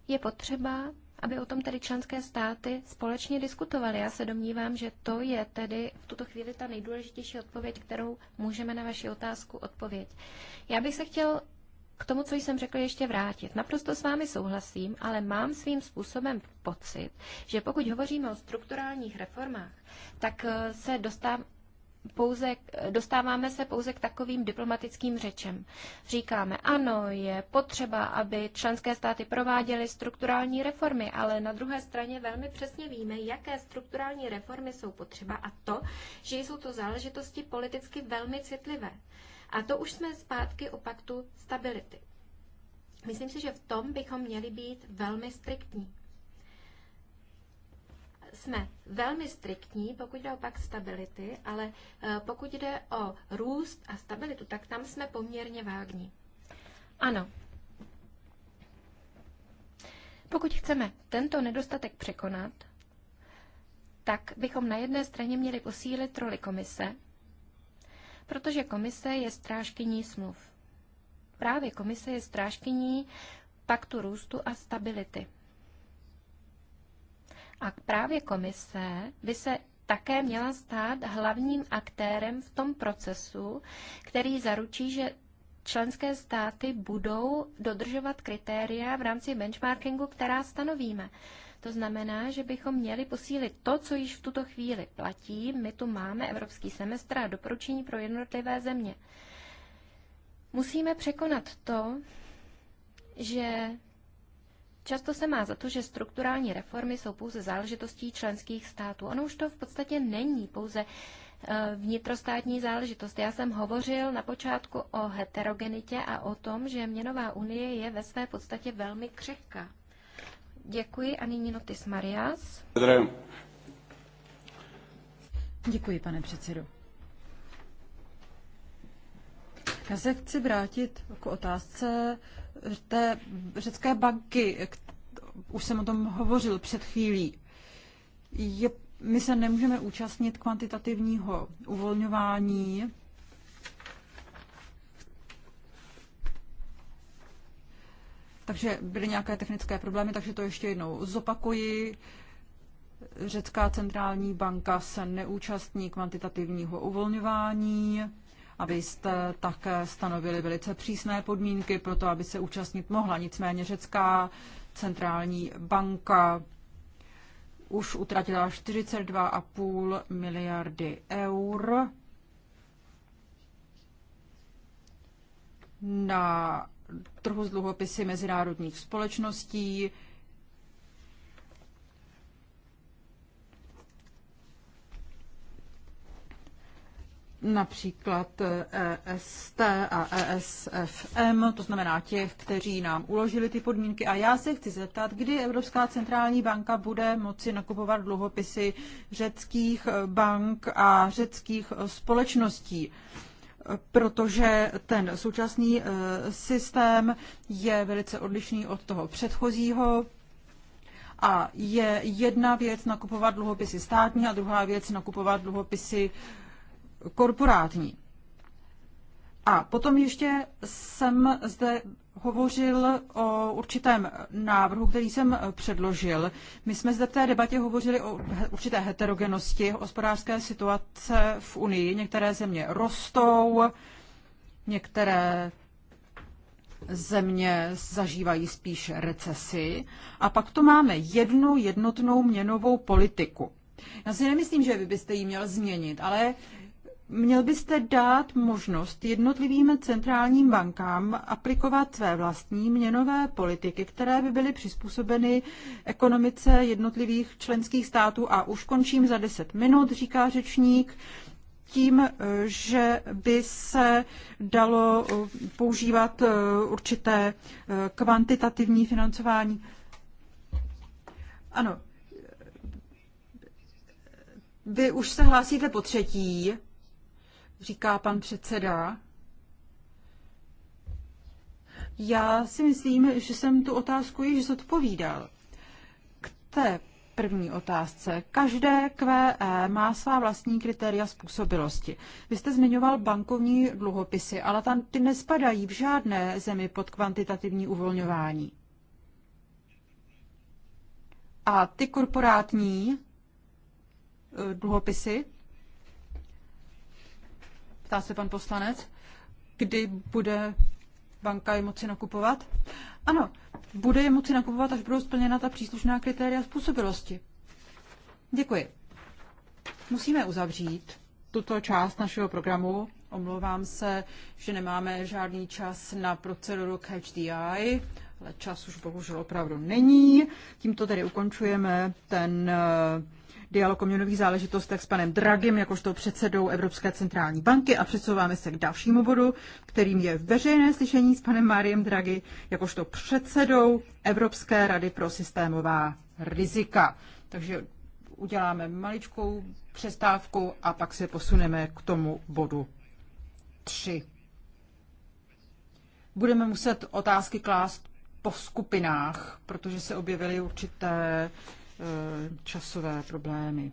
Je potřeba, aby o tom tedy členské státy společně diskutovaly. Já se domnívám, že to je tedy v tuto chvíli ta nejdůležitější odpověď, kterou můžeme na vaši otázku odpovědět. Já bych se chtěl k tomu, co jsem řekl, ještě vrátit. Naprosto s vámi souhlasím, ale mám svým způsobem pocit, že pokud hovoříme o strukturálních reformách, tak eh, se dostává pouze, eh, dostáváme se pouze k takovým diplomatickým řečem. Říkáme, ano, je potřeba, aby členské státy prováděly strukturální reformy, ale na druhé straně velmi přesně víme, jaké strukturální reformy jsou potřeba a to, že jsou to záležitosti politicky velmi citlivé. A to už jsme zpátky u paktu stability. Myslím si, že v tom bychom měli být velmi striktní. Jsme velmi striktní, pokud jde o pak stability, ale eh, pokud jde o růst a stabilitu, tak tam jsme poměrně vágní. Ano. Pokud chceme tento nedostatek překonat, tak bychom na jedné straně měli posílit roli komise protože komise je strážkyní smluv. Právě komise je strážkyní paktu růstu a stability. A právě komise by se také měla stát hlavním aktérem v tom procesu, který zaručí, že členské státy budou dodržovat kritéria v rámci benchmarkingu, která stanovíme. To znamená, že bychom měli posílit to, co již v tuto chvíli platí. My tu máme evropský semestr a doporučení pro jednotlivé země. Musíme překonat to, že Často se má za to, že strukturální reformy jsou pouze záležitostí členských států. Ono už to v podstatě není pouze eh, vnitrostátní záležitost. Já jsem hovořil na počátku o heterogenitě a o tom, že měnová unie je ve své podstatě velmi křehká. Děkuji a nyní Notis Marias. Děkuji, pane předsedo. Já se chci vrátit k otázce té řecké banky. Už jsem o tom hovořil před chvílí. Je, my se nemůžeme účastnit kvantitativního uvolňování Takže byly nějaké technické problémy, takže to ještě jednou zopakuji. Řecká centrální banka se neúčastní kvantitativního uvolňování. Abyste tak stanovili velice přísné podmínky pro to, aby se účastnit mohla. Nicméně Řecká centrální banka už utratila 42,5 miliardy eur na trhu s dluhopisy mezinárodních společností. například EST a ESFM, to znamená těch, kteří nám uložili ty podmínky. A já se chci zeptat, kdy Evropská centrální banka bude moci nakupovat dluhopisy řeckých bank a řeckých společností protože ten současný eh, systém je velice odlišný od toho předchozího. A je jedna věc nakupovat dluhopisy státní a druhá věc nakupovat dluhopisy korporátní. A potom ještě jsem zde hovořil o určitém návrhu, který jsem předložil. My jsme zde v té debatě hovořili o určité heterogenosti hospodářské situace v Unii. Některé země rostou, některé země zažívají spíš recesi. A pak tu máme jednu jednotnou měnovou politiku. Já si nemyslím, že vy byste ji měl změnit, ale Měl byste dát možnost jednotlivým centrálním bankám aplikovat své vlastní měnové politiky, které by byly přizpůsobeny ekonomice jednotlivých členských států. A už končím za 10 minut, říká řečník tím, eh, že by se dalo eh, používat eh, určité kvantitativní financování. Ano, vy už se hlásíte po třetí říká pan předseda. Já si myslím, že jsem tu otázku již zodpovídal. K té první otázce. Každé QE má svá vlastní kritéria způsobilosti. Vy jste zmiňoval bankovní dluhopisy, ale tam ty nespadají v žádné zemi pod kvantitativní uvolňování. A ty korporátní eh, dluhopisy, ptá se pan poslanec, kdy bude banka je moci nakupovat? Ano, bude je moci nakupovat, až budou splněna ta příslušná kritéria způsobilosti. Děkuji. Musíme uzavřít tuto část našeho programu. Omlouvám se, že nemáme žádný čas na proceduru Catch the Eye ale čas už bohužel opravdu není. Tímto tedy ukončujeme ten eh, dialog o měnových záležitostech s panem Dragim, jakožto předsedou Evropské centrální banky a přesouváme se k dalšímu bodu, kterým je veřejné slyšení s panem Máriem Draghi, jakožto předsedou Evropské rady pro systémová rizika. Takže uděláme maličkou přestávku a pak se posuneme k tomu bodu 3. Budeme muset otázky klást po skupinách, protože se objevily určité eh, časové problémy.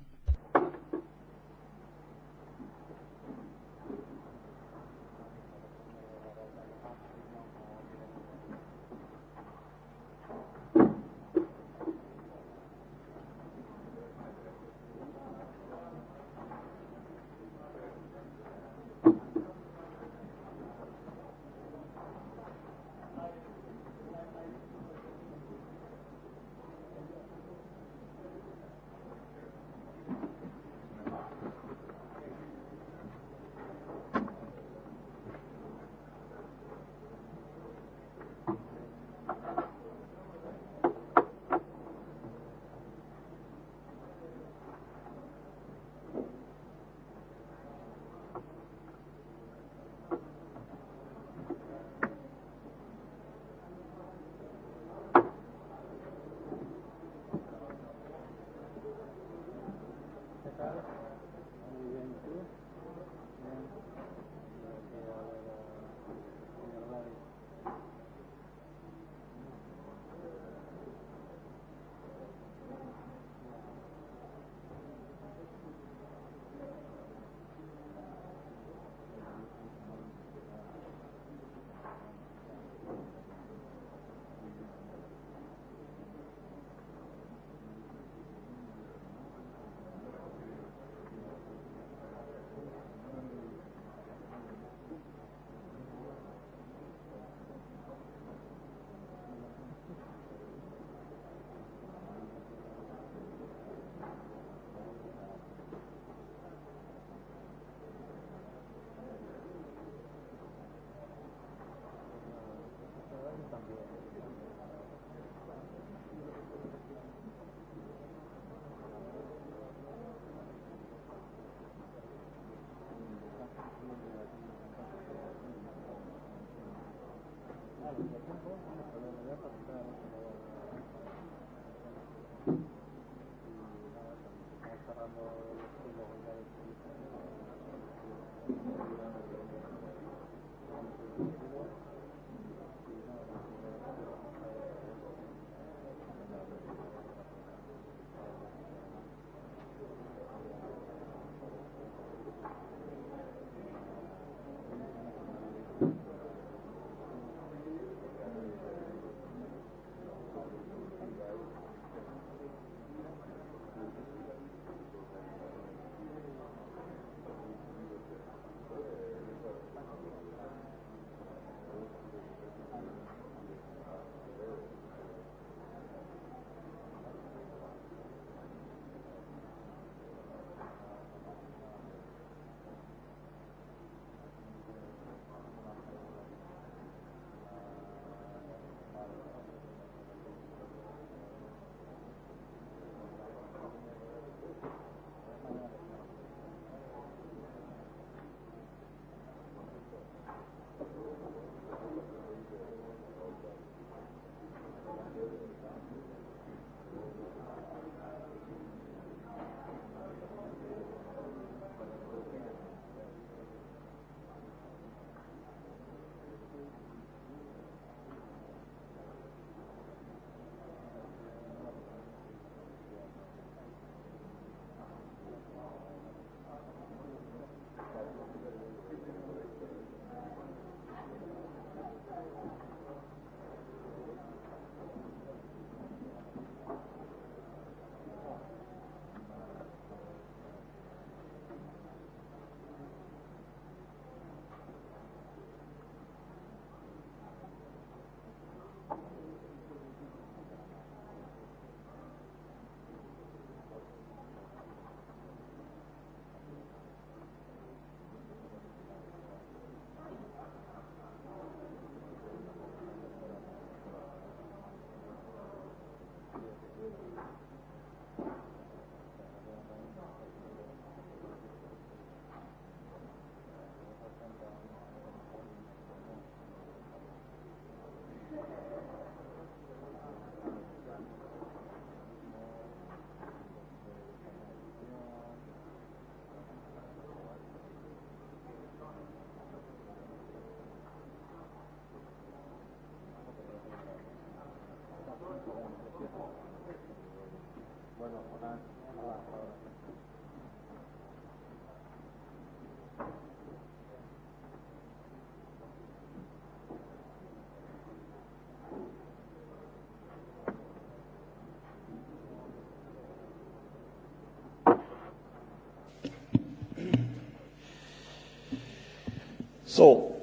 So,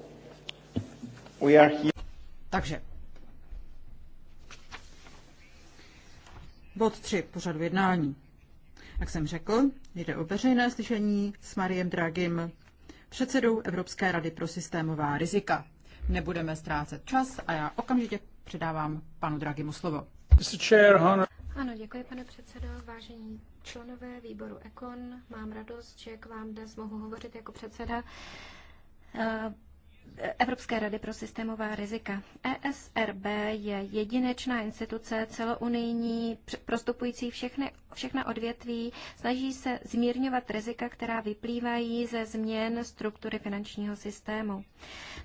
we are here. Takže bod 3 pořadu jednání. Jak jsem řekl, jde o veřejné slyšení s Mariem Dragim, předsedou Evropské rady pro systémová rizika. Nebudeme ztrácet čas a já okamžitě předávám panu Dragimu slovo. Ano, děkuji, pane předsedo. Vážení členové výboru EKON, mám radost, že k vám dnes mohu hovořit jako předseda eh, Evropské rady pro systémová rizika. ESRB je jedinečná instituce celounijní, prostupující všechny všechna odvětví snaží se zmírňovat rizika, která vyplývají ze změn struktury finančního systému.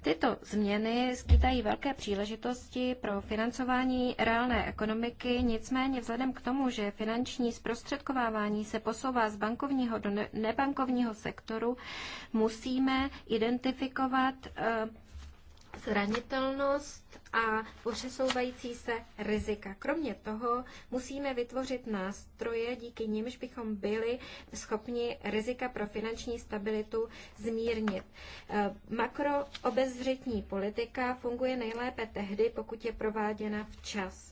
Tyto změny skýtají velké příležitosti pro financování reálné ekonomiky, nicméně vzhledem k tomu, že finanční zprostředkovávání se posouvá z bankovního do nebankovního sektoru, musíme identifikovat eh, zranitelnost a pořesouvající se rizika. Kromě toho musíme vytvořit nástroje, díky nimž bychom byli schopni rizika pro finanční stabilitu zmírnit. Eh, makroobezřetní politika funguje nejlépe tehdy, pokud je prováděna včas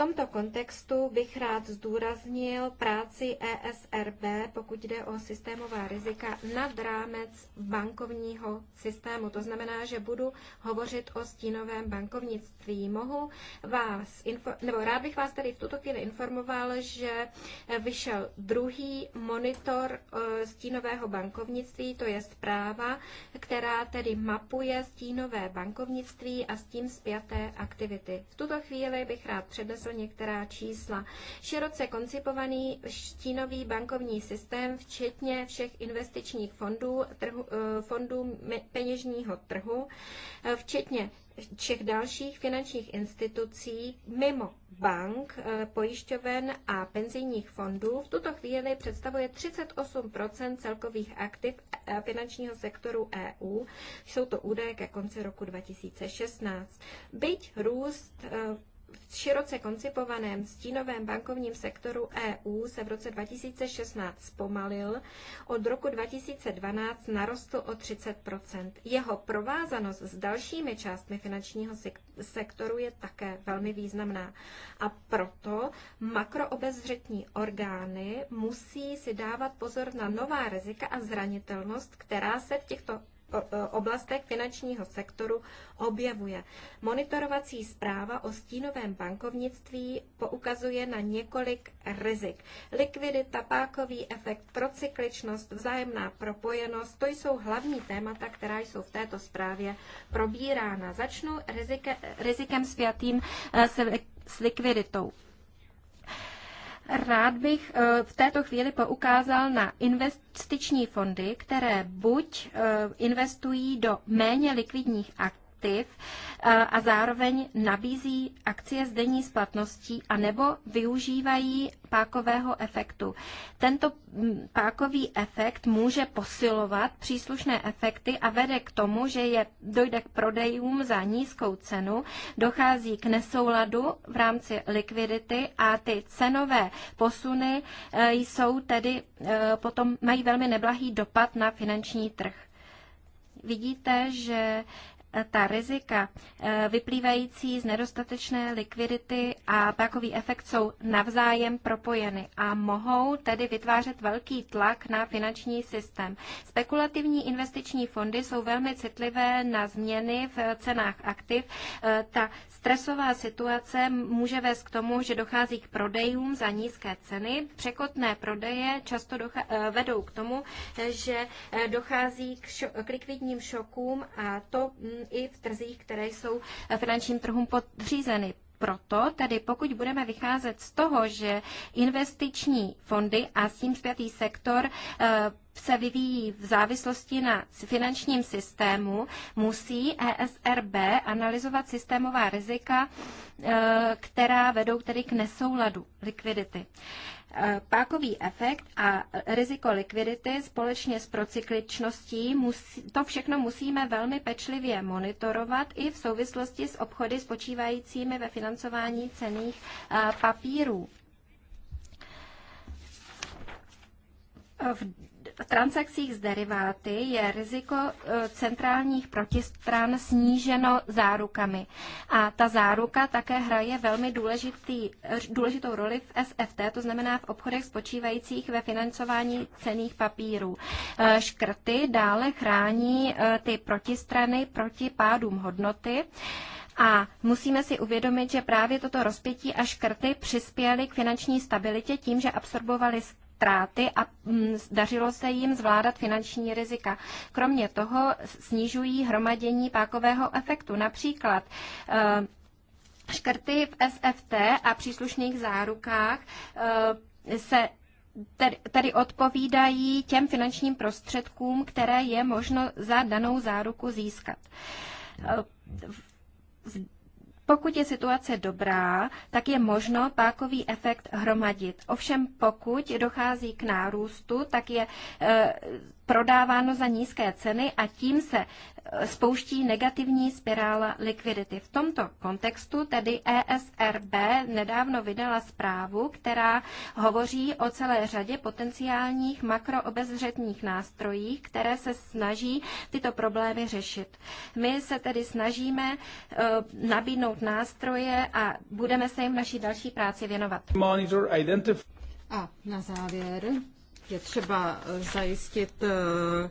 tomto kontextu bych rád zdůraznil práci ESRB, pokud jde o systémová rizika, nad rámec bankovního systému. To znamená, že budu hovořit o stínovém bankovnictví. Mohu vás, nebo rád bych vás tady v tuto chvíli informoval, že vyšel druhý monitor eh, stínového bankovnictví, to je zpráva, která tedy mapuje stínové bankovnictví a s tím spjaté aktivity. V tuto chvíli bych rád přednesl to některá čísla. Široce koncipovaný štínový bankovní systém, včetně všech investičních fondů, trhu, eh, fondů peněžního trhu, eh, včetně všech dalších finančních institucí mimo bank, eh, pojišťoven a penzijních fondů v tuto chvíli představuje 38 celkových aktiv finančního sektoru EU. Jsou to údaje ke konci roku 2016. Byť růst v široce koncipovaném stínovém bankovním sektoru EU se v roce 2016 zpomalil, od roku 2012 narostl o 30 Jeho provázanost s dalšími částmi finančního sektoru je také velmi významná. A proto makroobezřetní orgány musí si dávat pozor na nová rizika a zranitelnost, která se v těchto oblastech finančního sektoru objevuje. Monitorovací zpráva o stínovém bankovnictví poukazuje na několik rizik. Likvidita, pákový efekt, procykličnost, vzájemná propojenost, to jsou hlavní témata, která jsou v této zprávě probírána. Začnu rizike, rizikem světým eh, s likviditou. Rád bych eh, v této chvíli poukázal na investiční fondy, které buď eh, investují do méně likvidních aktiv eh, a zároveň nabízí akcie s denní splatností nebo využívají pákového efektu. Tento mm, pákový efekt může posilovat příslušné efekty a vede k tomu, že je, dojde k prodejům za nízkou cenu, dochází k nesouladu v rámci likvidity a ty cenové posuny eh, jsou tedy eh, potom mají velmi neblahý dopad na finanční trh vidíte, že Eh, ta rizika eh, vyplývající z nedostatečné likvidity a takový efekt jsou navzájem propojeny a mohou tedy vytvářet velký tlak na finanční systém. Spekulativní investiční fondy jsou velmi citlivé na změny v cenách aktiv. Eh, ta stresová situace může vést k tomu, že dochází k prodejům za nízké ceny. Překotné prodeje často vedou k tomu, že dochází k, k likvidním šokům a to mm, i v trzích, které jsou finančním trhům podřízeny. Proto tedy pokud budeme vycházet z toho, že investiční fondy a s tím zpětý sektor eh, se vyvíjí v závislosti na finančním systému, musí ESRB analyzovat systémová rizika, eh, která vedou tedy k nesouladu likvidity pákový efekt a riziko likvidity společně s procykličností, to všechno musíme velmi pečlivě monitorovat i v souvislosti s obchody spočívajícími ve financování cených papírů. V transakcích s deriváty je riziko e, centrálních protistran sníženo zárukami. A ta záruka také hraje velmi důležitý, důležitou roli v SFT, to znamená v obchodech spočívajících ve financování cených papírů. E, škrty dále chrání e, ty protistrany proti pádům hodnoty. A musíme si uvědomit, že právě toto rozpětí a škrty přispěly k finanční stabilitě tím, že absorbovaly ztráty a mm, dařilo se jim zvládat finanční rizika. Kromě toho snižují hromadění pákového efektu. Například eh, škrty v SFT a příslušných zárukách eh, se tedy odpovídají těm finančním prostředkům, které je možno za danou záruku získat. Eh, v pokud je situace dobrá, tak je možno pákový efekt hromadit. Ovšem pokud dochází k nárůstu, tak je eh, prodáváno za nízké ceny a tím se spouští negativní spirála likvidity. V tomto kontextu tedy ESRB nedávno vydala zprávu, která hovoří o celé řadě potenciálních makroobezřetních nástrojích, které se snaží tyto problémy řešit. My se tedy snažíme eh, nabídnout nástroje a budeme se jim v naší další práci věnovat. a na závěr je třeba eh, zajistit eh,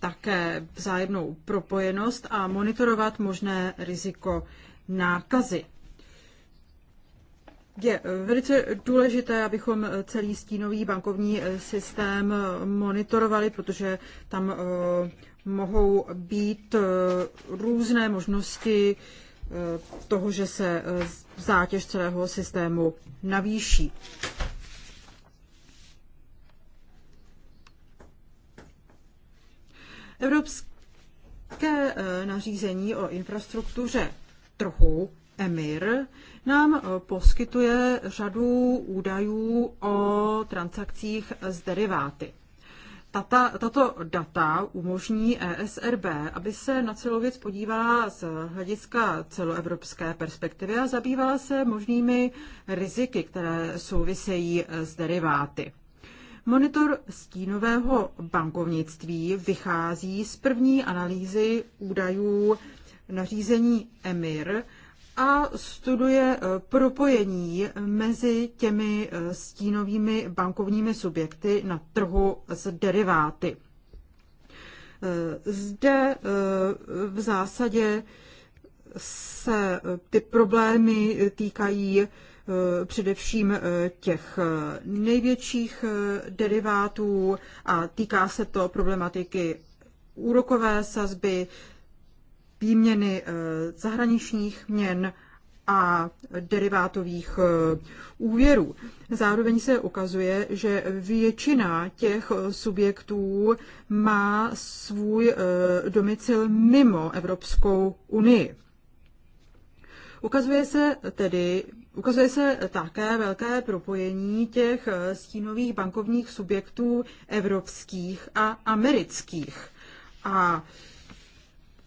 také vzájemnou propojenost a monitorovat možné riziko nákazy. Je velice důležité, abychom celý stínový bankovní systém monitorovali, protože tam eh, mohou být eh, různé možnosti eh, toho, že se zátěž celého systému navýší. Evropské eh, nařízení o infrastruktuře trhu EMIR nám eh, poskytuje řadu údajů o transakcích s deriváty. Tata, tato data umožní ESRB, aby se na celou věc podívala z hlediska celoevropské perspektivy a zabývala se možnými riziky, které souvisejí eh, s deriváty. Monitor stínového bankovnictví vychází z první analýzy údajů nařízení EMIR a studuje eh, propojení mezi těmi eh, stínovými bankovními subjekty na trhu s deriváty. Eh, zde v zásadě se ty problémy týkají Eh, především eh, těch eh, největších derivátů a týká se to problematiky úrokové sazby, výměny zahraničních měn a derivátových úvěrů. Zároveň se ukazuje, že většina těch subjektů má svůj domicil mimo Evropskou unii. Ukazuje se tedy, Ukazuje se také velké propojení těch eh, stínových bankovních subjektů evropských a amerických. A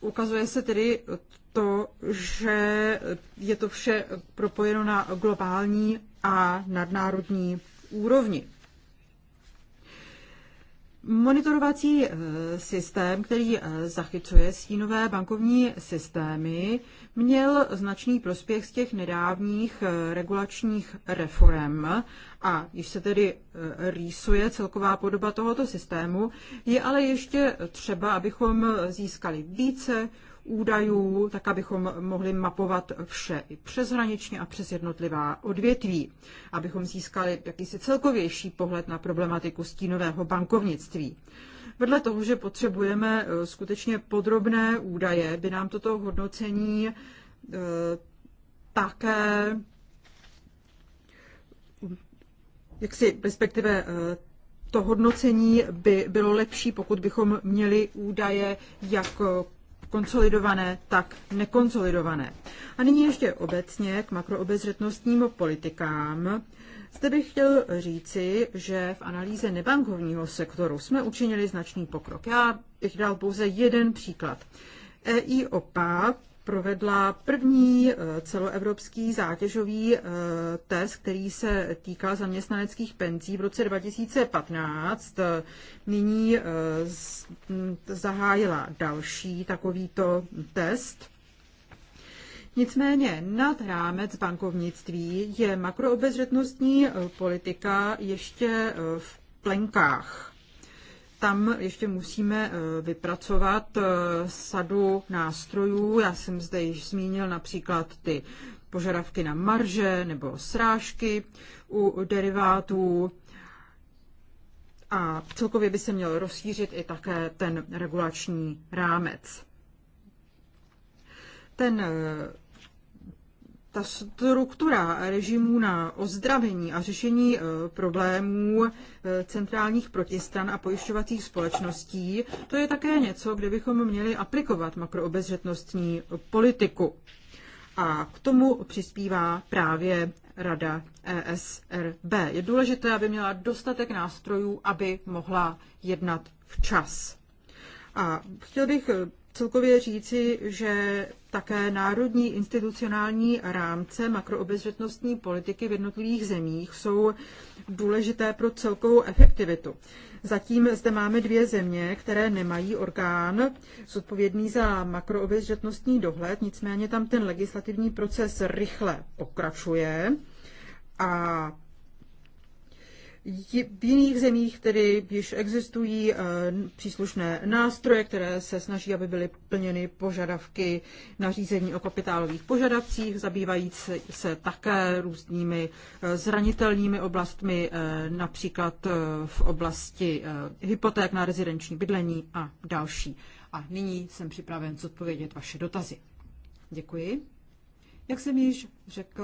ukazuje se tedy to, že je to vše propojeno na globální a nadnárodní úrovni. Monitorovací eh, systém, který eh, zachycuje stínové bankovní systémy, měl značný prospěch z těch nedávných eh, regulačních reform a již se tedy eh, rýsuje celková podoba tohoto systému, je ale ještě třeba, abychom získali více údajů, tak abychom mohli mapovat vše i přeshraničně a přes jednotlivá odvětví, abychom získali jakýsi celkovější pohled na problematiku stínového bankovnictví. Vedle toho, že potřebujeme eh, skutečně podrobné údaje, by nám toto hodnocení eh, také jak si, respektive eh, to hodnocení by bylo lepší, pokud bychom měli údaje jak konsolidované, tak nekonsolidované. A nyní ještě obecně k makroobezřetnostním politikám. Zde bych chtěl říci, že v analýze nebankovního sektoru jsme učinili značný pokrok. Já bych dal pouze jeden příklad. EIOPA provedla první e, celoevropský zátěžový e, test, který se týká zaměstnaneckých penzí v roce 2015. E, nyní zahájila další takovýto test. Nicméně nad rámec bankovnictví je makroobezřetnostní e, politika ještě e, v plenkách. Tam ještě musíme e, vypracovat sadu nástrojů. Já jsem zde již zmínil například ty požadavky na marže nebo srážky u derivátů. A celkově by se měl rozšířit i také ten regulační rámec. Ten ta struktura režimů na ozdravení a řešení e, problémů e, centrálních protistran a pojišťovacích společností, to je také něco, kde bychom měli aplikovat makroobezřetnostní politiku. A k tomu přispívá právě Rada ESRB. Je důležité, aby měla dostatek nástrojů, aby mohla jednat včas. A chtěl bych e, celkově říci, že také národní institucionální rámce makroobezřetnostní politiky v jednotlivých zemích jsou důležité pro celkovou efektivitu. Zatím zde máme dvě země, které nemají orgán zodpovědný za makroobezřetnostní dohled, nicméně tam ten legislativní proces rychle pokračuje a v jiných zemích tedy již existují eh, příslušné nástroje, které se snaží, aby byly plněny požadavky nařízení o kapitálových požadavcích, zabývají se také různými eh, zranitelnými oblastmi, eh, například v oblasti hypoték na rezidenční bydlení a další. A nyní jsem připraven zodpovědět vaše dotazy. Děkuji. Jak jsem již řekl,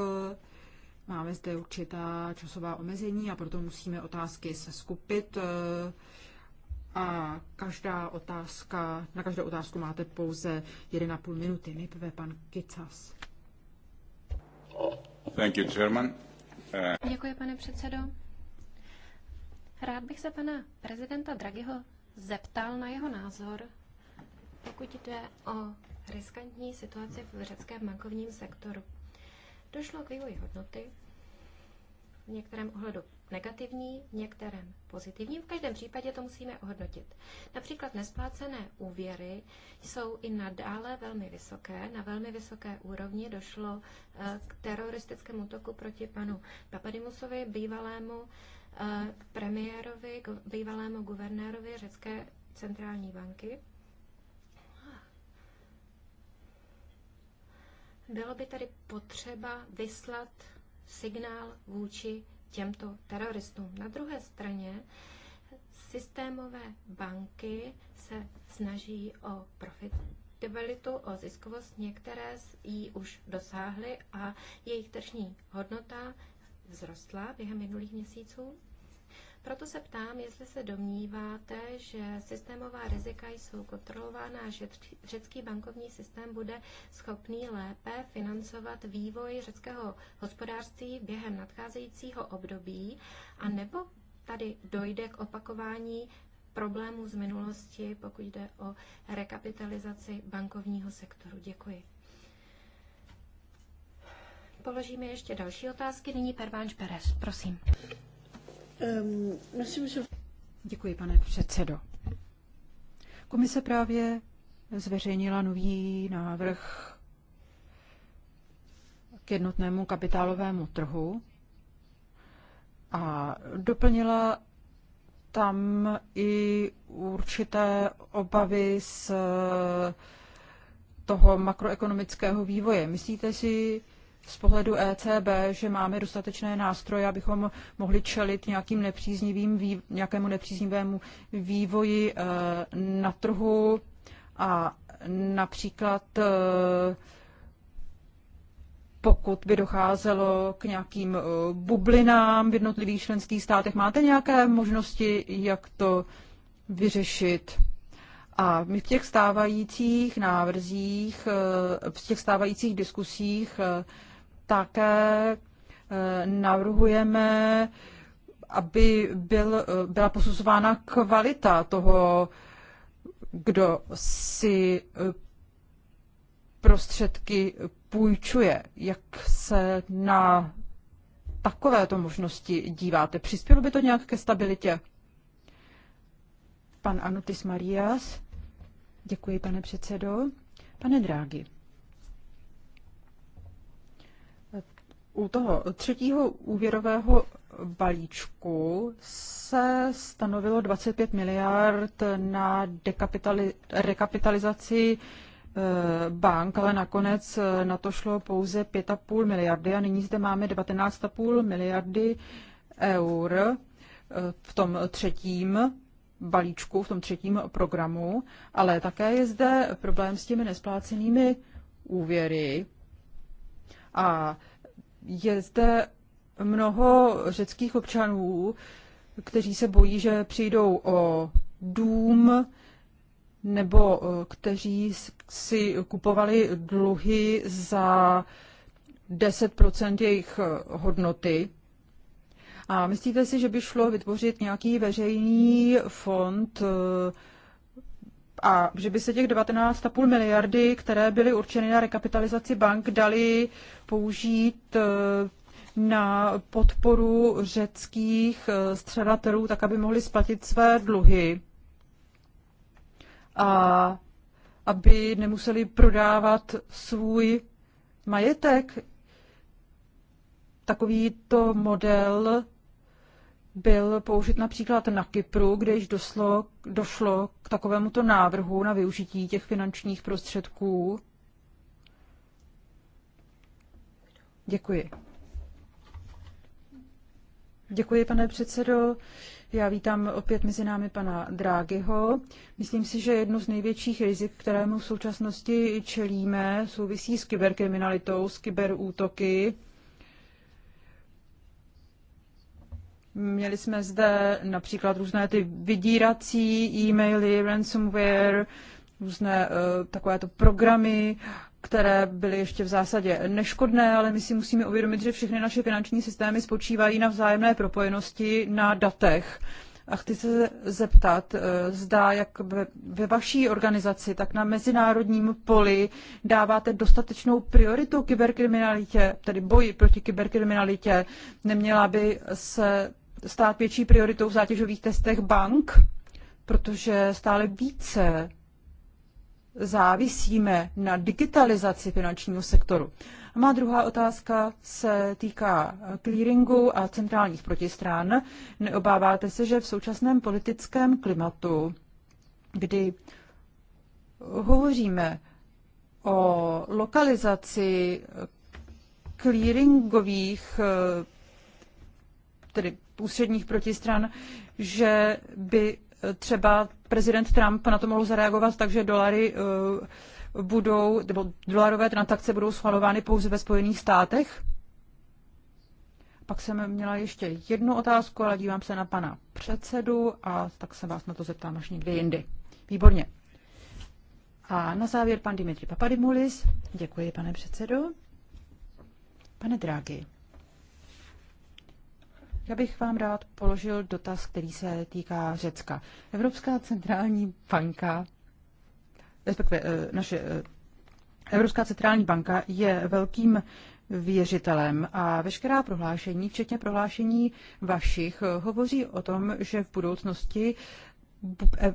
Máme zde určitá časová omezení a proto musíme otázky se skupit eh, A každá otázka, na každou otázku máte pouze 1,5 minuty. Nejprve pan Kicas. Thank you, Chairman. Uh... Děkuji, pane předsedo. Rád bych se pana prezidenta Draghiho zeptal na jeho názor, pokud jde o riskantní situaci v řeckém bankovním sektoru došlo k vývoji hodnoty, v některém ohledu negativní, v některém pozitivní. V každém případě to musíme ohodnotit. Například nesplácené úvěry jsou i nadále velmi vysoké. Na velmi vysoké úrovni došlo eh, k teroristickému útoku proti panu Papadimusovi, bývalému eh, premiérovi, bývalému guvernérovi řecké centrální banky. Bylo by tady potřeba vyslat signál vůči těmto teroristům. Na druhé straně systémové banky se snaží o profit profitabilitu, o ziskovost. Některé ji už dosáhly a jejich tržní hodnota vzrostla během minulých měsíců. Proto se ptám, jestli se domníváte, že systémová rizika jsou kontrolována a že řecký bankovní systém bude schopný lépe financovat vývoj řeckého hospodářství během nadcházejícího období, a nebo tady dojde k opakování problémů z minulosti, pokud jde o rekapitalizaci bankovního sektoru. Děkuji. Položíme ještě další otázky. Nyní Pervánč Perez, prosím. Ehm, Děkuji, pane předsedo. Komise právě zveřejnila nový návrh k jednotnému kapitálovému trhu a doplnila tam i určité obavy z toho makroekonomického vývoje. Myslíte si, z pohledu ECB, že máme dostatečné nástroje, abychom mohli čelit nějakým nepříznivým, nějakému nepříznivému vývoji eh, na trhu a například eh, pokud by docházelo k nějakým eh, bublinám v jednotlivých členských státech, máte nějaké možnosti, jak to vyřešit? A my v těch stávajících návrzích, v těch stávajících diskusích také eh, navrhujeme, aby byl, eh, byla posuzována kvalita toho, kdo si eh, prostředky půjčuje. Jak se na takovéto možnosti díváte? Přispělo by to nějak ke stabilitě? Pan Anutis Marias. Děkuji, pane předsedo. Pane Drági, u toho třetího úvěrového balíčku se stanovilo 25 miliard na dekapitali- rekapitalizaci eh, bank, ale nakonec eh, na to šlo pouze 5,5 miliardy a nyní zde máme 19,5 miliardy eur eh, v tom třetím balíčku, v tom třetím programu, ale také je zde problém s těmi nesplácenými úvěry. A je zde mnoho řeckých občanů, kteří se bojí, že přijdou o dům nebo eh, kteří si kupovali dluhy za 10% jejich eh, hodnoty. A myslíte si, že by šlo vytvořit nějaký veřejný fond eh, a že by se těch 19,5 miliardy, které byly určeny na rekapitalizaci bank, dali použít eh, na podporu řeckých eh, středatelů, tak aby mohli splatit své dluhy a aby nemuseli prodávat svůj majetek. Takovýto model byl použit například na Kypru, kde již doslo, došlo k takovémuto návrhu na využití těch finančních prostředků. Děkuji. Děkuji, pane předsedo. Já vítám opět mezi námi pana Drágyho. Myslím si, že jedno z největších rizik, kterému v současnosti čelíme, souvisí s kyberkriminalitou, s kyberútoky. Měli jsme zde například různé ty vydírací e-maily, ransomware, různé uh, takovéto programy, které byly ještě v zásadě neškodné, ale my si musíme uvědomit, že všechny naše finanční systémy spočívají na vzájemné propojenosti na datech. A chci se zeptat, eh, zda jak ve, ve vaší organizaci, tak na mezinárodním poli dáváte dostatečnou prioritu kyberkriminalitě, tedy boji proti kyberkriminalitě. Neměla by se stát větší prioritou v zátěžových testech bank, protože stále více závisíme na digitalizaci finančního sektoru. A má druhá otázka se týká clearingu a centrálních protistrán. Neobáváte se, že v současném politickém klimatu, kdy hovoříme o lokalizaci clearingových tedy ústředních protistran, že by eh, třeba prezident Trump na to mohl zareagovat takže dolary eh, budou, nebo dolarové transakce budou schvalovány pouze ve Spojených státech? Pak jsem měla ještě jednu otázku, ale dívám se na pana předsedu a tak se vás na to zeptám až někdy jindy. Výborně. A na závěr pan Dimitri Papadimulis. Děkuji, pane předsedo. Pane Drágy, já bych vám rád položil dotaz, který se týká Řecka. Evropská centrální banka, respektive eh, naše eh, Evropská centrální banka je velkým věřitelem a veškerá prohlášení, včetně prohlášení vašich, hovoří o tom, že v budoucnosti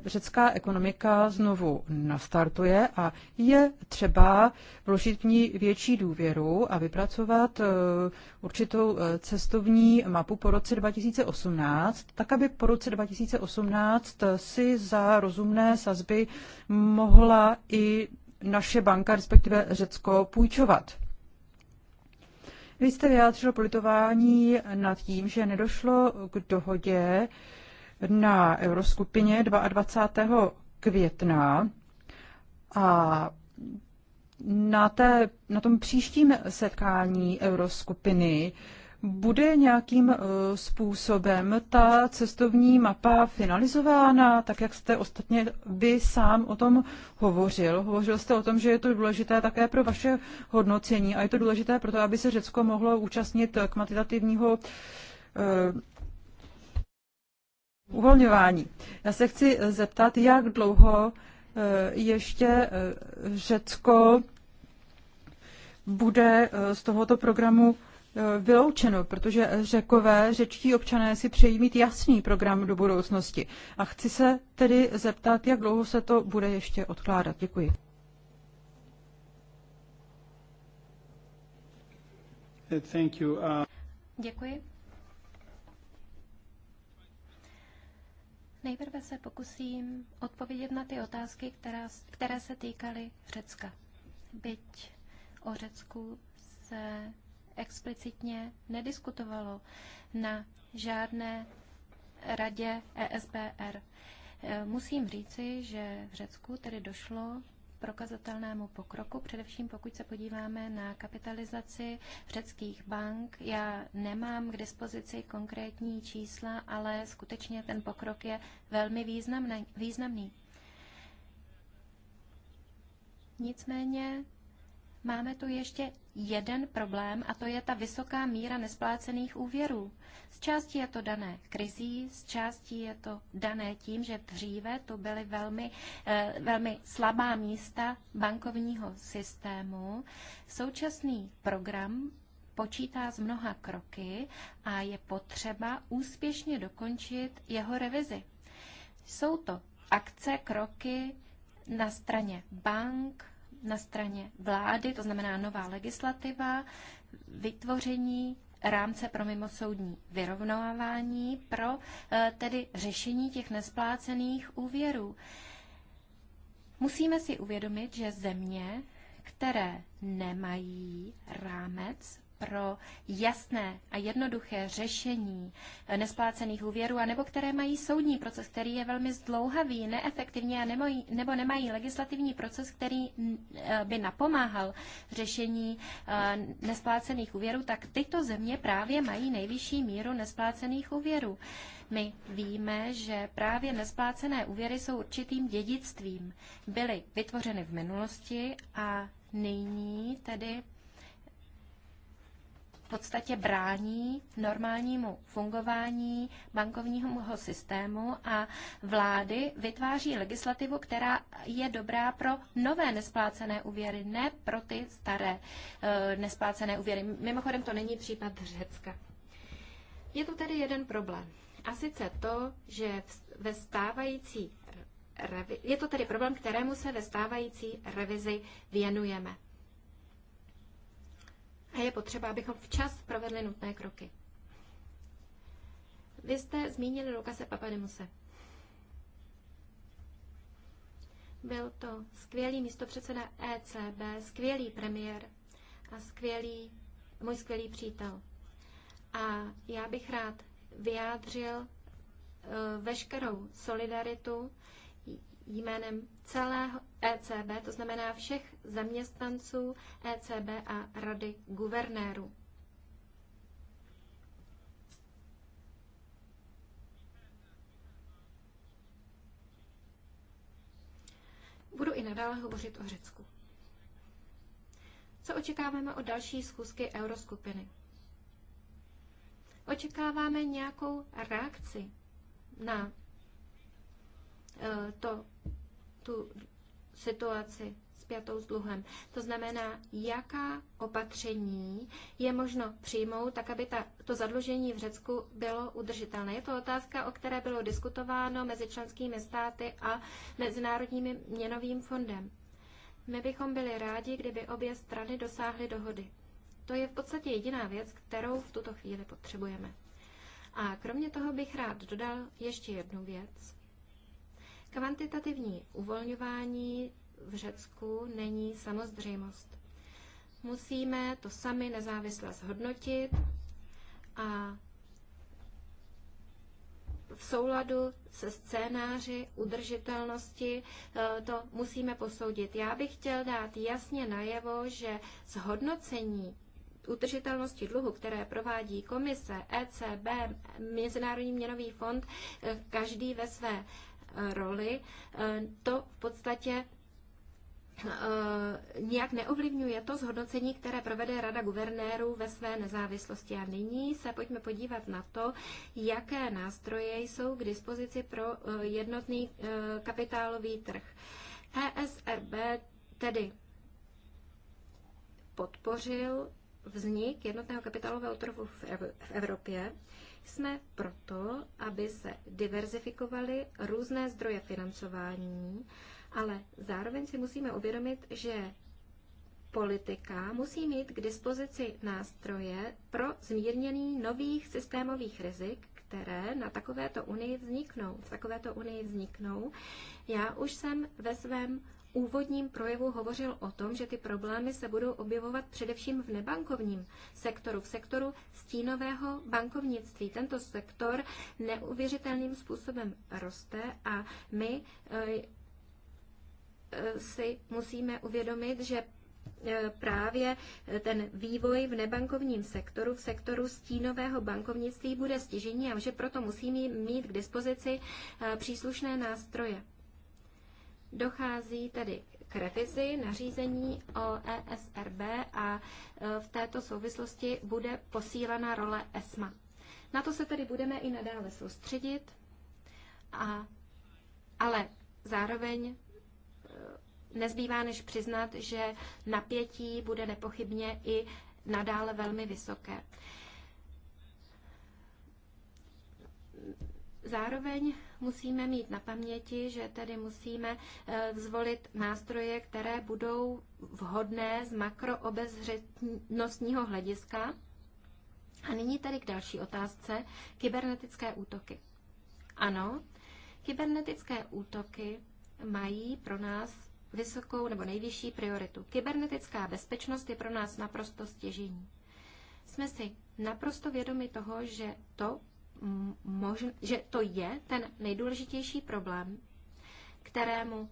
řecká ekonomika znovu nastartuje a je třeba vložit v ní větší důvěru a vypracovat eh, určitou eh, cestovní mapu po roce 2018, tak aby po roce 2018 eh, si za rozumné sazby mohla i naše banka, respektive Řecko, půjčovat. Vy jste vyjádřil politování nad tím, že nedošlo k dohodě na Euroskupině 22. května a na, té, na tom příštím setkání Euroskupiny bude nějakým e, způsobem ta cestovní mapa finalizována, tak jak jste ostatně vy sám o tom hovořil. Hovořil jste o tom, že je to důležité také pro vaše hodnocení a je to důležité proto, aby se Řecko mohlo účastnit kvantitativního e, uvolňování. Já se chci eh, zeptat, jak dlouho eh, ještě eh, Řecko bude z tohoto programu vyloučeno, protože řekové, řečtí občané si přejí mít jasný program do budoucnosti. A chci se tedy zeptat, jak dlouho se to bude ještě odkládat. Děkuji. Thank you. Uh, Děkuji. Nejprve se pokusím odpovědět na ty otázky, která, které se týkaly Řecka. Byť o Řecku se explicitně nediskutovalo na žádné radě ESBR. E, musím říci, že v Řecku tedy došlo prokazatelnému pokroku, především pokud se podíváme na kapitalizaci řeckých bank. Já nemám k dispozici konkrétní čísla, ale skutečně ten pokrok je velmi významný. Nicméně Máme tu ještě jeden problém a to je ta vysoká míra nesplácených úvěrů. Z části je to dané krizí, z části je to dané tím, že dříve to byly velmi, eh, velmi slabá místa bankovního systému. Současný program počítá z mnoha kroky a je potřeba úspěšně dokončit jeho revizi. Jsou to akce, kroky na straně bank, na straně vlády, to znamená nová legislativa, vytvoření rámce pro mimosoudní vyrovnávání pro eh, tedy řešení těch nesplácených úvěrů. Musíme si uvědomit, že země, které nemají rámec pro jasné a jednoduché řešení eh, nesplácených úvěrů, anebo které mají soudní proces, který je velmi zdlouhavý, neefektivní, a nemají, nebo nemají legislativní proces, který mm, eh, by napomáhal řešení eh, nesplácených úvěrů, tak tyto země právě mají nejvyšší míru nesplácených úvěrů. My víme, že právě nesplácené úvěry jsou určitým dědictvím. Byly vytvořeny v minulosti a nyní tedy podstatě brání normálnímu fungování bankovního systému a vlády vytváří legislativu, která je dobrá pro nové nesplácené úvěry, ne pro ty staré eh, nesplácené úvěry. Mimochodem to není případ Řecka. Je tu tedy jeden problém. A sice to, že ve stávající revi- je to tedy problém, kterému se ve stávající revizi věnujeme a je potřeba, abychom včas provedli nutné kroky. Vy jste zmínili Lukase Papademuse. Byl to skvělý místopředseda ECB, skvělý premiér a skvělý, můj skvělý přítel. A já bych rád vyjádřil eh, veškerou solidaritu jménem celého ECB, to znamená všech zaměstnanců ECB a rady guvernérů. Budu i nadále hovořit o Řecku. Co očekáváme od další schůzky euroskupiny? Očekáváme nějakou reakci na e, to tu situaci spjatou s dluhem. To znamená, jaká opatření je možno přijmout, tak aby ta, to zadlužení v Řecku bylo udržitelné. Je to otázka, o které bylo diskutováno mezi členskými státy a Mezinárodním měnovým fondem. My bychom byli rádi, kdyby obě strany dosáhly dohody. To je v podstatě jediná věc, kterou v tuto chvíli potřebujeme. A kromě toho bych rád dodal ještě jednu věc. Kvantitativní uvolňování v Řecku není samozřejmost. Musíme to sami nezávisle zhodnotit a v souladu se scénáři udržitelnosti eh, to musíme posoudit. Já bych chtěl dát jasně najevo, že zhodnocení udržitelnosti dluhu, které provádí komise, ECB, Mezinárodní měnový fond, eh, každý ve své roli, eh, to v podstatě eh, nijak neovlivňuje to zhodnocení, které provede Rada guvernérů ve své nezávislosti. A nyní se pojďme podívat na to, jaké nástroje jsou k dispozici pro eh, jednotný kapitálový trh. ESRB tedy podpořil vznik jednotného kapitálového trhu v Evropě. Jsme proto, aby se diverzifikovaly různé zdroje financování, ale zároveň si musíme uvědomit, že politika musí mít k dispozici nástroje pro zmírnění nových systémových rizik, které na takovéto unii vzniknou. V takovéto unii vzniknou. Já už jsem ve svém úvodním projevu hovořil o tom, že ty problémy se budou objevovat především v nebankovním sektoru, v sektoru stínového bankovnictví. Tento sektor neuvěřitelným způsobem roste a my eh, eh, si musíme uvědomit, že eh, právě ten vývoj v nebankovním sektoru, v sektoru stínového bankovnictví bude stěžení a že proto musíme mít k dispozici příslušné nástroje. Dochází tedy k revizi nařízení o ESRB a e, v této souvislosti bude posílena role ESMA. Na to se tedy budeme i nadále soustředit, a, ale zároveň e, nezbývá než přiznat, že napětí bude nepochybně i nadále velmi vysoké. Zároveň musíme mít na paměti, že tedy musíme eh, zvolit nástroje, které budou vhodné z makroobezřetnostního hlediska. A nyní tedy k další otázce. Kybernetické útoky. Ano, kybernetické útoky mají pro nás vysokou nebo nejvyšší prioritu. Kybernetická bezpečnost je pro nás naprosto stěžení. Jsme si naprosto vědomi toho, že to možn, že to je ten nejdůležitější problém, kterému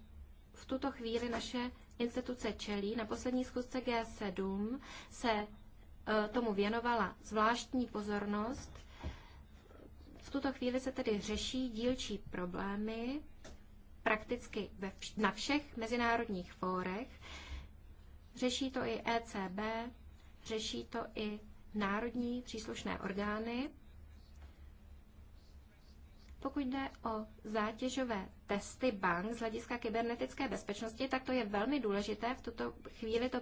v tuto chvíli naše instituce čelí. Na poslední schůzce G7 se e, tomu věnovala zvláštní pozornost. V tuto chvíli se tedy řeší dílčí problémy prakticky ve, na všech mezinárodních fórech. Řeší to i ECB, řeší to i národní příslušné orgány. Pokud jde o zátěžové testy bank z hlediska kybernetické bezpečnosti, tak to je velmi důležité. V tuto chvíli to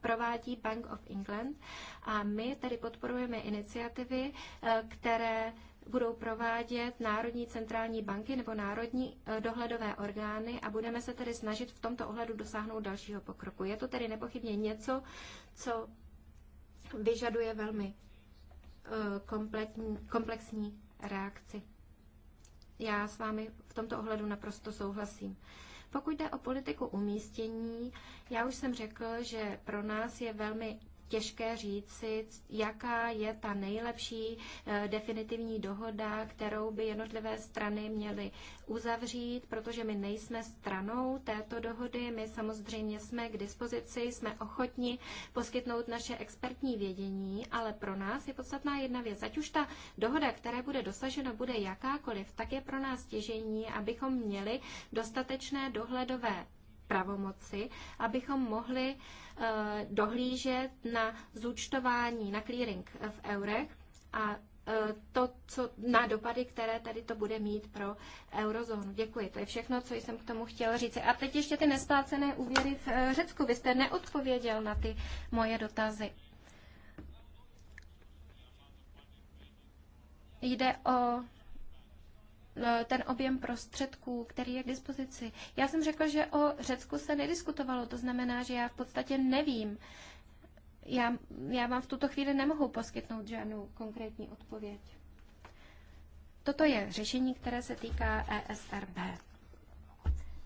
provádí Bank of England a my tedy podporujeme iniciativy, eh, které budou provádět Národní centrální banky nebo národní eh, dohledové orgány a budeme se tedy snažit v tomto ohledu dosáhnout dalšího pokroku. Je to tedy nepochybně něco, co vyžaduje velmi eh, kompletní, komplexní reakci. Já s vámi v tomto ohledu naprosto souhlasím. Pokud jde o politiku umístění, já už jsem řekl, že pro nás je velmi těžké říci, jaká je ta nejlepší eh, definitivní dohoda, kterou by jednotlivé strany měly uzavřít, protože my nejsme stranou této dohody. My samozřejmě jsme k dispozici, jsme ochotni poskytnout naše expertní vědění, ale pro nás je podstatná jedna věc. Ať už ta dohoda, které bude dosaženo, bude jakákoliv, tak je pro nás těžení, abychom měli dostatečné dohledové pravomoci, abychom mohli eh, dohlížet na zúčtování, na clearing v eurech a eh, to, co na dopady, které tady to bude mít pro eurozónu. Děkuji. To je všechno, co jsem k tomu chtěla říct. A teď ještě ty nesplácené úvěry v eh, Řecku. Vy jste neodpověděl na ty moje dotazy. Jde o E, ten objem prostředků, který je k dispozici. Já jsem řekla, že o Řecku se nediskutovalo, to znamená, že já v podstatě nevím. Já, já vám v tuto chvíli nemohu poskytnout žádnou konkrétní odpověď. Toto je řešení, které se týká ESRB.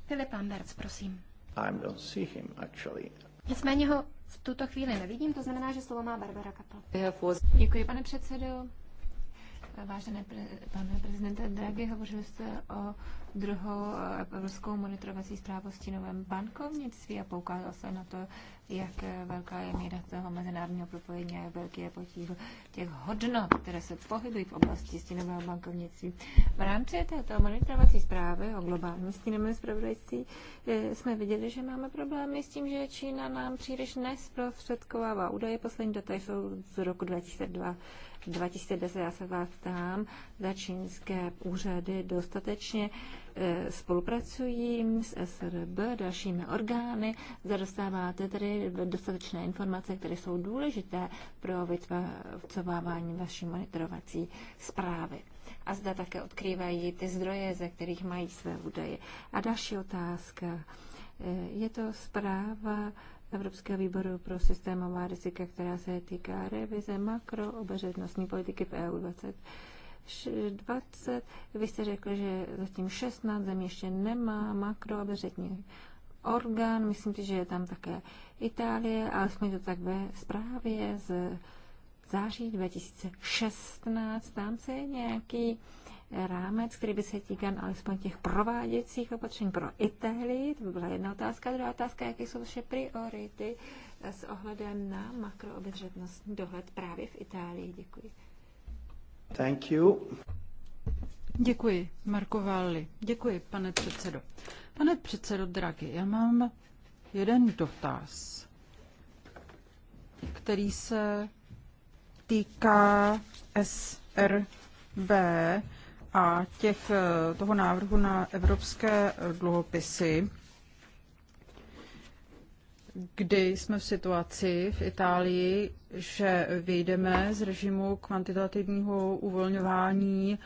Filip Lamberts, prosím. I don't see him, actually. Nicméně ho v tuto chvíli nevidím, to znamená, že slovo má Barbara Kapel. Děkuji, pane předsedo. Vážené pre, pane prezidente Draghi, hovořil jste o druhou e, evropskou monitorovací zprávu s novém bankovnictví a poukázal se na to, jak e, velká je míra toho mezinárodního propojení a jak velký je potíž těch hodnot, které se pohybují v oblasti stínového bankovnictví. V rámci této monitorovací zprávy o globálním stínovém zpravodajství e, jsme viděli, že máme problémy s tím, že Čína nám příliš nesprostředkovává údaje. Poslední data jsou z roku 2002 2010. Já se vás ptám, za čínské úřady dostatečně e, spolupracují s SRB, dalšími orgány, zadostáváte tedy dostatečné informace, které jsou důležité pro vytvářování vaší monitorovací zprávy. A zda také odkrývají ty zdroje, ze kterých mají své údaje. A další otázka. E, je to zpráva Evropského výboru pro systémová rizika, která se týká revize makroobeřetnostní politiky v EU 20. 20. Vy jste řekl, že zatím 16 zemí ještě nemá makroobezřetní orgán. Myslím si, že je tam také Itálie, ale jsme to tak ve zprávě z září 2016. Tam se nějaký rámec, který by se týkal alespoň těch prováděcích opatření pro Itálii. To by byla jedna otázka. Druhá otázka, jaké jsou vaše priority s ohledem na makroobezřetnostní dohled právě v Itálii. Děkuji. Thank you. Děkuji, Marko Valli. Děkuji, pane předsedo. Pane předsedo Draghi, já mám jeden dotaz, který se týká SRB a těch, eh, toho návrhu na evropské eh, dluhopisy, kdy jsme v situaci v Itálii, že vyjdeme z režimu kvantitativního uvolňování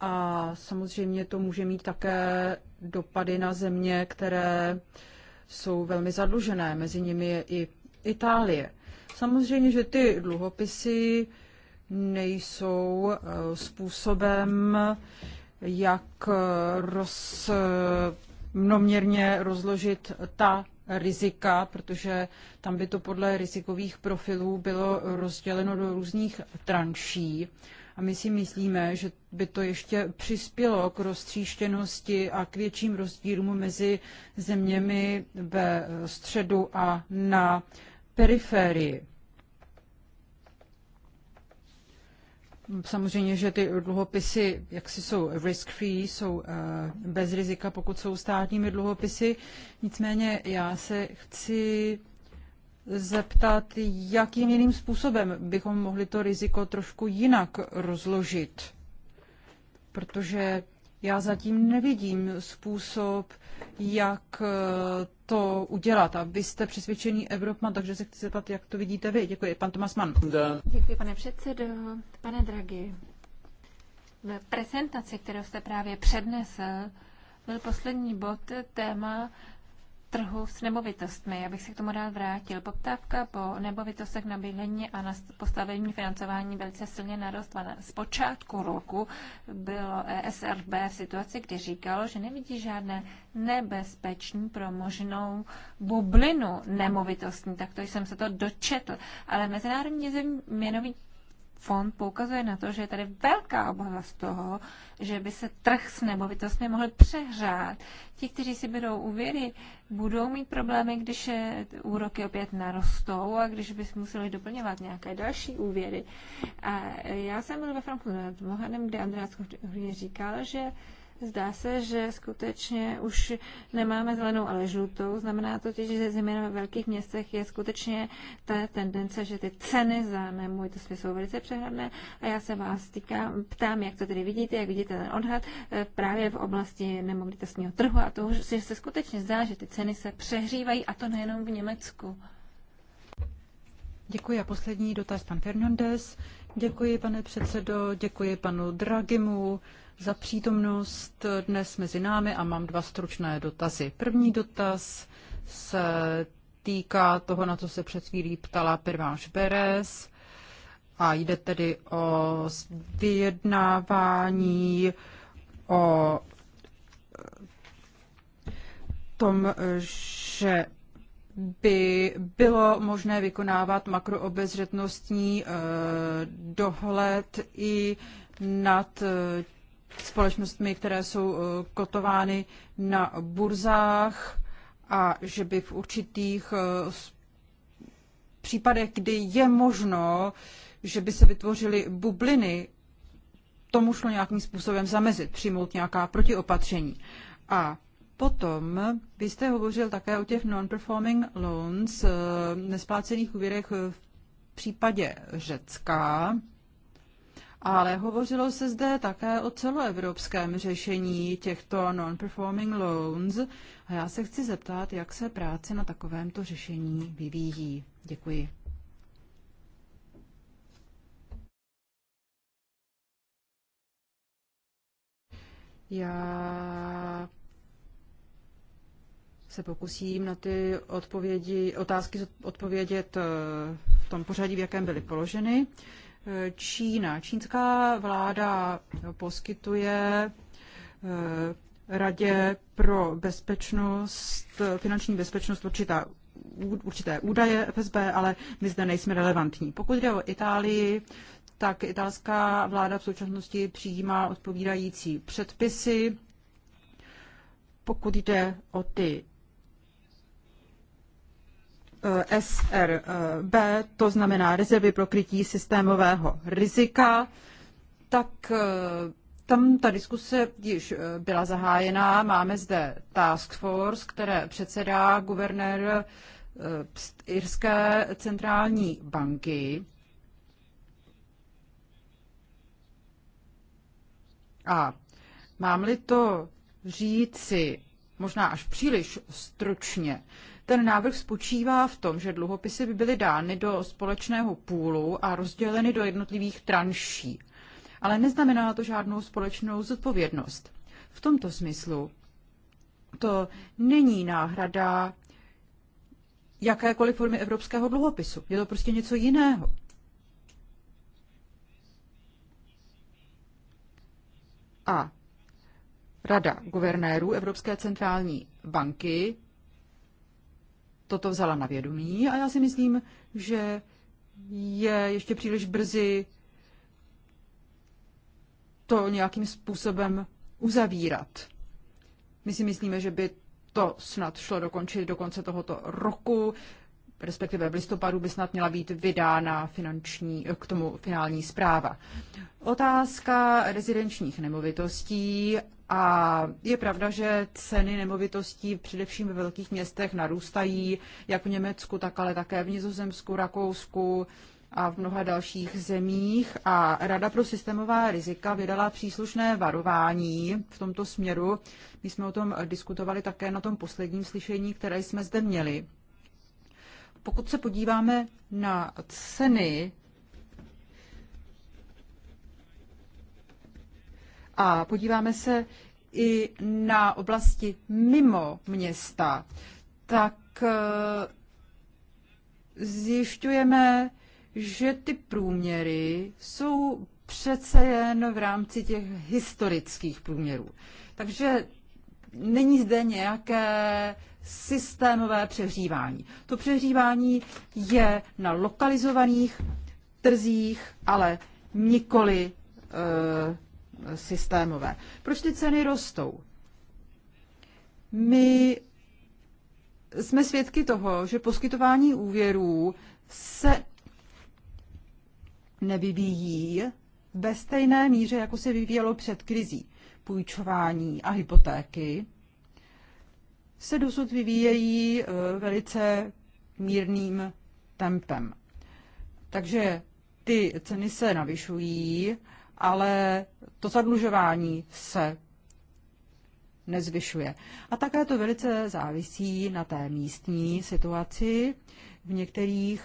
a samozřejmě to může mít také dopady na země, které jsou velmi zadlužené. Mezi nimi je i Itálie. Samozřejmě, že ty dluhopisy nejsou eh, způsobem, jak eh, roz, eh, mnoměrně rozložit ta rizika, protože tam by to podle rizikových profilů bylo rozděleno do různých tranší. A my si myslíme, že by to ještě přispělo k roztříštěnosti a k větším rozdílům mezi zeměmi ve středu a na periferii. Samozřejmě, že ty dluhopisy, jak si jsou risk-free, jsou eh, bez rizika, pokud jsou státními dluhopisy. Nicméně já se chci zeptat, jakým jiným způsobem bychom mohli to riziko trošku jinak rozložit. Protože já zatím nevidím způsob, jak eh, to udělat. A vy jste přesvědčený Evropman, takže se chci zeptat, jak to vidíte vy. Děkuji, pan Tomas Mann. Děkuji, pane předsedo. Pane Dragi, v prezentaci, kterou jste právě přednesl, byl poslední bod téma trhu s nemovitostmi. Já bych se k tomu rád vrátil. Poptávka po nemovitostech na bydlení a na postavení financování velice silně narostla. Z počátku roku bylo e SRB v situaci, kdy říkalo, že nevidí žádné nebezpečný pro možnou bublinu nemovitostní. Tak to jsem se to dočetl. Ale Mezinárodní měnový fond poukazuje na to, že je tady velká obava z toho, že by se trh s nemovitostmi mohl přehrát. Ti, kteří si budou úvěry, budou mít problémy, když úroky opět narostou a když by museli doplňovat nějaké další úvěry. A já jsem byl ve Frankfurtu nad Mohanem, kde András říkal, že Zdá se, že skutečně už nemáme zelenou, ale žlutou. Znamená to, že zejména ve velkých městech je skutečně ta tendence, že ty ceny za nemovitosti jsou velice přehradné. A já se vás týkám, ptám, jak to tedy vidíte, jak vidíte ten odhad eh, právě v oblasti nemovitostního trhu. A to, že se skutečně zdá, že ty ceny se přehřívají, a to nejenom v Německu. Děkuji a poslední dotaz pan Fernandez. Děkuji, pane předsedo, děkuji panu Dragimu za přítomnost dnes mezi námi a mám dva stručné dotazy. První dotaz se týká toho, na co se před chvílí ptala Pirváš Beres a jde tedy o vyjednávání o tom, že by bylo možné vykonávat makroobezřetnostní eh, dohled i nad eh, společnostmi, které jsou eh, kotovány na burzách a že by v určitých eh, případech, kdy je možno, že by se vytvořily bubliny, tomu šlo nějakým způsobem zamezit, přijmout nějaká protiopatření. A potom vy jste hovořil také o těch non-performing loans, eh, nesplácených úvěrech v případě Řecka. Ale hovořilo se zde také o celoevropském řešení těchto non-performing loans a já se chci zeptat, jak se práce na takovémto řešení vyvíjí. Děkuji. Já se pokusím na ty odpovědi, otázky odpovědět eh, v tom pořadí, v jakém byly položeny. Uh, Čína. Čínská vláda poskytuje eh, Radě pro bezpečnost, finanční bezpečnost určitá určité údaje FSB, ale my zde nejsme relevantní. Pokud jde o Itálii, tak italská vláda v současnosti přijímá odpovídající předpisy. Pokud jde o ty Eh, SRB, to znamená rezervy pro krytí systémového rizika, tak eh, tam ta diskuse již eh, byla zahájená. Máme zde task force, které předsedá guvernér Irské centrální banky. A mám-li to říci možná až příliš stručně, ten návrh spočívá v tom, že dluhopisy by byly dány do společného půlu a rozděleny do jednotlivých tranší. Ale neznamená to žádnou společnou zodpovědnost. V tomto smyslu to není náhrada jakékoliv formy evropského dluhopisu. Je to prostě něco jiného. A Rada guvernérů Evropské centrální banky toto vzala na vědomí a já si myslím, že je ještě příliš brzy to nějakým způsobem uzavírat. My si myslíme, že by to snad šlo dokončit do konce tohoto roku, respektive v listopadu by snad měla být vydána finanční, k tomu finální zpráva. Otázka rezidenčních nemovitostí a je pravda, že ceny nemovitostí především ve velkých městech narůstají, jak v Německu, tak ale také v Nizozemsku, Rakousku a v mnoha dalších zemích. A Rada pro systémová rizika vydala příslušné varování v tomto směru. My jsme o tom diskutovali také na tom posledním slyšení, které jsme zde měli. Pokud se podíváme na ceny a podíváme se i na oblasti mimo města, tak eh, zjišťujeme, že ty průměry jsou přece jen v rámci těch historických průměrů. Takže není zde nějaké systémové přehřívání. To přehřívání je na lokalizovaných trzích, ale nikoli e, systémové. Proč ty ceny rostou? My jsme svědky toho, že poskytování úvěrů se nevyvíjí ve stejné míře, jako se vyvíjelo před krizí. Půjčování a hypotéky se dosud vyvíjejí eh, velice mírným tempem. Takže ty ceny se navyšují ale to zadlužování se nezvyšuje. A také to velice závisí na té místní situaci. V některých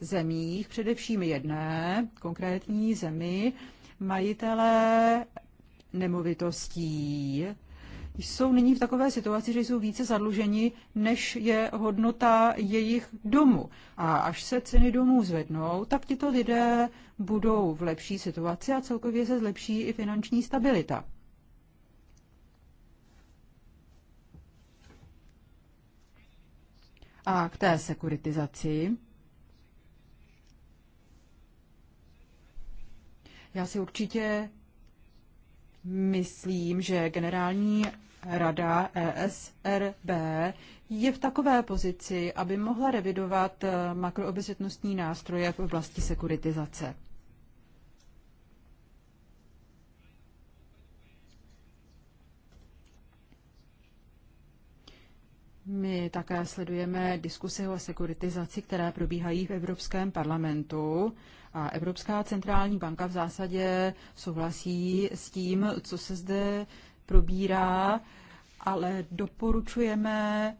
zemích, především jedné konkrétní zemi, majitelé nemovitostí jsou nyní v takové situaci, že jsou více zadluženi, než je hodnota jejich domu. A až se ceny domů zvednou, tak tito lidé budou v lepší situaci a celkově se zlepší i finanční stabilita. A k té sekuritizaci. Já si určitě myslím, že generální rada ESRB je v takové pozici, aby mohla revidovat eh, makroobezřetnostní nástroje v oblasti sekuritizace. My také sledujeme diskusy o sekuritizaci, které probíhají v Evropském parlamentu. A Evropská centrální banka v zásadě souhlasí s tím, co se zde probírá, ale doporučujeme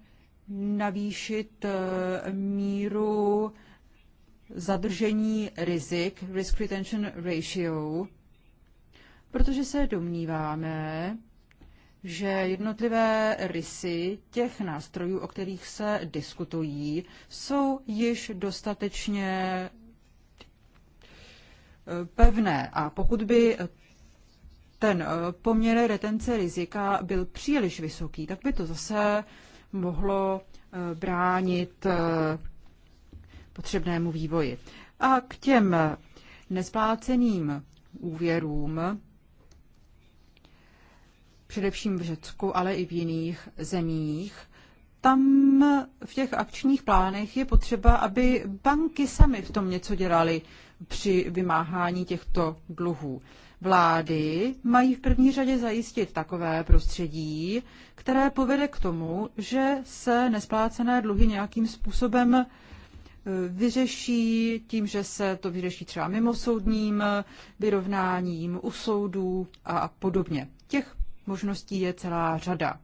navýšit eh, míru zadržení rizik, risk retention ratio, protože se domníváme, že jednotlivé rysy těch nástrojů, o kterých se diskutují, jsou již dostatečně pevné a pokud by ten poměr retence rizika byl příliš vysoký, tak by to zase mohlo eh, bránit eh, potřebnému vývoji. A k těm nespláceným úvěrům, především v Řecku, ale i v jiných zemích, tam v těch akčních plánech je potřeba, aby banky sami v tom něco dělali, při vymáhání těchto dluhů. Vlády mají v první řadě zajistit takové prostředí, které povede k tomu, že se nesplácené dluhy nějakým způsobem e, vyřeší tím, že se to vyřeší třeba mimosoudním vyrovnáním u soudů a podobně. Těch možností je celá řada.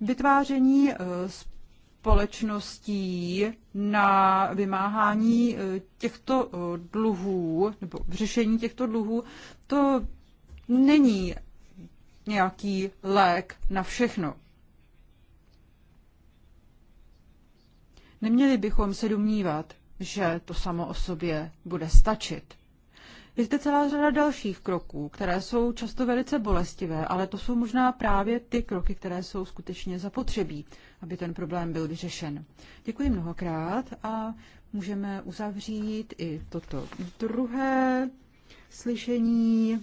Vytváření e, společností na vymáhání eh, těchto eh, dluhů nebo v řešení těchto dluhů, to není nějaký lék na všechno. Neměli bychom se domnívat, že to samo o sobě bude stačit. Je zde celá řada dalších kroků, které jsou často velice bolestivé, ale to jsou možná právě ty kroky, které jsou skutečně zapotřebí, aby ten problém byl vyřešen. Děkuji mnohokrát a můžeme uzavřít i toto druhé slyšení,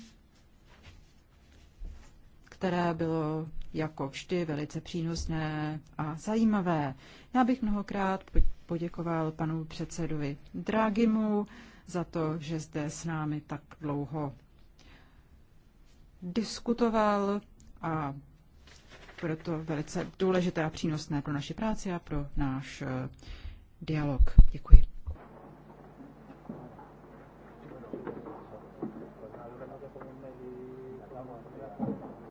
které bylo jako vždy velice přínosné a zajímavé. Já bych mnohokrát poděkoval panu předsedovi Dragimu, za to, že zde s námi tak dlouho diskutoval a proto velice důležité a přínosné pro naši práci a pro náš eh, dialog. Děkuji.